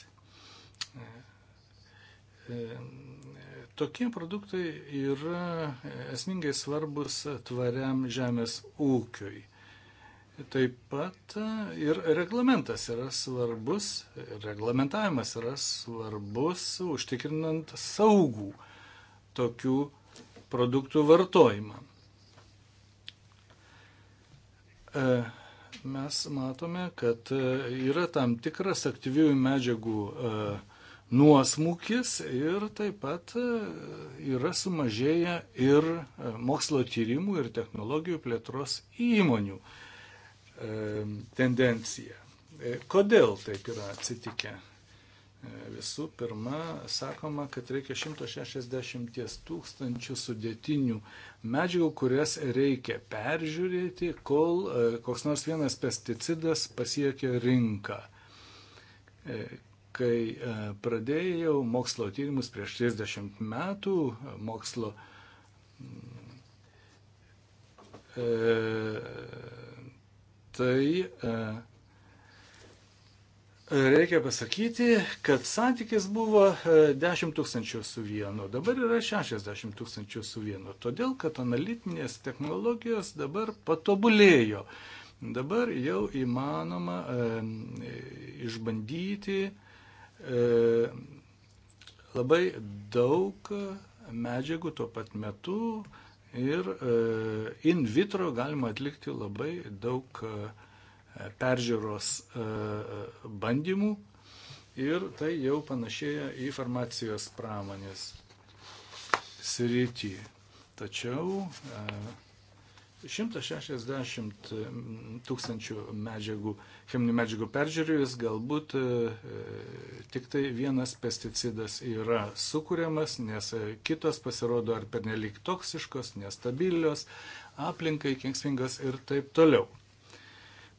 Tokie produktai yra esmingai svarbus tvariam žemės ūkiui. Taip pat e, ir reglamentas yra svarbus, reglamentavimas yra svarbus užtikrinant saugų tokių produktų vartojimą. E, mes matome, kad e, yra tam tikras aktyviųjų medžiagų nuosmukis ir taip pat yra sumažėję ir mokslo tyrimų ir technologijų plėtros įmonių. E, tendencija. E, kodėl taip yra atsitikę? E, visų pirma, sakoma, kad reikia 160 tūkstančių sudėtinių medžiagų, kurias reikia peržiūrėti, kol koks nors vienas pesticidas pasiekia rinką. Kai pradėjau mokslo tyrimus prieš 30 metų, mokslo mm, e, tai e, reikia pasakyti, kad santykis buvo 10 e, tūkstančių su vienu, dabar yra 60 tūkstančių su vienu, todėl kad analitinės technologijos dabar patobulėjo. Dabar jau įmanoma e, išbandyti e, labai daug medžiagų tuo pat metu, e, ir e, in vitro galima atlikti labai daug e, peržiūros e, bandymų ir tai jau panašėja į farmacijos pramonės sritį. Tačiau 160 tūkstančių medžiagų, cheminių medžiagų peržiūrėjus, galbūt e, tik tai vienas pesticidas yra sukūriamas, nes e, kitos pasirodo ar pernelik toksiškos, nestabilios, aplinkai kengsmingos ir taip toliau.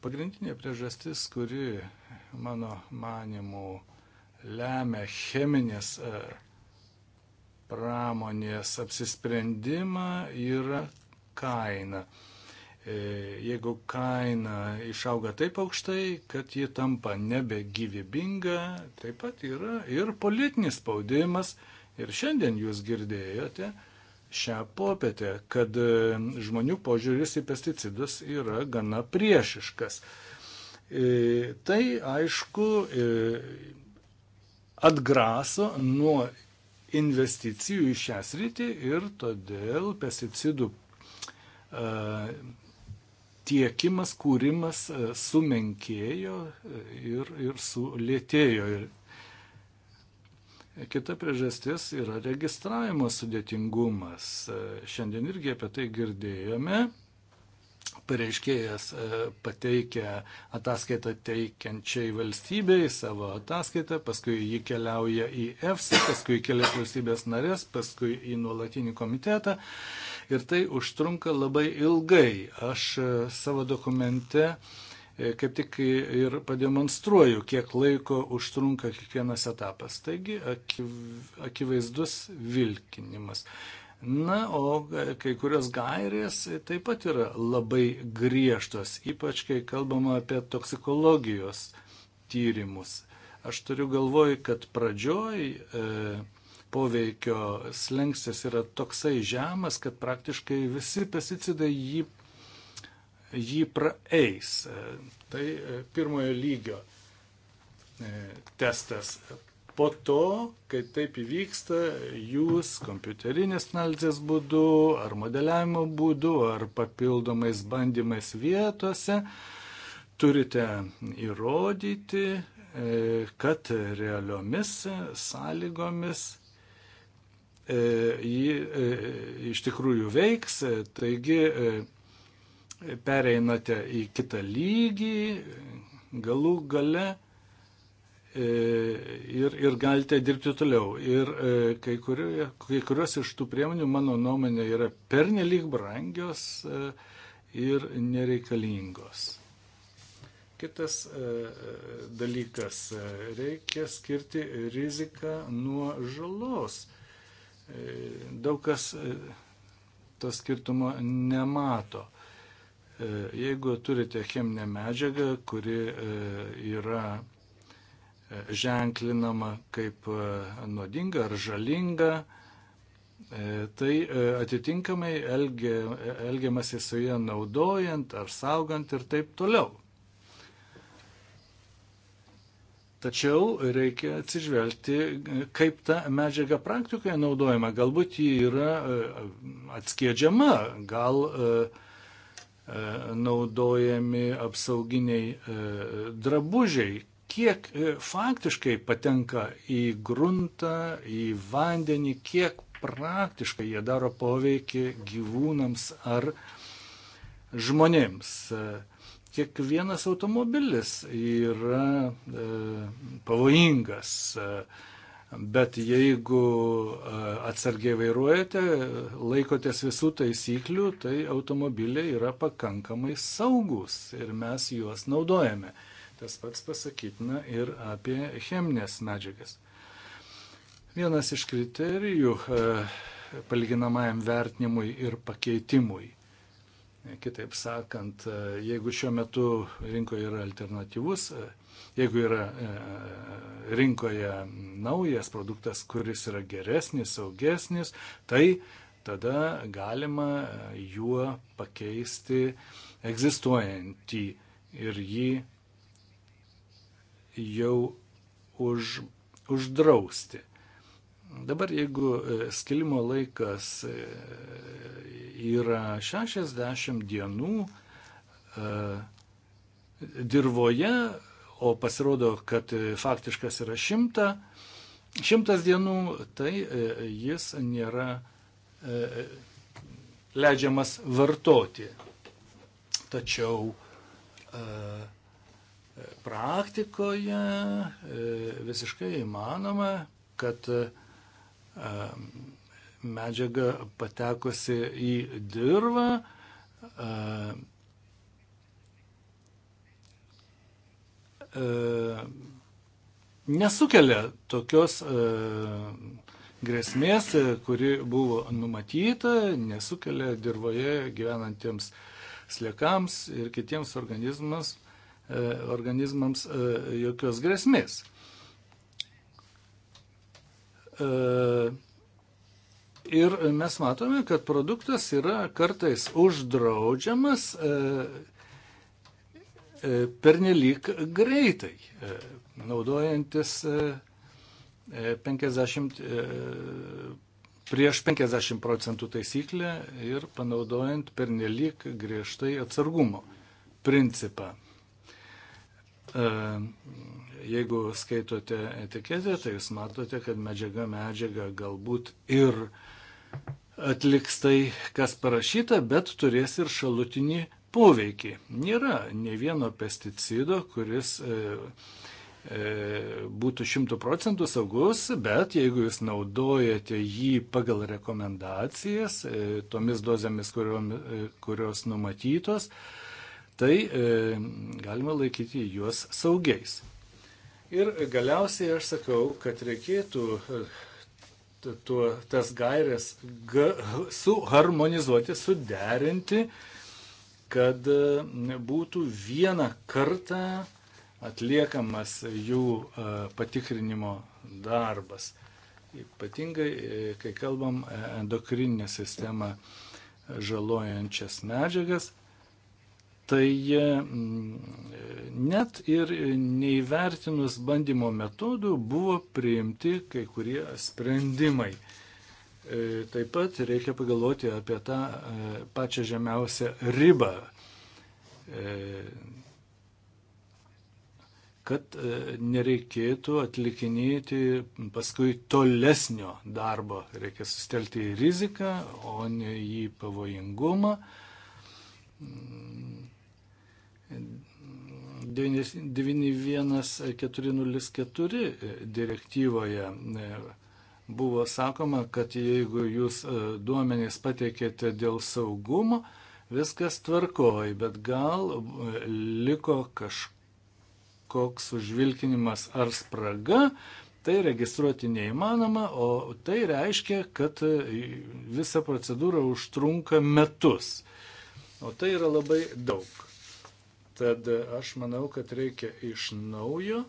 Pagrindinė priežastis, kuri mano manimu lemia cheminės e, pramonės apsisprendimą, yra kainą. E, jeigu kaina išauga taip aukštai, kad ji tampa nebegyvybinga, taip pat yra ir politinis spaudimas. Ir šiandien jūs girdėjote šią popietę, kad e, žmonių požiūris į pesticidus yra gana priešiškas. E, tai aišku atgraso nuo investicijų į šią sritį ir todėl pesticidų E, tiekimas, kūrimas e, sumenkėjo e, ir, ir sulėtėjo. Kita priežastis yra registravimo sudėtingumas. Šiandien irgi apie tai girdėjome. Pareiškėjas pateikia ataskaitą teikiančiai valstybei savo ataskaitą, paskui ji keliauja į EFSA, paskui kelias valstybės narės, paskui į nuolatinį komitetą ir tai užtrunka labai ilgai. Aš e, savo dokumente e, kaip tik ir pademonstruoju, kiek laiko užtrunka kiekvienas etapas. Taigi akivaizdus vilkinimas. Na, o e, kai kurios gairės taip pat yra labai griežtos, ypač kai kalbama apie toksikologijos tyrimus. Aš turiu galvoj, kad pradžioj e, poveikio slengstis yra toksai žemas, kad praktiškai visi pesticidai jį, jį praeis. Tai e, pirmojo lygio e, testas. Po to, kai taip įvyksta, jūs kompiuterinės analizės būdu, ar modeliavimo būdu, ar papildomais bandymais vietose turite įrodyti, e, kad realiomis sąlygomis E, jį e, iš tikrųjų veiks, e, taigi pereinate į kitą lygį, galų gale ir, ir galite dirbti toliau. Ir kai, kurio, kai kurios iš tų priemonių, mano nuomonė, yra pernelyg brangios ir nereikalingos. Kitas dalykas - reikia skirti riziką nuo žalos E, daug kas e, to skirtumo nemato. E, jeigu turite cheminę medžiagą, kuri yra ženklinama kaip nuodinga ar žalinga, tai atitinkamai elgiamasi su ją naudojant ar saugant ir taip toliau. Tačiau reikia atsižvelgti, kaip ta medžiaga praktikoje naudojama. Galbūt ji yra e, atskiedžiama, gal e, e, naudojami apsauginiai drabužiai, kiek faktiškai patenka į gruntą, į vandenį, kiek praktiškai jie daro poveikį gyvūnams ar žmonėms. E, kiekvienas automobilis yra e, pavojingas. E, bet jeigu e, atsargiai vairuojate, laikotės visų taisyklių, tai automobiliai yra pakankamai saugus ir mes juos naudojame. Tas pats pasakytina ir apie cheminės medžiagas. Vienas iš kriterijų e, palyginamajam vertinimui ir pakeitimui Kitaip sakant, e, jeigu šiuo metu rinkoje yra alternatyvus, e, jeigu yra e, rinkoje naujas produktas, kuris yra geresnis, saugesnis, tai tada galima juo pakeisti egzistuojantį ir jį jau už, uždrausti. Dabar jeigu e, skilimo laikas e, yra 60 dienų e, dirboje, o pasirodo, kad faktiškas yra 100, 100 dienų, tai jis nėra leidžiamas vartoti. Tačiau praktikoje visiškai įmanoma, kad medžiaga patekusi į dirvą nesukelia tokios grėsmės, kuri buvo numatyta, nesukelia dirboje gyvenantiems sliekams ir kitiems organizmams, organizmams jokios grėsmės. E, ir mes matome, kad produktas yra kartais uždraudžiamas e, e, pernelyg greitai, naudojantis 50, prieš 50 procentų taisyklę ir panaudojant pernelyg griežtai atsargumo principą. Jeigu skaitote etiketę, tai jūs matote, kad medžiaga medžiaga galbūt ir atliks tai, kas parašyta, bet turės ir šalutinį poveikį. Nėra ne vieno pesticido, kuris e, e būtų šimtų procentų saugus, bet jeigu jūs naudojate jį pagal rekomendacijas, e, tomis dozėmis, e, kurios numatytos, tai galima laikyti juos saugiais. Ir galiausiai aš sakau, kad reikėtų e, tuo, tas gairės ga, suharmonizuoti, suderinti, kad e, būtų vieną kartą atliekamas jų e, patikrinimo darbas. Ypatingai, kai kalbam endokrininę sistemą žalojančias medžiagas, tai mm, net ir neįvertinus bandymo metodų buvo priimti kai kurie sprendimai. E, taip pat reikia pagalvoti apie tą e, pačią žemiausią ribą, e, kad nereikėtų atlikinėti paskui tolesnio darbo. Reikia sustelti į riziką, o ne į pavojingumą mm, 91404 direktyvoje e, buvo sakoma, kad jeigu jūs e, duomenys pateikėte dėl saugumo, viskas tvarkoj, bet gal e, liko kažkoks užvilkinimas ar spraga, tai registruoti neįmanoma, o tai reiškia, kad visa procedūra užtrunka metus. O tai yra labai daug. Tad aš manau, kad reikia iš naujo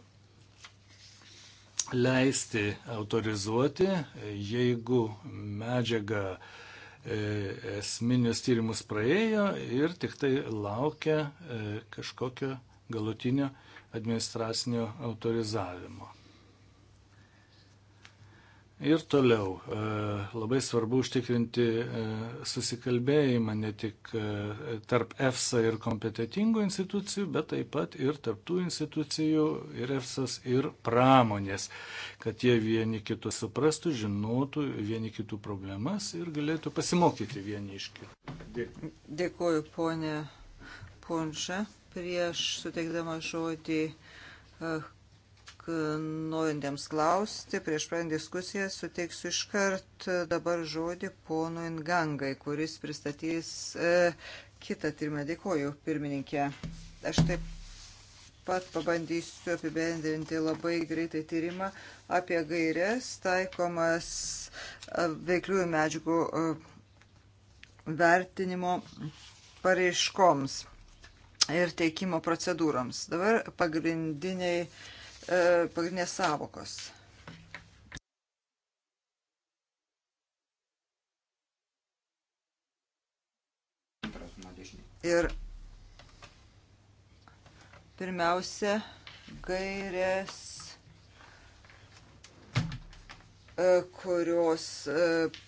leisti autorizuoti, jeigu medžiaga e, esminius tyrimus praėjo ir tik tai laukia e, kažkokio galutinio administracinio autorizavimo. Ir toliau e, labai svarbu užtikrinti e, susikalbėjimą ne tik e, tarp EFSA ir kompetitingų institucijų, bet taip pat ir tarptų institucijų ir EFSAS ir pramonės, kad jie vieni kitus suprastų, žinotų vieni kitų problemas ir galėtų pasimokyti vieni iš kitų. Dėkui. Dėkuoju, ponė Punčia. Prieš suteikdama žodį norintiems klausti, prieš pradant diskusiją suteiksiu iškart dabar žodį ponui Ngangai, kuris pristatys e, kitą tyrimą. Dėkoju, pirmininkė. Aš taip pat pabandysiu apibendrinti labai greitai tyrimą apie gairias taikomas e, veikliųjų medžiagų e, vertinimo pareiškoms ir teikimo procedūroms. Dabar pagrindiniai E, pagrindinės savokos. Ir pirmiausia, gairės, e, kurios e,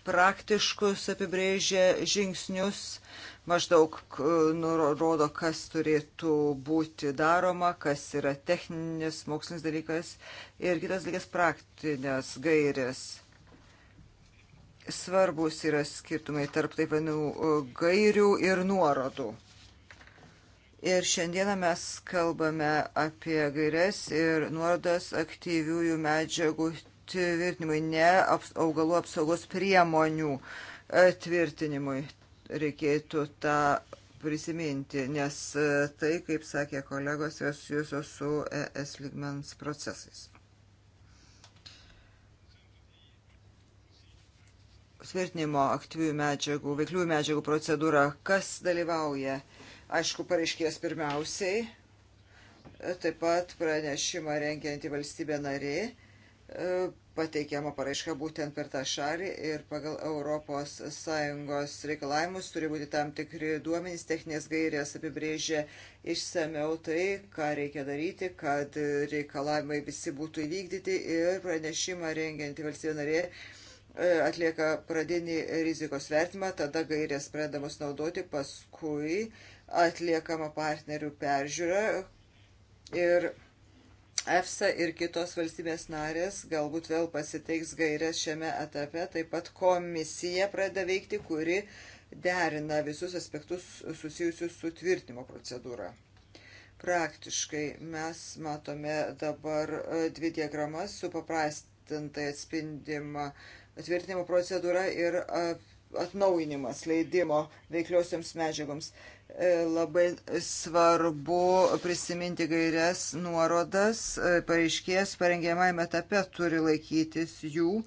praktiškus apibrėžia žingsnius maždaug nurodo, kas turėtų būti daroma, kas yra techninis, mokslinis dalykas ir kitas dalykas praktinės gairės. Svarbus yra skirtumai tarp taip vadinamų e, gairių ir nuorodų. Ir šiandieną mes kalbame apie gairias ir nuorodas aktyviųjų medžiagų tvirtinimui, ne augalų apsaugos priemonių e, tvirtinimui reikėtų tą prisiminti, nes e, tai, kaip sakė kolegos, yra susijusio su ES lygmens procesais. Svirtinimo aktyvių medžiagų, veiklių medžiagų procedūra, kas dalyvauja, aišku, pareiškės pirmiausiai, e, taip pat pranešimą rengianti valstybė narė, e, pateikiama paraiška būtent per tą šalį ir pagal ES reikalavimus turi būti tam tikri duomenys, techninės gairės apibrėžia išsameu tai, ką reikia daryti, kad reikalavimai visi būtų įvykdyti ir pranešimą rengianti valstybė narė e, atlieka pradinį rizikos vertimą, tada gairės pradamos naudoti, paskui atliekama partnerių peržiūra ir EFSA ir kitos valstybės narės galbūt vėl pasiteiks gairias šiame etape, taip pat komisija pradeda veikti, kuri derina visus aspektus susijusius su tvirtinimo procedūra. Praktiškai mes matome dabar e, dvi diagramas su paprastintai atspindima tvirtinimo procedūra ir e, atnaujinimas leidimo veikliosiams medžiagoms. E, labai svarbu prisiminti gairias nuorodas, e, pareiškės parengiamajame etape turi laikytis jų,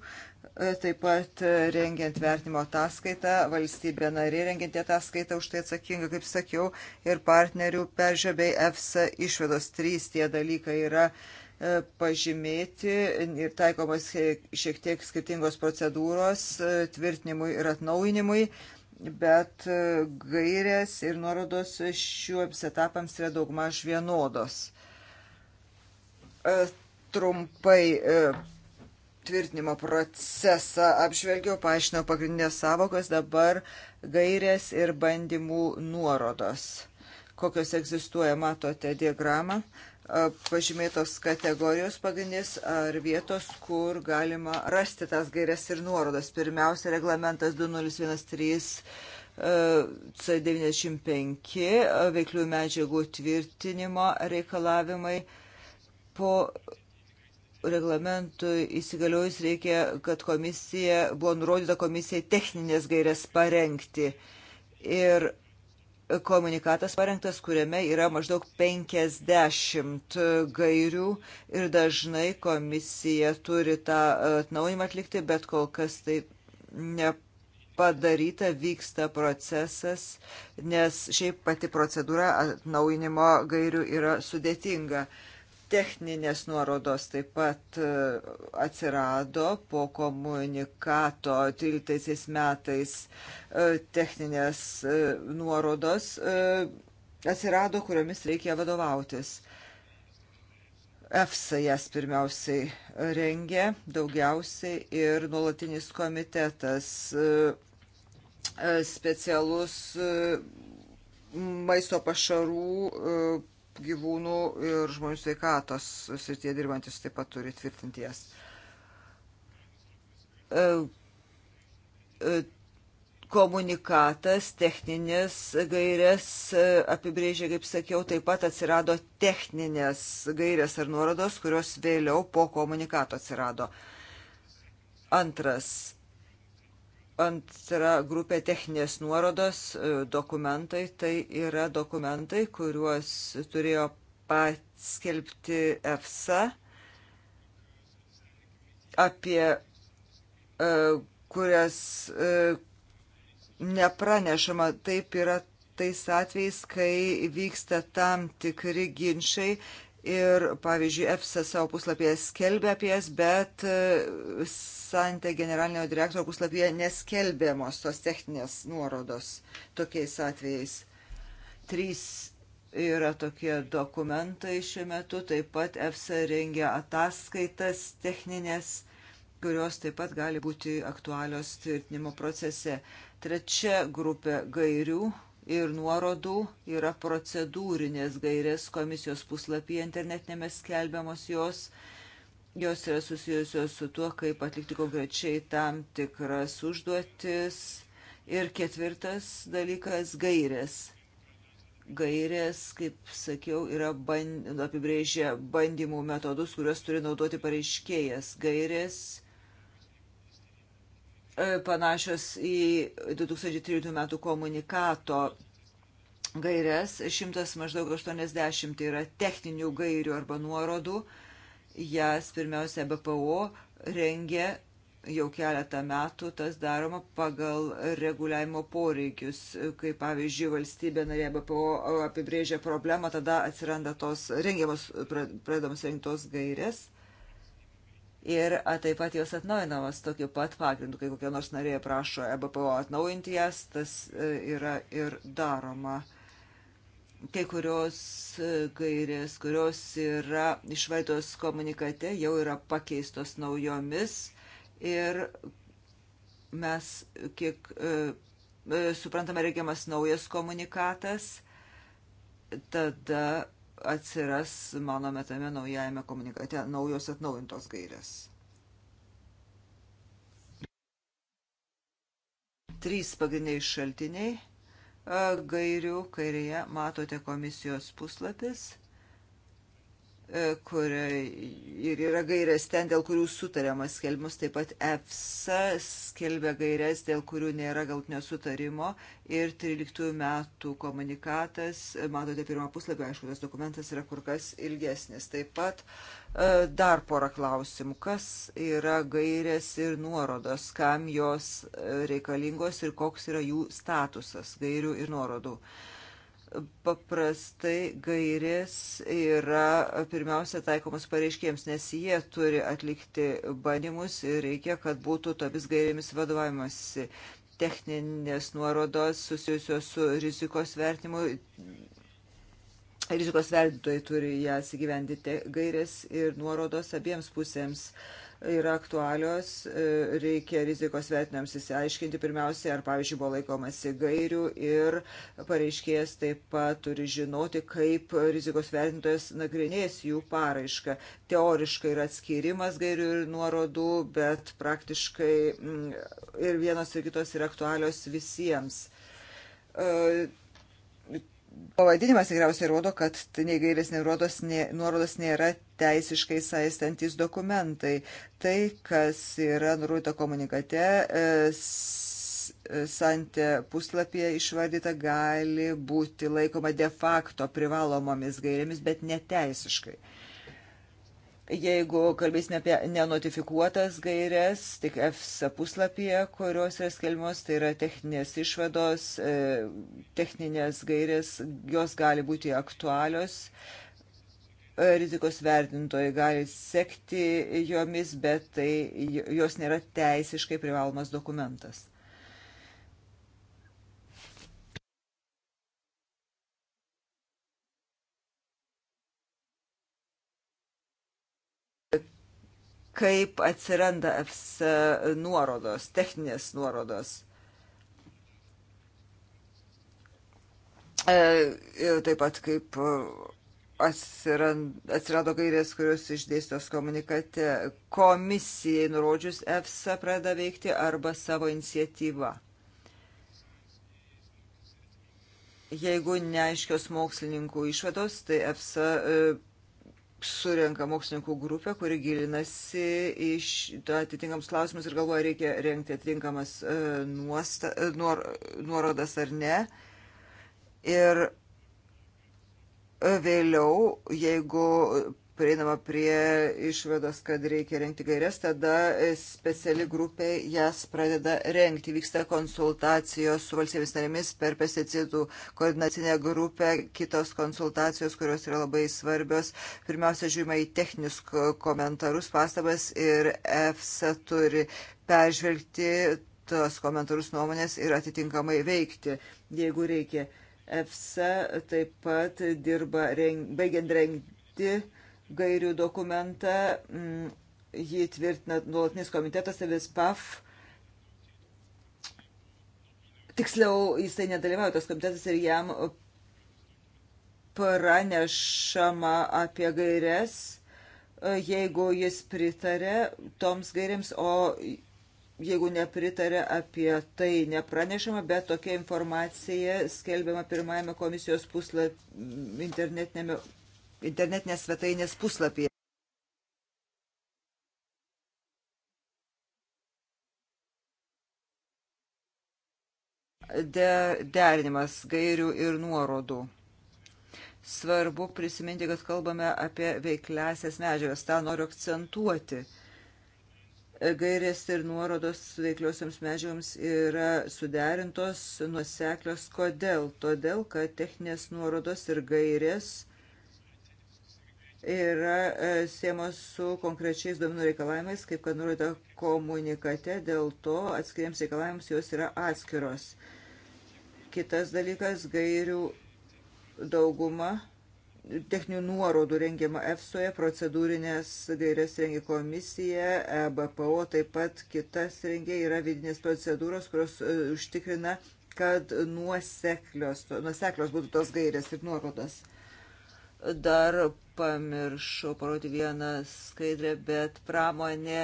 e, taip pat rengiant vertinimo ataskaitą, valstybė narė rengiant ataskaitą už tai atsakinga, kaip sakiau, ir partnerių peržiūrė bei EFSA išvedos. Trys tie dalykai yra pažymėti ir taikomas šiek tiek skirtingos procedūros tvirtinimui ir atnaujinimui bet e, gairės ir nuorodos šiuoms etapams yra daugmaž vienodos. E, trumpai e, tvirtinimo procesą apžvelgiau, paaiškinau pagrindinės savokas, dabar gairės ir bandymų nuorodos. Kokios egzistuoja, matote diagramą pažymėtos kategorijos pagrindinės ar vietos, kur galima rasti tas gairias ir nuorodas. Pirmiausia, reglamentas 2013 C95 veiklių medžiagų tvirtinimo reikalavimai. Po reglamentų įsigaliojus reikia, kad komisija, buvo nurodyta komisijai techninės gairias parengti. Ir komunikatas parengtas, kuriame yra maždaug 50 gairių ir dažnai komisija turi tą atnaujimą atlikti, bet kol kas tai nepadaryta, vyksta procesas, nes šiaip pati procedūra atnaujinimo gairių yra sudėtinga. Uh, Techninės nuorodos taip pat e, atsirado po komunikato 13 metais e, techninės e, nuorodos atsirado, kuriomis reikia vadovautis. EFSA jas pirmiausiai rengė daugiausiai ir nuolatinis komitetas specialus maisto pašarų gyvūnų ir žmonių sveikatos srityje dirbantis taip pat turi tvirtinti jas. E, e, komunikatas, techninis gairės e, apibrėžė, kaip sakiau, taip pat atsirado techninės gairės ar nuorodos, kurios vėliau po komunikato atsirado. Antras Antra grupė techninės nuorodos e, dokumentai. Tai yra dokumentai, kuriuos turėjo paskelbti EFSA apie e, kurias e, nepranešama. Taip yra tais atvejais, kai vyksta tam tikri ginčiai ir, pavyzdžiui, EFSA savo puslapyje skelbia apie jas, bet Sante generalinio direktorio puslapyje neskelbiamos tos techninės nuorodos tokiais atvejais. Trys yra tokie dokumentai šiuo metu, taip pat EFSA rengia ataskaitas techninės, kurios taip pat gali būti aktualios tvirtinimo procese. Trečia grupė gairių ir nuorodų yra procedūrinės gairės komisijos puslapyje internetinėme skelbiamos jos Jos yra susijusios su tuo, kaip atlikti konkrečiai tam tikras užduotis. Ir ketvirtas dalykas - gairės. Gairės, kaip sakiau, yra band, apibrėžę bandymų metodus, kuriuos turi naudoti pareiškėjas. Gairės e, panašios į 2013 metų komunikato gairias, 100 maždaug 80 yra techninių gairių arba nuorodų, jas pirmiausia BPO rengia jau keletą metų tas daroma pagal reguliavimo poreikius. Kai pavyzdžiui valstybė narė BPO apibrėžia problemą, tada atsiranda tos rengiamos, pradedamos rengtos gairės. Ir a, taip pat jos atnaujinamas tokiu pat pagrindu, kai kokia nors narė prašo EBPO atnaujinti jas, tas e, yra ir daroma kai kurios gairės, e, kurios yra išvaitos komunikate, jau yra pakeistos naujomis ir mes, kiek e, e, suprantame, reikiamas naujas komunikatas, tada atsiras mano metame naujajame komunikate naujos atnaujintos gairės. Trys pagrindiniai šaltiniai gairių kairėje matote komisijos puslapis, e, kur ir yra gairės ten, dėl kurių sutariamas skelbimus, taip pat EFSA skelbia gairės, dėl kurių nėra galtinio sutarimo ir 13 metų komunikatas, matote pirmą puslapį, aišku, tas dokumentas yra kur kas ilgesnis. Taip pat uh, E, dar porą klausimų. Kas yra gairės ir nuorodos, kam jos e, reikalingos ir koks yra jų statusas gairių ir nuorodų? paprastai gairės yra e, pirmiausia taikomas pareiškėjams, nes jie turi atlikti bandymus ir reikia, kad būtų tomis gairėmis vadovavimasi. Techninės nuorodos susijusios su rizikos vertimu Rizikos vertintojai turi jas įgyvendyti gairės ir nuorodos abiems pusėms yra aktualios, e, reikia rizikos vertinams įsiaiškinti pirmiausiai, ar pavyzdžiui buvo laikomasi gairių ir pareiškėjas taip pat turi žinoti, kaip rizikos vertintojas nagrinės jų paraišką. Teoriškai yra atskirimas gairių ir nuorodų, bet praktiškai mm, ir vienos ir kitos yra aktualios visiems e, Pavadinimas tikriausiai rodo, kad tai nei gairės, nei nuorodos, nei nuorodos nėra teisiškai saistantis dokumentai. Tai, kas yra nurodyta komunikate, e, santė puslapyje išvardyta, gali būti laikoma de facto privalomomis gairėmis, bet neteisiškai. Jeigu kalbėsime apie nenotifikuotas gairias, tik EFSA puslapyje, kurios yra skelbimos, tai yra techninės išvados, e, techninės gairės, jos gali būti aktualios, e, rizikos vertintojai gali sekti jomis, bet tai jos nėra teisiškai privalomas dokumentas. kaip atsiranda EFSA nuorodos, techninės nuorodos. E, ir taip pat kaip e, atsirado gairės, kurios išdėstos komunikate komisijai nurodžius EFSA pradeda veikti arba savo iniciatyvą. Jeigu neaiškios mokslininkų išvados, tai EFSA surenka mokslininkų grupę, kuri gilinasi iš atitinkams klausimus ir galvoja, reikia renkti atitinkamas e, nuosta, e, nuor, nuorodas ar ne. Ir e, vėliau, jeigu prieinama prie išvados, kad reikia renkti gairias, tada speciali grupė jas pradeda renkti. Vyksta konsultacijos su valstybės narėmis per pesticidų koordinacinę grupę, kitos konsultacijos, kurios yra labai svarbios. Pirmiausia, žiūrima į techninius komentarus, pastabas ir EFSA turi peržvelgti tos komentarus nuomonės ir atitinkamai veikti, jeigu reikia. EFSA taip pat dirba, reng, baigiant rengti gairių dokumentą. Mm, jį tvirtina nuolatinis komitetas tai Vispaf. Tiksliau, jisai nedalyvauja tas komitetas ir jam pranešama apie gairias, jeigu jis pritarė toms gairėms, o jeigu nepritarė apie tai nepranešama, bet tokia informacija skelbiama pirmajame komisijos puslapyje internetinėme internetinės svetainės puslapyje. De, derinimas gairių ir nuorodų. Svarbu prisiminti, kad kalbame apie veiklesias medžiagas. Ta noriu akcentuoti gairės ir nuorodos veikliosiams medžiagams yra suderintos nuoseklios. Kodėl? Todėl, kad techninės nuorodos ir gairės yra e, siemos su konkrečiais duomenų reikalavimais, kaip kad nurodyta komunikate, dėl to atskiriams reikalavimams jos yra atskiros. Kitas dalykas - gairių dauguma techninių nuorodų rengiama EFSOje, procedūrinės gairias rengia komisija, e BPO taip pat kitas rengia yra vidinės procedūros, kurios e, užtikrina, kad nuoseklios, nuoseklios būtų tos gairias ir nuorodos. Dar pamiršau parodyti vieną skaidrę, bet pramonė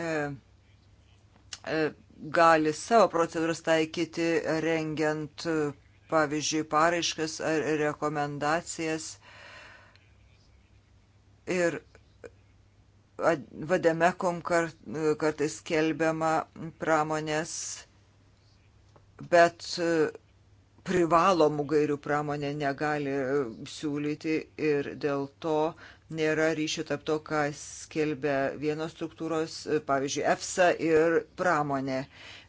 e, e, gali savo procedūras taikyti rengiant, pavyzdžiui, paraiškas ar rekomendacijas. Ir vademekom kart, kartais kelbiama pramonės, bet privalomų gairių pramonė negali e, siūlyti ir dėl to nėra ryšio tarp to, ką skelbia vienos struktūros, e, pavyzdžiui, EFSA ir pramonė.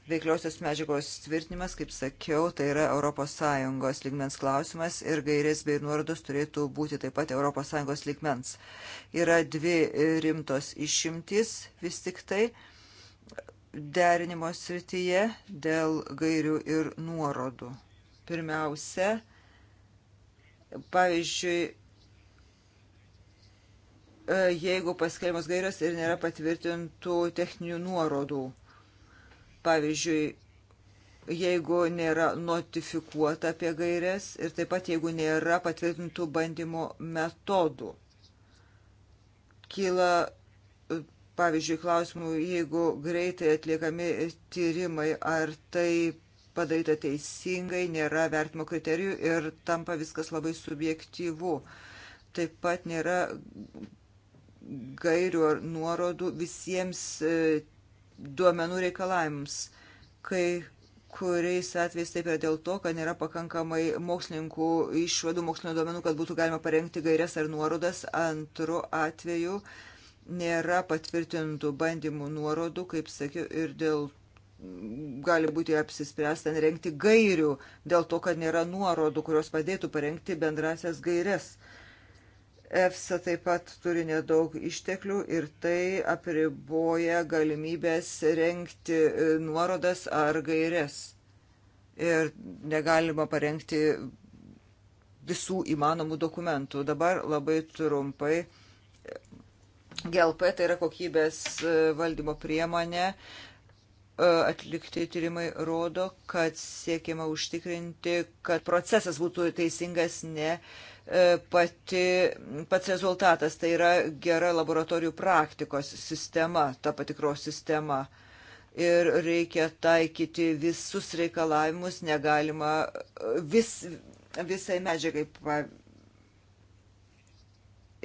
Veikliosios medžiagos tvirtinimas, kaip sakiau, tai yra ES lygmens klausimas ir gairės bei nuorodos turėtų būti taip pat ES lygmens. Yra dvi rimtos išimtis vis tik tai derinimo srityje dėl gairių ir nuorodų. Pirmiausia, pavyzdžiui, e, jeigu paskelbimos gairios ir nėra patvirtintų techninių nuorodų. Pavyzdžiui, jeigu nėra notifikuota apie gairias ir taip pat jeigu nėra patvirtintų bandymo metodų. Kyla, e, pavyzdžiui, klausimų, jeigu greitai atliekami tyrimai, ar tai padaryta teisingai, nėra vertimo kriterijų ir tampa viskas labai subjektyvu. Taip pat nėra gairių ar nuorodų visiems e, duomenų reikalavimams, kai kuriais atvejais taip yra dėl to, kad nėra pakankamai mokslininkų išvadų mokslinio duomenų, kad būtų galima parengti gairias ar nuorodas. Antru atveju nėra patvirtintų bandymų nuorodų, kaip sakiau, ir dėl gali būti apsispręsta nerengti gairių dėl to, kad nėra nuorodų, kurios padėtų parengti bendrasias gairias. EFSA taip pat turi nedaug išteklių ir tai apriboja galimybės renkti e, nuorodas ar gairias. Ir negalima parengti visų įmanomų dokumentų. Dabar labai trumpai. E, GLP tai yra kokybės e, valdymo priemonė E, atlikti tyrimai rodo, kad siekiama užtikrinti, kad procesas būtų teisingas, ne e, pati, pats rezultatas. Tai yra gera laboratorijų praktikos sistema, ta patikros sistema. Ir reikia taikyti visus reikalavimus, negalima vis, visai medžiagai,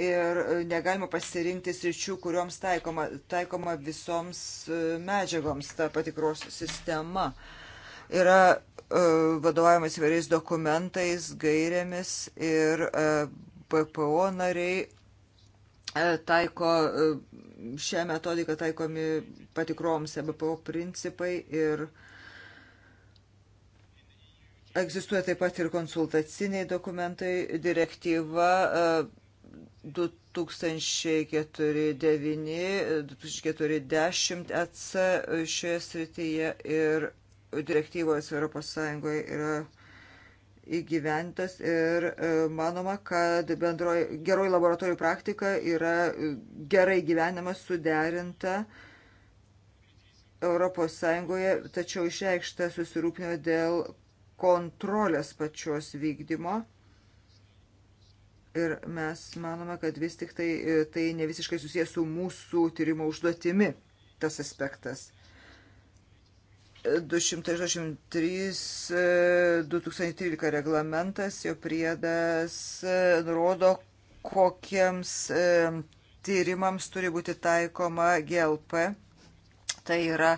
ir negalima pasirinkti sričių, kurioms taikoma, taikoma visoms e, medžiagoms ta patikros sistema. Yra e, vadovaujamas įvairiais dokumentais, gairėmis ir e, PPO nariai taiko šią metodiką taikomi patikroms EBPO principai ir egzistuoja taip pat ir konsultaciniai dokumentai, direktyva 2004-2010 EC šioje srityje ir direktyvos ES yra įgyventas ir e, manoma, kad bendroj, geroji laboratorijų praktika yra gerai gyvenama, suderinta ES, tačiau išreikšta susirūpinimo dėl kontrolės pačios vykdymo Ir mes manome, kad vis tik tai, e, tai ne visiškai susijęs su mūsų tyrimo užduotimi tas aspektas. 283-2013 e, e, reglamentas, jo priedas nurodo, kokiems tyrimams turi būti taikoma GLP. Tai yra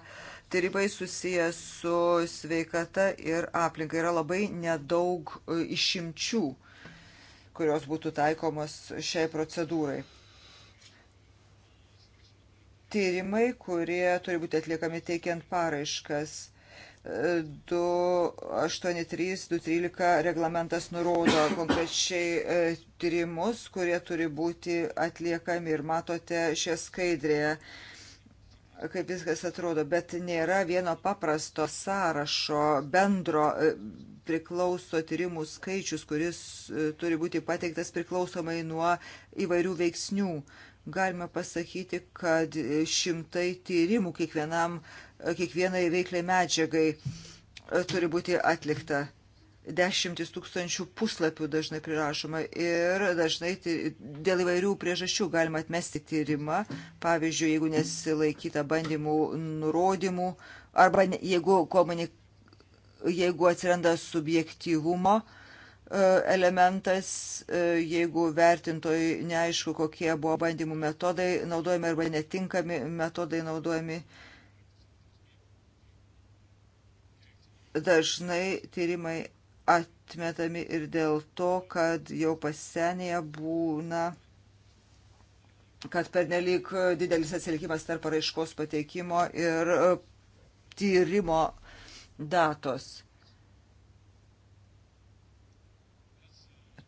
tyrimai susijęs su sveikata ir aplinka. Yra labai nedaug išimčių kurios būtų taikomos šiai procedūrai. Tyrimai, kurie turi būti atliekami teikiant paraiškas. 283-213 e, reglamentas nurodo konkrečiai e, tyrimus, kurie turi būti atliekami ir matote šią skaidrėje kaip viskas atrodo, bet nėra vieno paprasto sąrašo bendro e, priklauso tyrimų skaičius, kuris e, turi būti pateiktas priklausomai nuo įvairių veiksnių. Galime pasakyti, kad šimtai tyrimų kiekvienam, e, kiekvienai veikliai medžiagai turi būti atlikta dešimtis tūkstančių puslapių dažnai prirašoma ir dažnai dėl įvairių priežasčių galima atmesti tyrimą, pavyzdžiui, jeigu nesilaikyta bandymų nurodymų arba jeigu, komunik... jeigu atsiranda subjektyvumo e, elementas, e, jeigu vertintojai neaišku, kokie buvo bandymų metodai naudojami arba netinkami metodai naudojami. Dažnai tyrimai atmetami ir dėl to, kad jau pasenėje būna kad pernelyg didelis atsilikimas tarp paraiškos pateikimo ir e, tyrimo datos.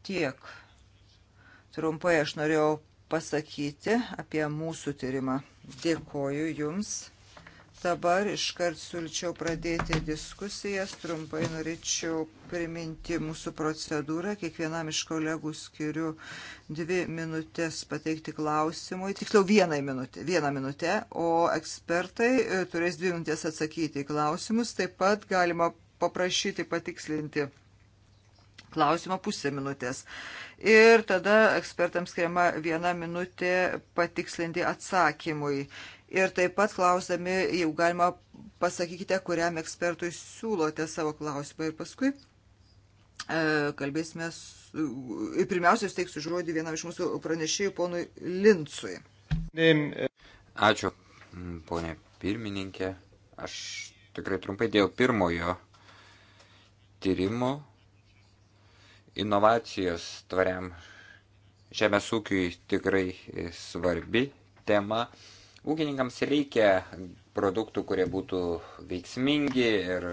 Tiek. Trumpai aš norėjau pasakyti apie mūsų tyrimą. Dėkoju Jums. Dabar iškart siūlyčiau pradėti diskusijas. Trumpai norėčiau priminti mūsų procedūrą. Kiekvienam iš kolegų skiriu dvi minutės pateikti klausimui. Tiksliau vieną minutę, vieną minutę, o ekspertai e, turės dvi minutės atsakyti į klausimus. Taip pat galima paprašyti patikslinti klausimą pusę minutės. Ir tada ekspertams skiriama viena minutė patikslinti atsakymui ir taip pat klausdami, jeigu galima, pasakykite, kuriam ekspertui siūlote savo klausimą ir paskui e, kalbėsime, su, pirmiausia, steiksiu žodį vienam iš mūsų pranešėjų, ponui Lincui. Ačiū, ponė pirmininkė. Aš tikrai trumpai dėl pirmojo tyrimo inovacijos tvariam žemės ūkiui tikrai e, svarbi tema. Ūkininkams reikia produktų, kurie būtų veiksmingi ir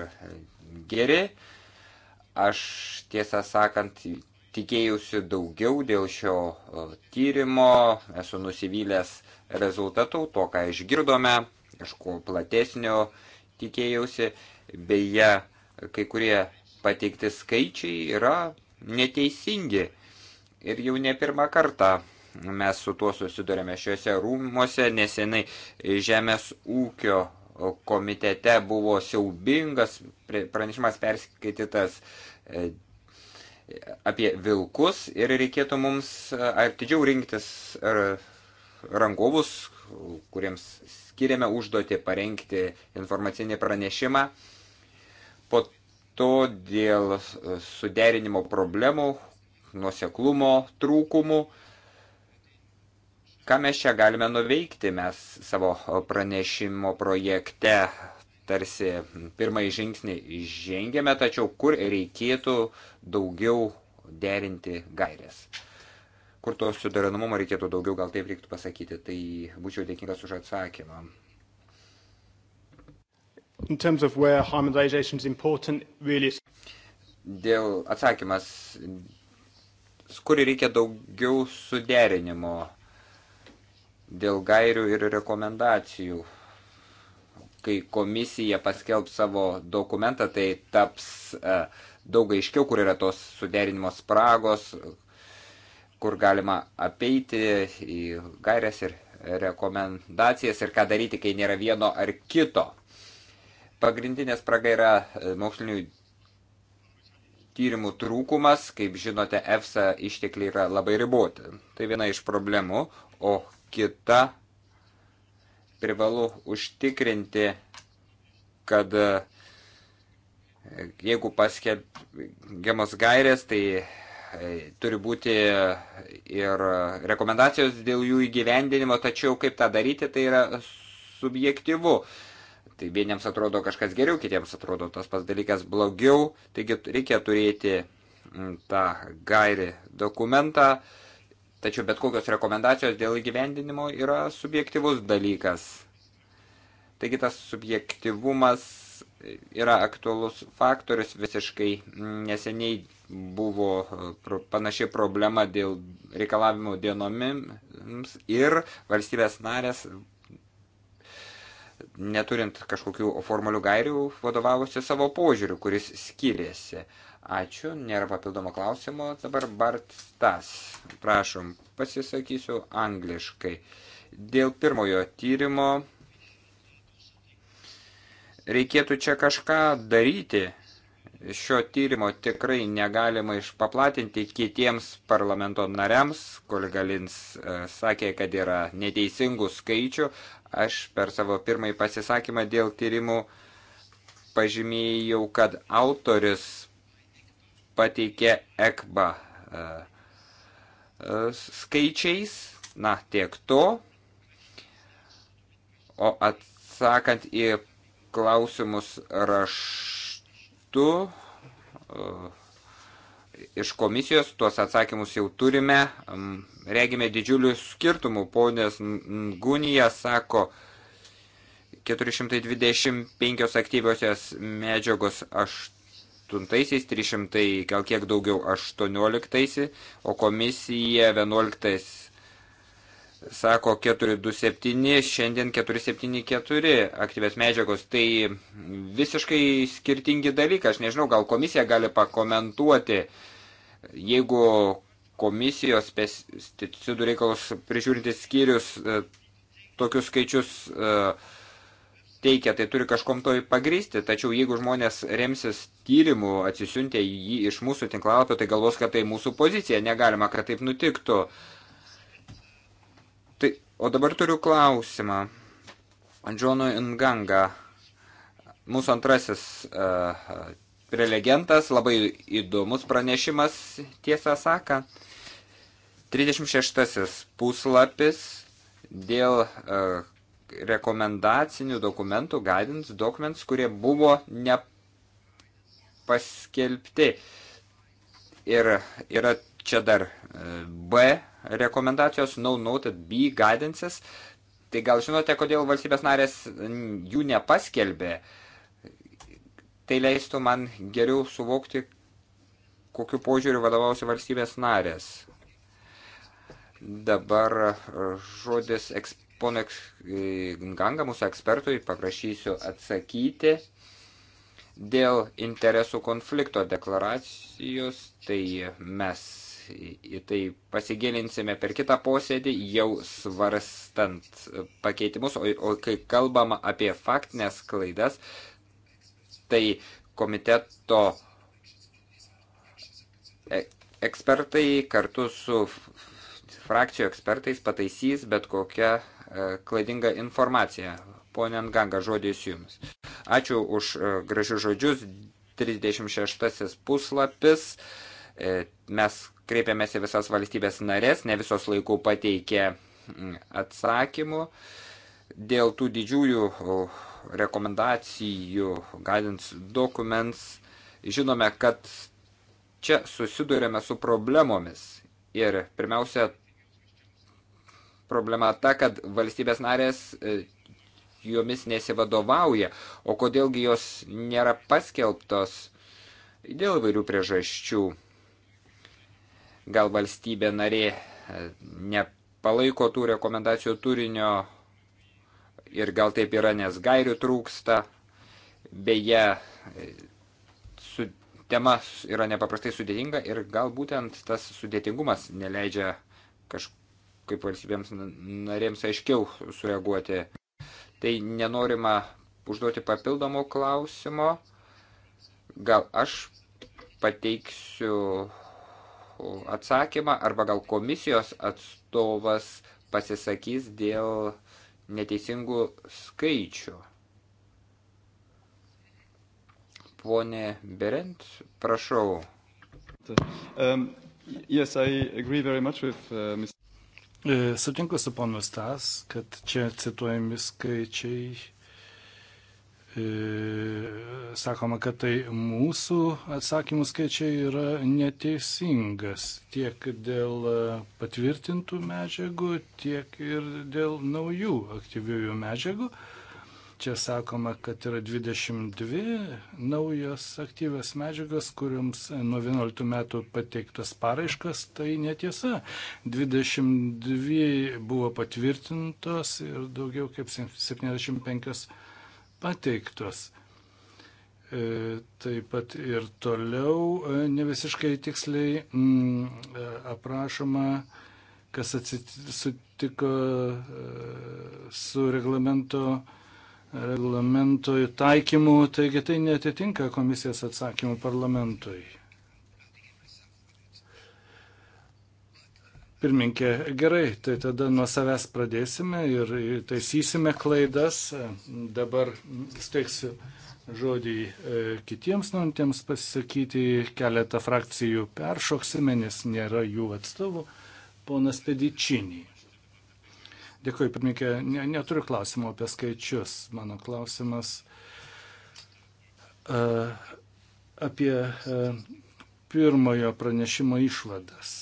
geri. Aš tiesą sakant, tikėjusi daugiau dėl šio tyrimo, esu nusivylęs rezultatų, to, ką išgirdome, kažko platesnio tikėjausi. Beje, kai kurie pateikti skaičiai yra neteisingi ir jau ne pirmą kartą Mes su tuo susidurėme šiuose rūmuose, nesenai Žemės ūkio komitete buvo siaubingas pranešimas perskaitytas e, apie vilkus ir reikėtų mums e, atidžiau rinktis rangovus, kuriems skiriame užduoti parengti informacinį pranešimą. Po to dėl e, suderinimo problemų, nuoseklumo trūkumų Ką mes čia galime nuveikti? Mes savo pranešimo projekte tarsi pirmąjį žingsnį žengėme, tačiau kur reikėtų daugiau derinti gairės. Kur to suderinamumo reikėtų daugiau, gal taip reiktų pasakyti, tai būčiau dėkingas už atsakymą. Really... Dėl atsakymas, kur reikia daugiau suderinimo dėl gairių ir rekomendacijų. Kai komisija paskelb savo dokumentą, tai taps e, daug aiškiau, kur yra tos suderinimo spragos, kur galima apeiti į gairias ir rekomendacijas ir ką daryti, kai nėra vieno ar kito. Pagrindinė spraga yra e, mokslinių tyrimų trūkumas, kaip žinote, EFSA ištekliai yra labai riboti. Tai viena iš problemų, o kita privalu užtikrinti, kad jeigu paskelbiamos gairės, tai e, turi būti ir rekomendacijos dėl jų įgyvendinimo, tačiau kaip tą daryti, tai yra subjektivu. Tai vieniems atrodo kažkas geriau, kitiems atrodo tas pats dalykas blogiau, taigi reikia turėti mm, tą gairį dokumentą, Tačiau bet kokios rekomendacijos dėl įgyvendinimo yra subjektivus dalykas. Taigi tas subjektivumas yra aktualus faktorius. Visiškai neseniai buvo e, panašiai problema dėl reikalavimų dienomims ir valstybės narės neturint kažkokių formalių gairių vadovavosi savo požiūriu, kuris skiriasi. Ačiū, nėra papildomo klausimo. Dabar Bart Stas, prašom, pasisakysiu angliškai. Dėl pirmojo tyrimo reikėtų čia kažką daryti. Šio tyrimo tikrai negalima išpaplatinti kitiems parlamento nariams. Kolega Lins e, sakė, kad yra neteisingų skaičių. Aš per savo pirmąjį pasisakymą dėl tyrimų pažymėjau, kad autoris pateikė ECBA e, e, skaičiais, na tiek to. O atsakant į klausimus raštu e, iš komisijos, tuos atsakymus jau turime. Mm, regime didžiulių skirtumų. Ponės Gunija sako, 425 aktyviosios medžiagos 8 aštuntaisiais, 300 gal kiek daugiau aštuonioliktaisiais, o komisija vienuoliktais sako 427, šiandien 474 aktyvės medžiagos. Tai visiškai skirtingi dalykai. Aš nežinau, gal komisija gali pakomentuoti, jeigu komisijos pesticidų reikalus prižiūrintis skyrius e, tokius skaičius uh, teikia, tai turi kažkom to pagrysti, tačiau jeigu žmonės remsis tyrimu, atsisiuntė jį iš mūsų tinklalapio, tai galvos, kad tai mūsų pozicija, negalima, kad taip nutiktų. Tai, o dabar turiu klausimą. Džono Nganga, mūsų antrasis uh, prelegentas, labai įdomus pranešimas, tiesą saka. 36 puslapis dėl uh, rekomendacinių dokumentų, guidance documents, kurie buvo nepaskelbti. Ir yra čia dar e, B rekomendacijos, no noted B guidances. Tai gal žinote, kodėl valstybės narės jų nepaskelbė? Tai leistų man geriau suvokti, kokiu požiūriu vadovausi valstybės narės. Dabar žodis ekspertas pono Ganga, mūsų ekspertui, paprašysiu atsakyti dėl interesų konflikto deklaracijos, tai mes į tai pasigilinsime per kitą posėdį, jau svarstant pakeitimus, o, o kai kalbama apie faktinės klaidas, tai komiteto e, ekspertai kartu su frakcijų ekspertais pataisys bet kokią E, klaidinga informacija. Pone Nganga, žodis jums. Ačiū už e, gražius žodžius. 36 puslapis. E, mes kreipėmės į visas valstybės narės, ne visos laikų pateikė atsakymų. Dėl tų didžiųjų rekomendacijų, guidance documents, žinome, kad čia susidurėme su problemomis. Ir pirmiausia, problema ta, kad valstybės narės e, jomis nesivadovauja. O kodėlgi jos nėra paskelbtos dėl vairių priežasčių. Gal valstybė narė e, nepalaiko tų rekomendacijų turinio ir gal taip yra, nes gairių trūksta. Beje, e, su, tema yra nepaprastai sudėtinga ir gal būtent tas sudėtingumas neleidžia kažkokiu kaip valstybėms narėms aiškiau sureaguoti. Tai nenorima užduoti papildomų klausimo. Gal aš pateiksiu atsakymą arba gal komisijos atstovas pasisakys dėl neteisingų skaičių. Pone Berent, prašau. Um, yes, I agree very much with uh, Mr. E, sutinku su ponu Stas, kad čia cituojami skaičiai. E, sakoma, kad tai mūsų atsakymų skaičiai yra neteisingas tiek dėl e, patvirtintų medžiagų, tiek ir dėl naujų aktyviųjų medžiagų. E, Čia sakoma, kad yra 22 naujos aktyvios medžiagos, kuriams nuo 11 metų pateiktas paraiškas, tai netiesa. 22 buvo patvirtintos ir daugiau kaip 75 pateiktos. E, taip pat ir toliau e, ne visiškai tiksliai m, mm, e, aprašoma, kas atsitiko su reglamento reglamentoj taikymų, taigi tai netitinka komisijos atsakymų parlamentui. Pirminkė, gerai, tai tada nuo savęs pradėsime ir taisysime klaidas. Dabar steiksiu žodį e, kitiems norintiems pasisakyti. Keletą frakcijų peršoksime, nes nėra jų atstovų. Ponas Pedičinį. Dėkui, pirmininkė, ne, neturiu klausimų apie skaičius. Mano klausimas uh, apie uh, pirmojo pranešimo išvadas.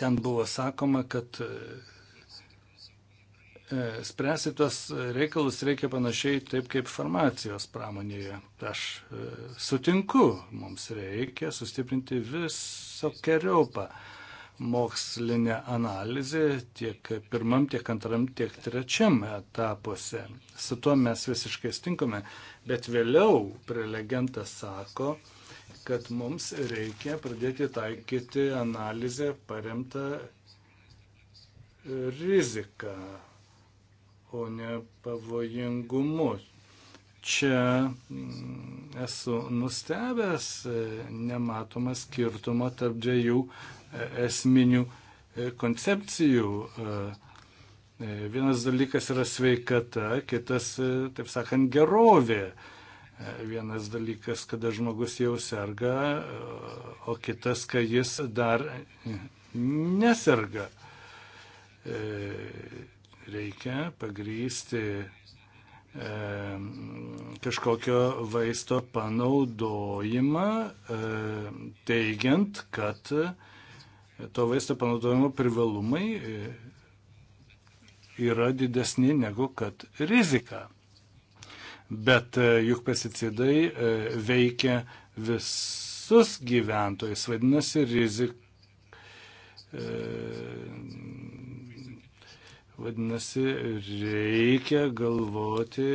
Ten buvo sakoma, kad uh, spręsti tuos reikalus reikia panašiai taip kaip farmacijos pramonėje. Aš sutinku, mums reikia sustiprinti visokiojopą mokslinę analizę tiek pirmam, tiek antram, tiek trečiam etapuose. Su tuo mes visiškai stinkame, bet vėliau prelegentas sako, kad mums reikia pradėti taikyti analizę paremtą riziką, o ne pavojingumu. Čia mm, esu nustebęs e, nematomą skirtumą tarp dviejų esminių e, koncepcijų. E, e, vienas dalykas yra sveikata, kitas, taip sakant, gerovė. Vienas dalykas, kada žmogus jau serga, o kitas, kai jis dar neserga. Reikia pagrysti kažkokio vaisto panaudojimą, teigiant, kad to vaisto panaudojimo privalumai e, yra didesni negu kad rizika. Bet e, juk pesticidai e, veikia visus gyventojus, vadinasi, rizik... vadinasi, reikia galvoti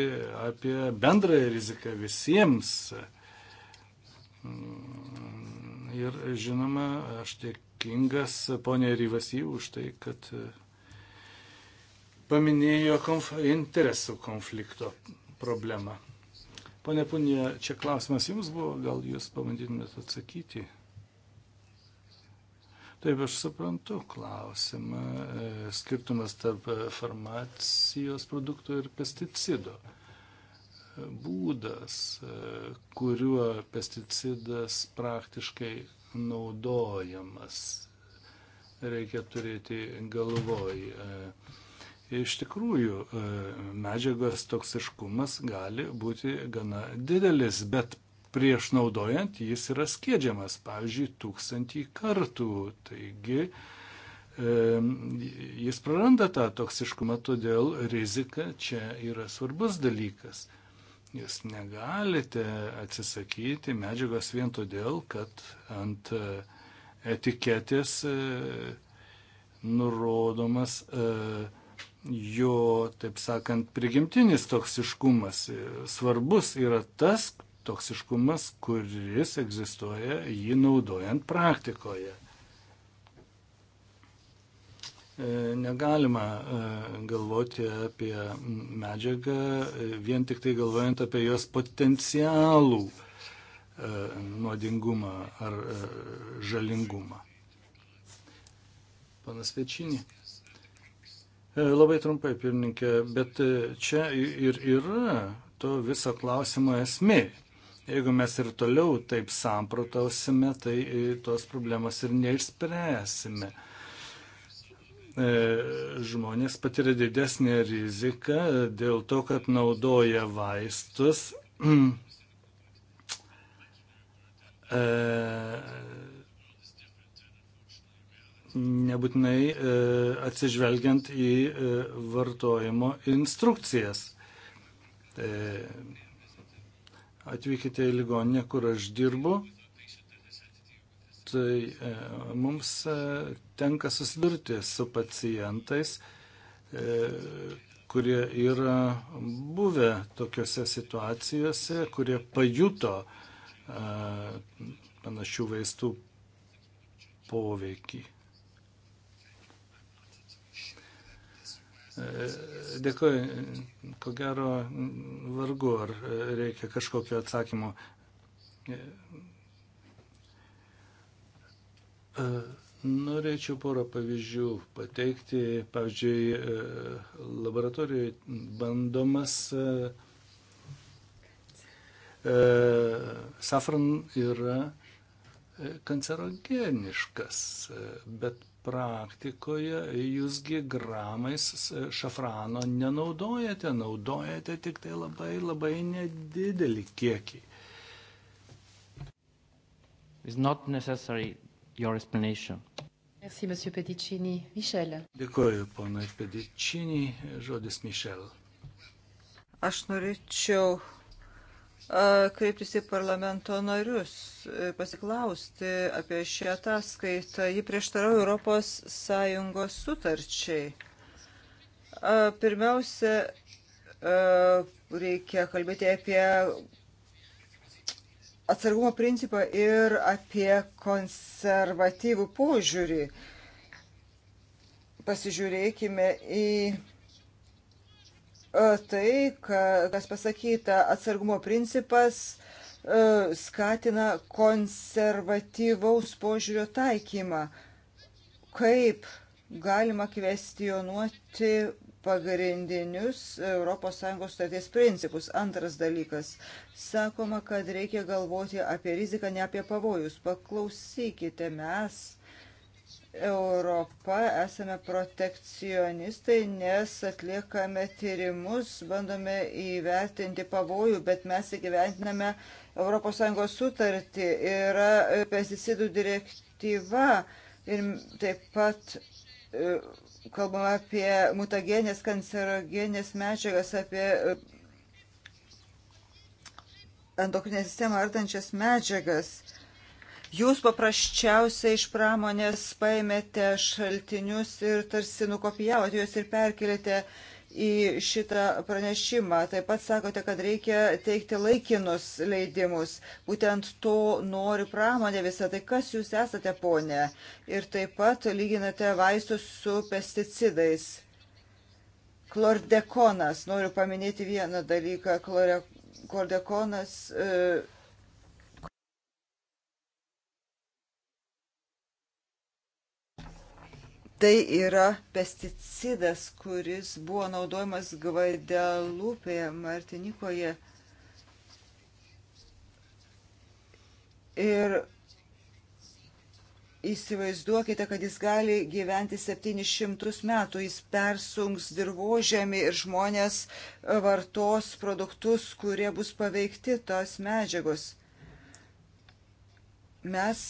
apie bendrąją riziką visiems. Mm, ir žinoma, aš tiek dėkingas ponė Ryvasy už tai, kad e, paminėjo konf interesų konflikto problemą. Pone Punė, čia klausimas jums buvo, gal jūs pabandytumėt atsakyti? Taip, aš suprantu klausimą. E, skirtumas tarp farmacijos produktų ir pesticido. Būdas, e, kuriuo pesticidas praktiškai naudojamas. Reikia turėti galvoj. E, iš tikrųjų, e, medžiagos toksiškumas gali būti gana didelis, bet prieš naudojant jis yra skėdžiamas, pavyzdžiui, tūkstantį kartų. Taigi, e, jis praranda tą toksiškumą, todėl rizika čia yra svarbus dalykas. Jūs negalite atsisakyti medžiagos vien todėl, kad ant e, etiketės e, nurodomas e, jo, taip sakant, prigimtinis toksiškumas. Svarbus yra tas toksiškumas, kuris egzistuoja jį naudojant praktikoje. E, negalima e, galvoti apie medžiagą e, vien tik tai galvojant apie jos potencialų nuodingumą ar žalingumą. Panas Večinė. Labai trumpai, pirmininkė, bet čia ir yra to viso klausimo esmė. Jeigu mes ir toliau taip samprotausime, tai tos problemos ir neišspręsime. Uh, E, žmonės patiria didesnę riziką dėl to, kad naudoja vaistus. E, nebūtinai e, atsižvelgiant į vartojimo instrukcijas. Atvykite į ligoninę, kur aš dirbu E, mums e, tenka susidurti su pacientais, e, kurie yra buvę tokiuose situacijose, kurie pajuto panašių vaistų poveikį. Dėkuoju, ko gero vargu ar reikia kažkokio atsakymo E, norėčiau porą pavyzdžių pateikti. Pavyzdžiui, e, laboratorijoje bandomas e, safran yra kancerogeniškas, bet praktikoje jūsgi gramais šafrano nenaudojate, naudojate tik tai labai labai nedidelį kiekį. It's not necessary your explanation. Merci, Monsieur Pedicini. Mišel. Dėkuoju, ponai Pedicini. Žodis Mišel. Aš norėčiau kreiptis į parlamento narius, e, pasiklausti apie šią ataskaitą. Ji prieštarauja Europos Sąjungos sutarčiai. Pirmiausia, reikia kalbėti apie atsargumo principą ir apie konservatyvų požiūrį. Pasižiūrėkime į e, tai, kas pasakyta, atsargumo principas e, skatina konservatyvaus požiūrio taikymą. Kaip galima kvestionuoti pagrindinius ES sutarties principus. Antras dalykas. Sakoma, kad reikia galvoti apie riziką, ne apie pavojus. Paklausykite, mes Europa esame protekcionistai, nes atliekame tyrimus, bandome įvertinti pavojų, bet mes įgyventiname ES sutartį. Yra pesticidų direktyva ir taip pat e, kalbama apie mutagenės, kancerogenės medžiagas, apie e, endokrinę sistemą ardančias medžiagas. Jūs paprasčiausiai iš pramonės paėmėte šaltinius ir tarsi nukopijavote juos ir perkelėte uh, į šitą pranešimą. Taip pat sakote, kad reikia teikti laikinus leidimus. Būtent to nori pramonė visą. Tai kas jūs esate, ponė? Ir taip pat lyginate vaistus su pesticidais. Klordekonas, noriu paminėti vieną dalyką. Klore, klordekonas. E, Tai yra pesticidas, kuris buvo naudojamas Gvadelupėje, Martinikoje. Ir įsivaizduokite, kad jis gali gyventi 700 metų, jis persunks dirbožėmį ir žmonės vartos produktus, kurie bus paveikti tos medžiagos. Mes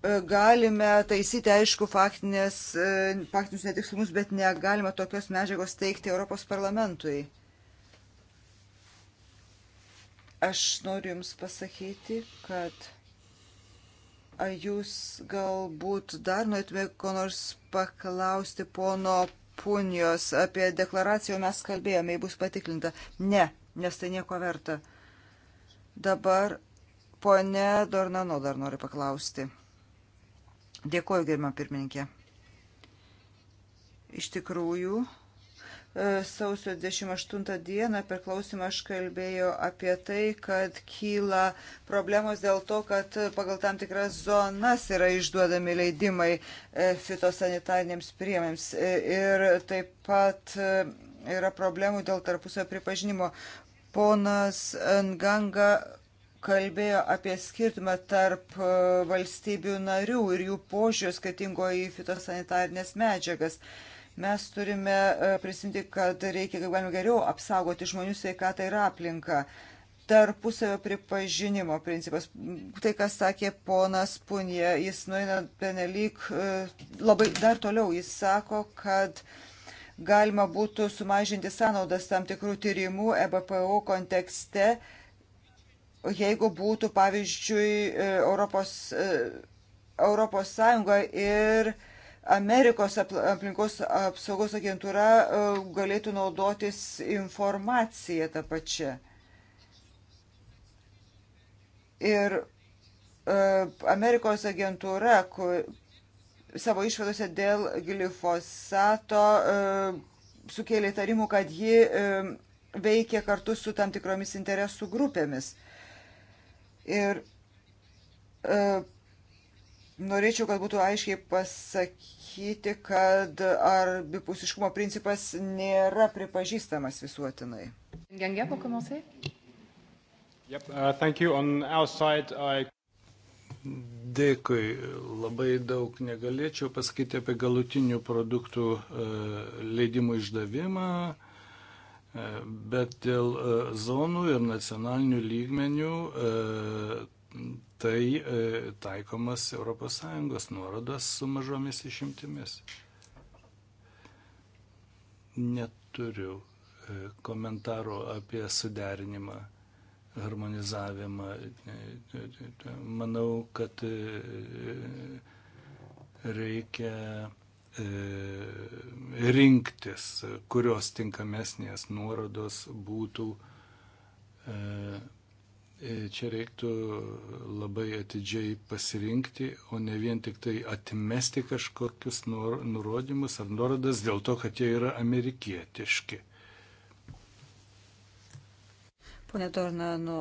E, galime taisyti, aišku, faktinės, e, faktinius netikslumus, bet negalime tokios medžiagos teikti Europos parlamentui. Aš noriu Jums pasakyti, kad Jūs galbūt dar norėtumėte ko nors paklausti pono Punijos apie deklaraciją, mes kalbėjome, jei bus patiklinta. Ne, nes tai nieko verta. Dabar ponė Dornano dar nori paklausti. Dėkuoju, gerima pirmininkė. Iš tikrųjų, e, sausio 28 dieną per klausimą aš kalbėjau apie tai, kad kyla problemos dėl to, kad pagal tam tikras zonas yra išduodami leidimai e, fitosanitariniams priemėms. E, ir taip pat yra problemų dėl tarpusio pripažinimo. Ponas Nganga kalbėjo apie skirtumą tarp e, valstybių narių ir jų požiūrio skirtingo į fitosanitarnės medžiagas. Mes turime e, prisimti, kad reikia, kaip galima geriau, apsaugoti žmonių sveikatą ir aplinką. Tarpusavio pripažinimo principas. Tai, kas sakė ponas Punė, jis nueina penelyg e, labai dar toliau. Jis sako, kad galima būtų sumažinti sąnaudas tam tikrų tyrimų EBPO kontekste jeigu būtų, pavyzdžiui, e, Europos, e, Europos Sąjunga ir Amerikos aplinkos apsaugos agentūra e, galėtų naudotis informaciją tą pačią. Ir Amerikos agentūra kur, savo išvadose dėl glifosato sukėlė tarimų, kad ji veikia kartu su tam tikromis interesų grupėmis. Ir e, norėčiau, kad būtų aiškiai pasakyti, kad arbipusiškumo principas nėra pripažįstamas visuotinai. Gengė, pakomusai? Yep, uh, thank you. On our side, I... Dėkui, labai daug negalėčiau pasakyti apie galutinių produktų e, leidimų išdavimą. Bet dėl e, zonų ir nacionalinių lygmenių e, tai e, taikomas ES nuorodas su mažomis išimtimis. Neturiu komentaro apie suderinimą, harmonizavimą. Manau, kad reikia E, rinktis, kurios tinkamesnės nuorodos būtų. E, e, čia reiktų labai atidžiai pasirinkti, o ne vien tik tai atmesti kažkokius nurodymus ar nuorodas dėl to, kad jie yra amerikietiški. Pone Dornanu,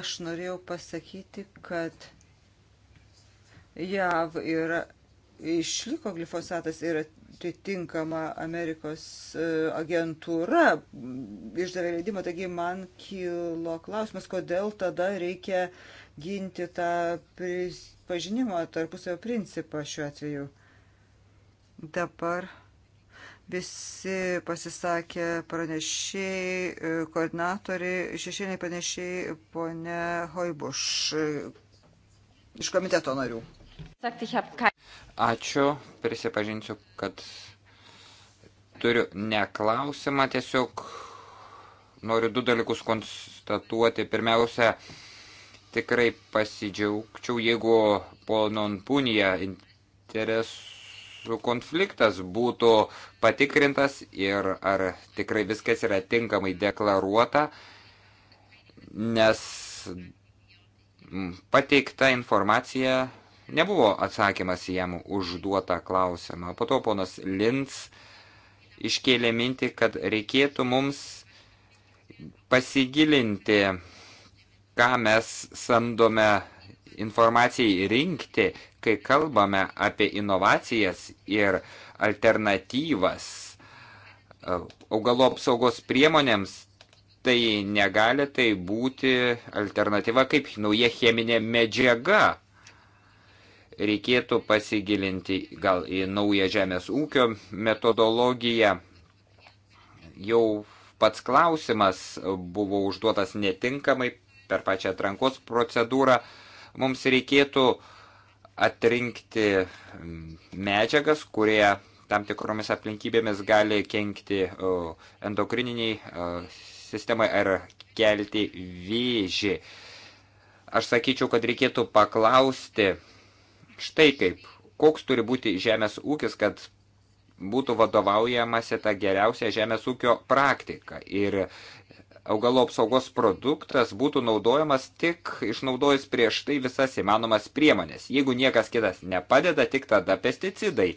aš norėjau pasakyti, kad JAV yra išliko glifosatas ir atitinkama Amerikos e, agentūra išdavė leidimą. Taigi man kilo klausimas, kodėl tada reikia ginti tą pažinimo tarpusavio principą šiuo atveju. Dabar visi pasisakė pranešėjai, e, koordinatoriai, šešėliniai pranešėjai, ponė Hoibuš e, iš komiteto narių. Ačiū, prisipažinsiu, kad turiu ne klausimą, tiesiog noriu du dalykus konstatuoti. Pirmiausia, tikrai pasidžiaugčiau, jeigu po nonpunija interesų konfliktas būtų patikrintas ir ar tikrai viskas yra tinkamai deklaruota, nes pateikta informacija Nebuvo atsakymas jam užduotą klausimą. Po to ponas Lins iškėlė mintį, kad reikėtų mums pasigilinti, ką mes samdome informacijai rinkti, kai kalbame apie inovacijas ir alternatyvas e, augalų apsaugos priemonėms, tai negali tai būti alternatyva kaip nauja cheminė medžiaga reikėtų pasigilinti gal į naują žemės ūkio metodologiją. Jau pats klausimas buvo užduotas netinkamai per pačią atrankos procedūrą. Mums reikėtų atrinkti medžiagas, kurie tam tikromis aplinkybėmis gali kenkti endokrininiai sistemai ar kelti vėžį. Aš sakyčiau, kad reikėtų paklausti, štai kaip, koks turi būti žemės ūkis, kad būtų vadovaujamasi tą geriausią žemės ūkio praktiką. Ir augalo apsaugos produktas būtų naudojamas tik išnaudojus prieš tai visas įmanomas priemonės. Jeigu niekas kitas nepadeda, tik tada pesticidai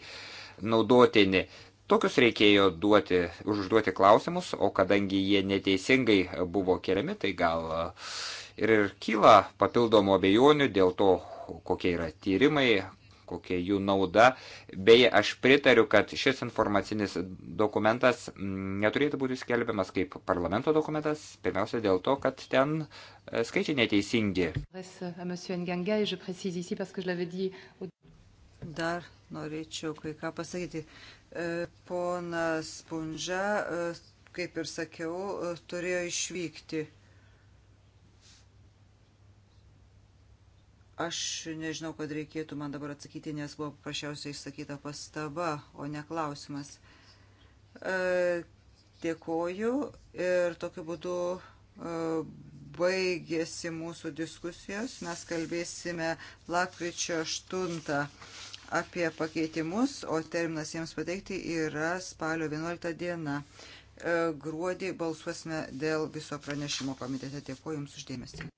naudotini. Tokius reikėjo duoti, užduoti klausimus, o kadangi jie neteisingai buvo keliami, tai gal ir kyla papildomų abejonių dėl to, kokie yra tyrimai, kokia jų nauda. Beje, aš pritariu, kad šis informacinis dokumentas neturėtų būti skelbiamas kaip parlamento dokumentas, pirmiausia dėl to, kad ten e, skaičiai neteisingi. Dar norėčiau kai ką pasakyti. E, ponas Punžia, e, kaip ir sakiau, turėjo išvykti. Aš nežinau, kad reikėtų man dabar atsakyti, nes buvo paprasčiausiai išsakyta pastaba, o ne klausimas. E, dėkoju ir tokiu būdu e, baigėsi mūsų diskusijos. Mes kalbėsime lakryčio 8 apie pakeitimus, o terminas jiems pateikti yra spalio 11 diena e, gruodį balsuosime dėl viso pranešimo komitete. Dėkuoju Jums uždėmesį.